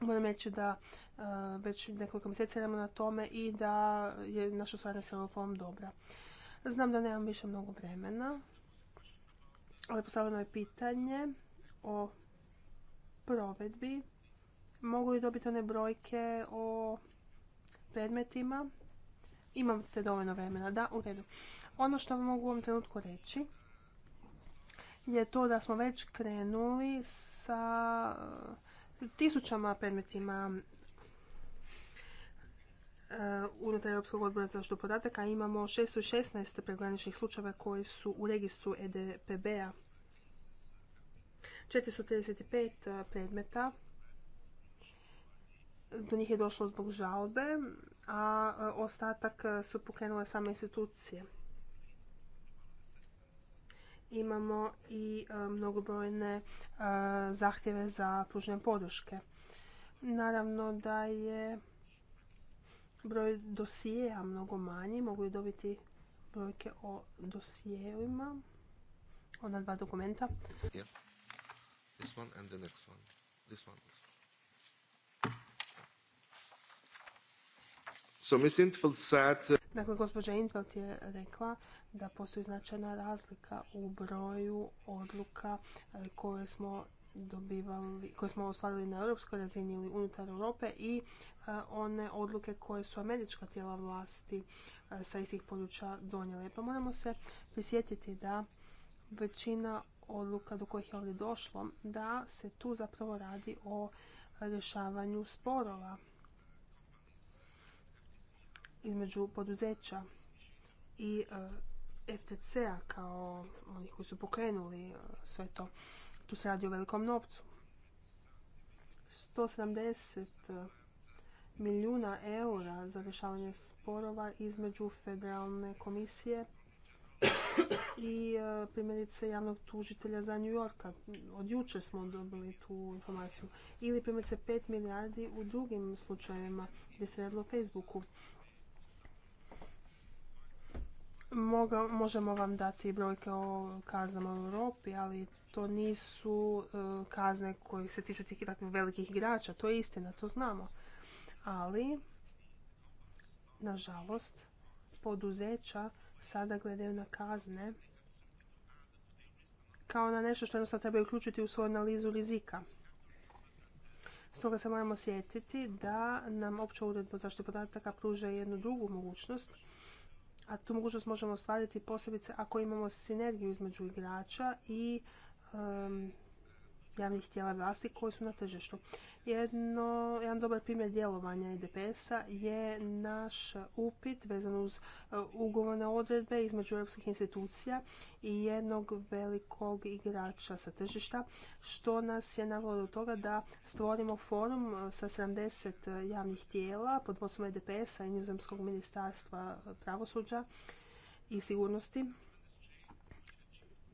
Speaker 2: Moram reći da e, već nekoliko mjeseci radimo na tome i da je naša suradnja s Europolom dobra. Znam da nemam više mnogo vremena, ali postavljeno je pitanje o provedbi. Mogu li dobiti one brojke o predmetima Imate dovoljno vremena, da, u redu. Ono što vam mogu u ovom trenutku reći je to da smo već krenuli sa e, tisućama predmetima e, unutar Europskog odbora za zaštitu podataka imamo 616 pregraničnih slučajeva koji su u registru EDPB-a. 435 e, predmeta. Do njih je došlo zbog žalbe a e, ostatak e, su pokrenule same institucije. Imamo i e, mnogobrojne zahtjeve za pružne podrške. Naravno da je broj dosijeja mnogo manji, mogu i dobiti brojke o dosijevima, ona dva dokumenta. This one and the Uh, dakle, gospođa Intfeld je rekla da postoji značajna razlika u broju odluka e, koje smo dobivali, koje smo ostvarili na europskoj razini ili unutar Europe i e, one odluke koje su američka tijela vlasti e, sa istih područja donijele. Pa moramo se prisjetiti da većina odluka do kojih je ovdje došlo, da se tu zapravo radi o rješavanju sporova između poduzeća i e, FTC-a kao onih koji su pokrenuli e, sve to. Tu se radi o velikom novcu. 170 e, milijuna eura za rješavanje sporova između federalne komisije i primjerice javnog tužitelja za New Yorka. Od jučer smo dobili tu informaciju. Ili primjerice 5 milijardi u drugim slučajevima gdje se radilo Facebooku možemo vam dati brojke o kaznama u Europi, ali to nisu e, kazne koje se tiču tih takvih velikih igrača. To je istina, to znamo. Ali, nažalost, poduzeća sada gledaju na kazne kao na nešto što jednostavno treba uključiti u svoju analizu rizika. Stoga se moramo sjetiti da nam opća uredba zaštite podataka pruža jednu drugu mogućnost, a tu mogućnost možemo ostvariti posebice ako imamo sinergiju između igrača i javnih tijela vlasti koji su na tržištu. Jedno, jedan dobar primjer djelovanja EDPS-a je naš upit vezan uz uh, ugovorne odredbe između europskih institucija i jednog velikog igrača sa tržišta, što nas je navelo do toga da stvorimo forum uh, sa 70 uh, javnih tijela pod vodstvom EDPS-a i Nizozemskog ministarstva pravosuđa i sigurnosti.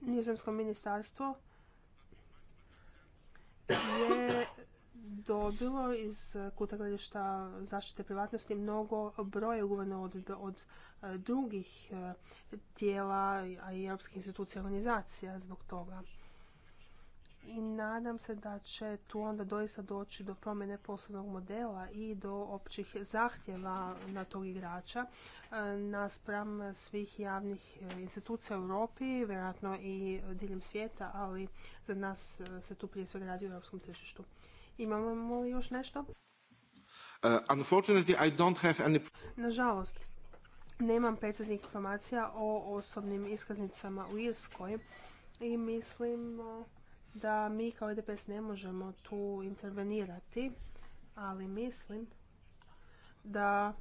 Speaker 2: Nizozemsko ministarstvo je dobilo iz kuta gledišta zaštite privatnosti mnogo broje ugovorne odredbe od eh, drugih eh, tijela, a i europskih institucija i organizacija zbog toga i nadam se da će tu onda doista doći do promjene poslovnog modela i do općih zahtjeva na tog igrača e, naspram svih javnih e, institucija u Europi, vjerojatno i diljem svijeta, ali za nas e, se tu prije svega radi u europskom tržištu. Imamo li još nešto? Uh, Nažalost, nemam preciznih informacija o osobnim iskaznicama u Irskoj i mislim da mi kao EDPS ne možemo tu intervenirati, ali mislim da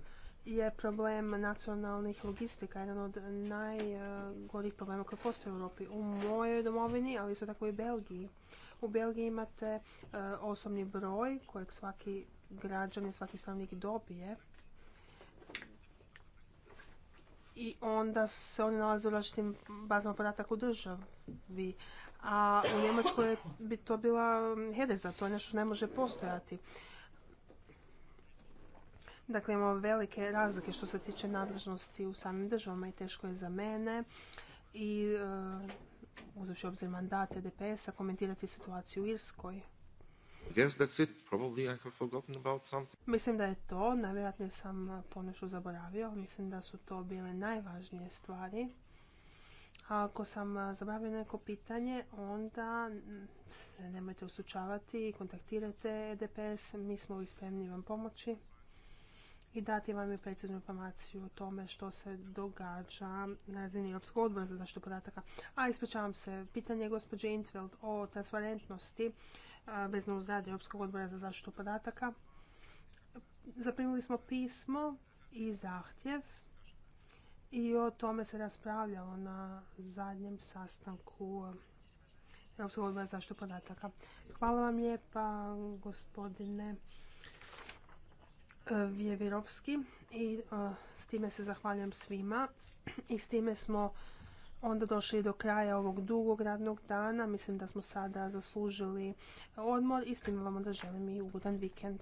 Speaker 2: je problem nacionalnih logistika jedan od najgorih problema koji postoje u Europi. U mojoj domovini, ali isto tako i u Belgiji. U Belgiji imate e, osobni broj kojeg svaki građanin, svaki stanovnik dobije i onda se oni nalaze u različitim bazama podataka u državi a u Njemačkoj bi to bila um, za to nešto ne može postojati. Dakle, imamo velike razlike što se tiče nadležnosti u samim državama i teško je za mene i uh, uzavši obzir mandate DPS-a komentirati situaciju u Irskoj. Mislim da je to, najvjerojatnije sam uh, ponešto zaboravio, mislim da su to bile najvažnije stvari ako sam zabavio neko pitanje, onda se nemojte usučavati i kontaktirajte EDPS. Mi smo uvijek spremni vam pomoći i dati vam i preciznu informaciju o tome što se događa na razini Europskog odbora za zaštitu podataka. A ispričavam se, pitanje gospođe Intveld o transparentnosti vezano uz rad Europskog odbora za zaštitu podataka. Zaprimili smo pismo i zahtjev i o tome se raspravljalo na zadnjem sastanku eh, Europskog odbora zaštitu podataka. Hvala vam lijepa gospodine eh, Vjevirovski i eh, s time se zahvaljujem svima i s time smo onda došli do kraja ovog dugog radnog dana. Mislim da smo sada zaslužili odmor i s time vam onda želim i ugodan vikend.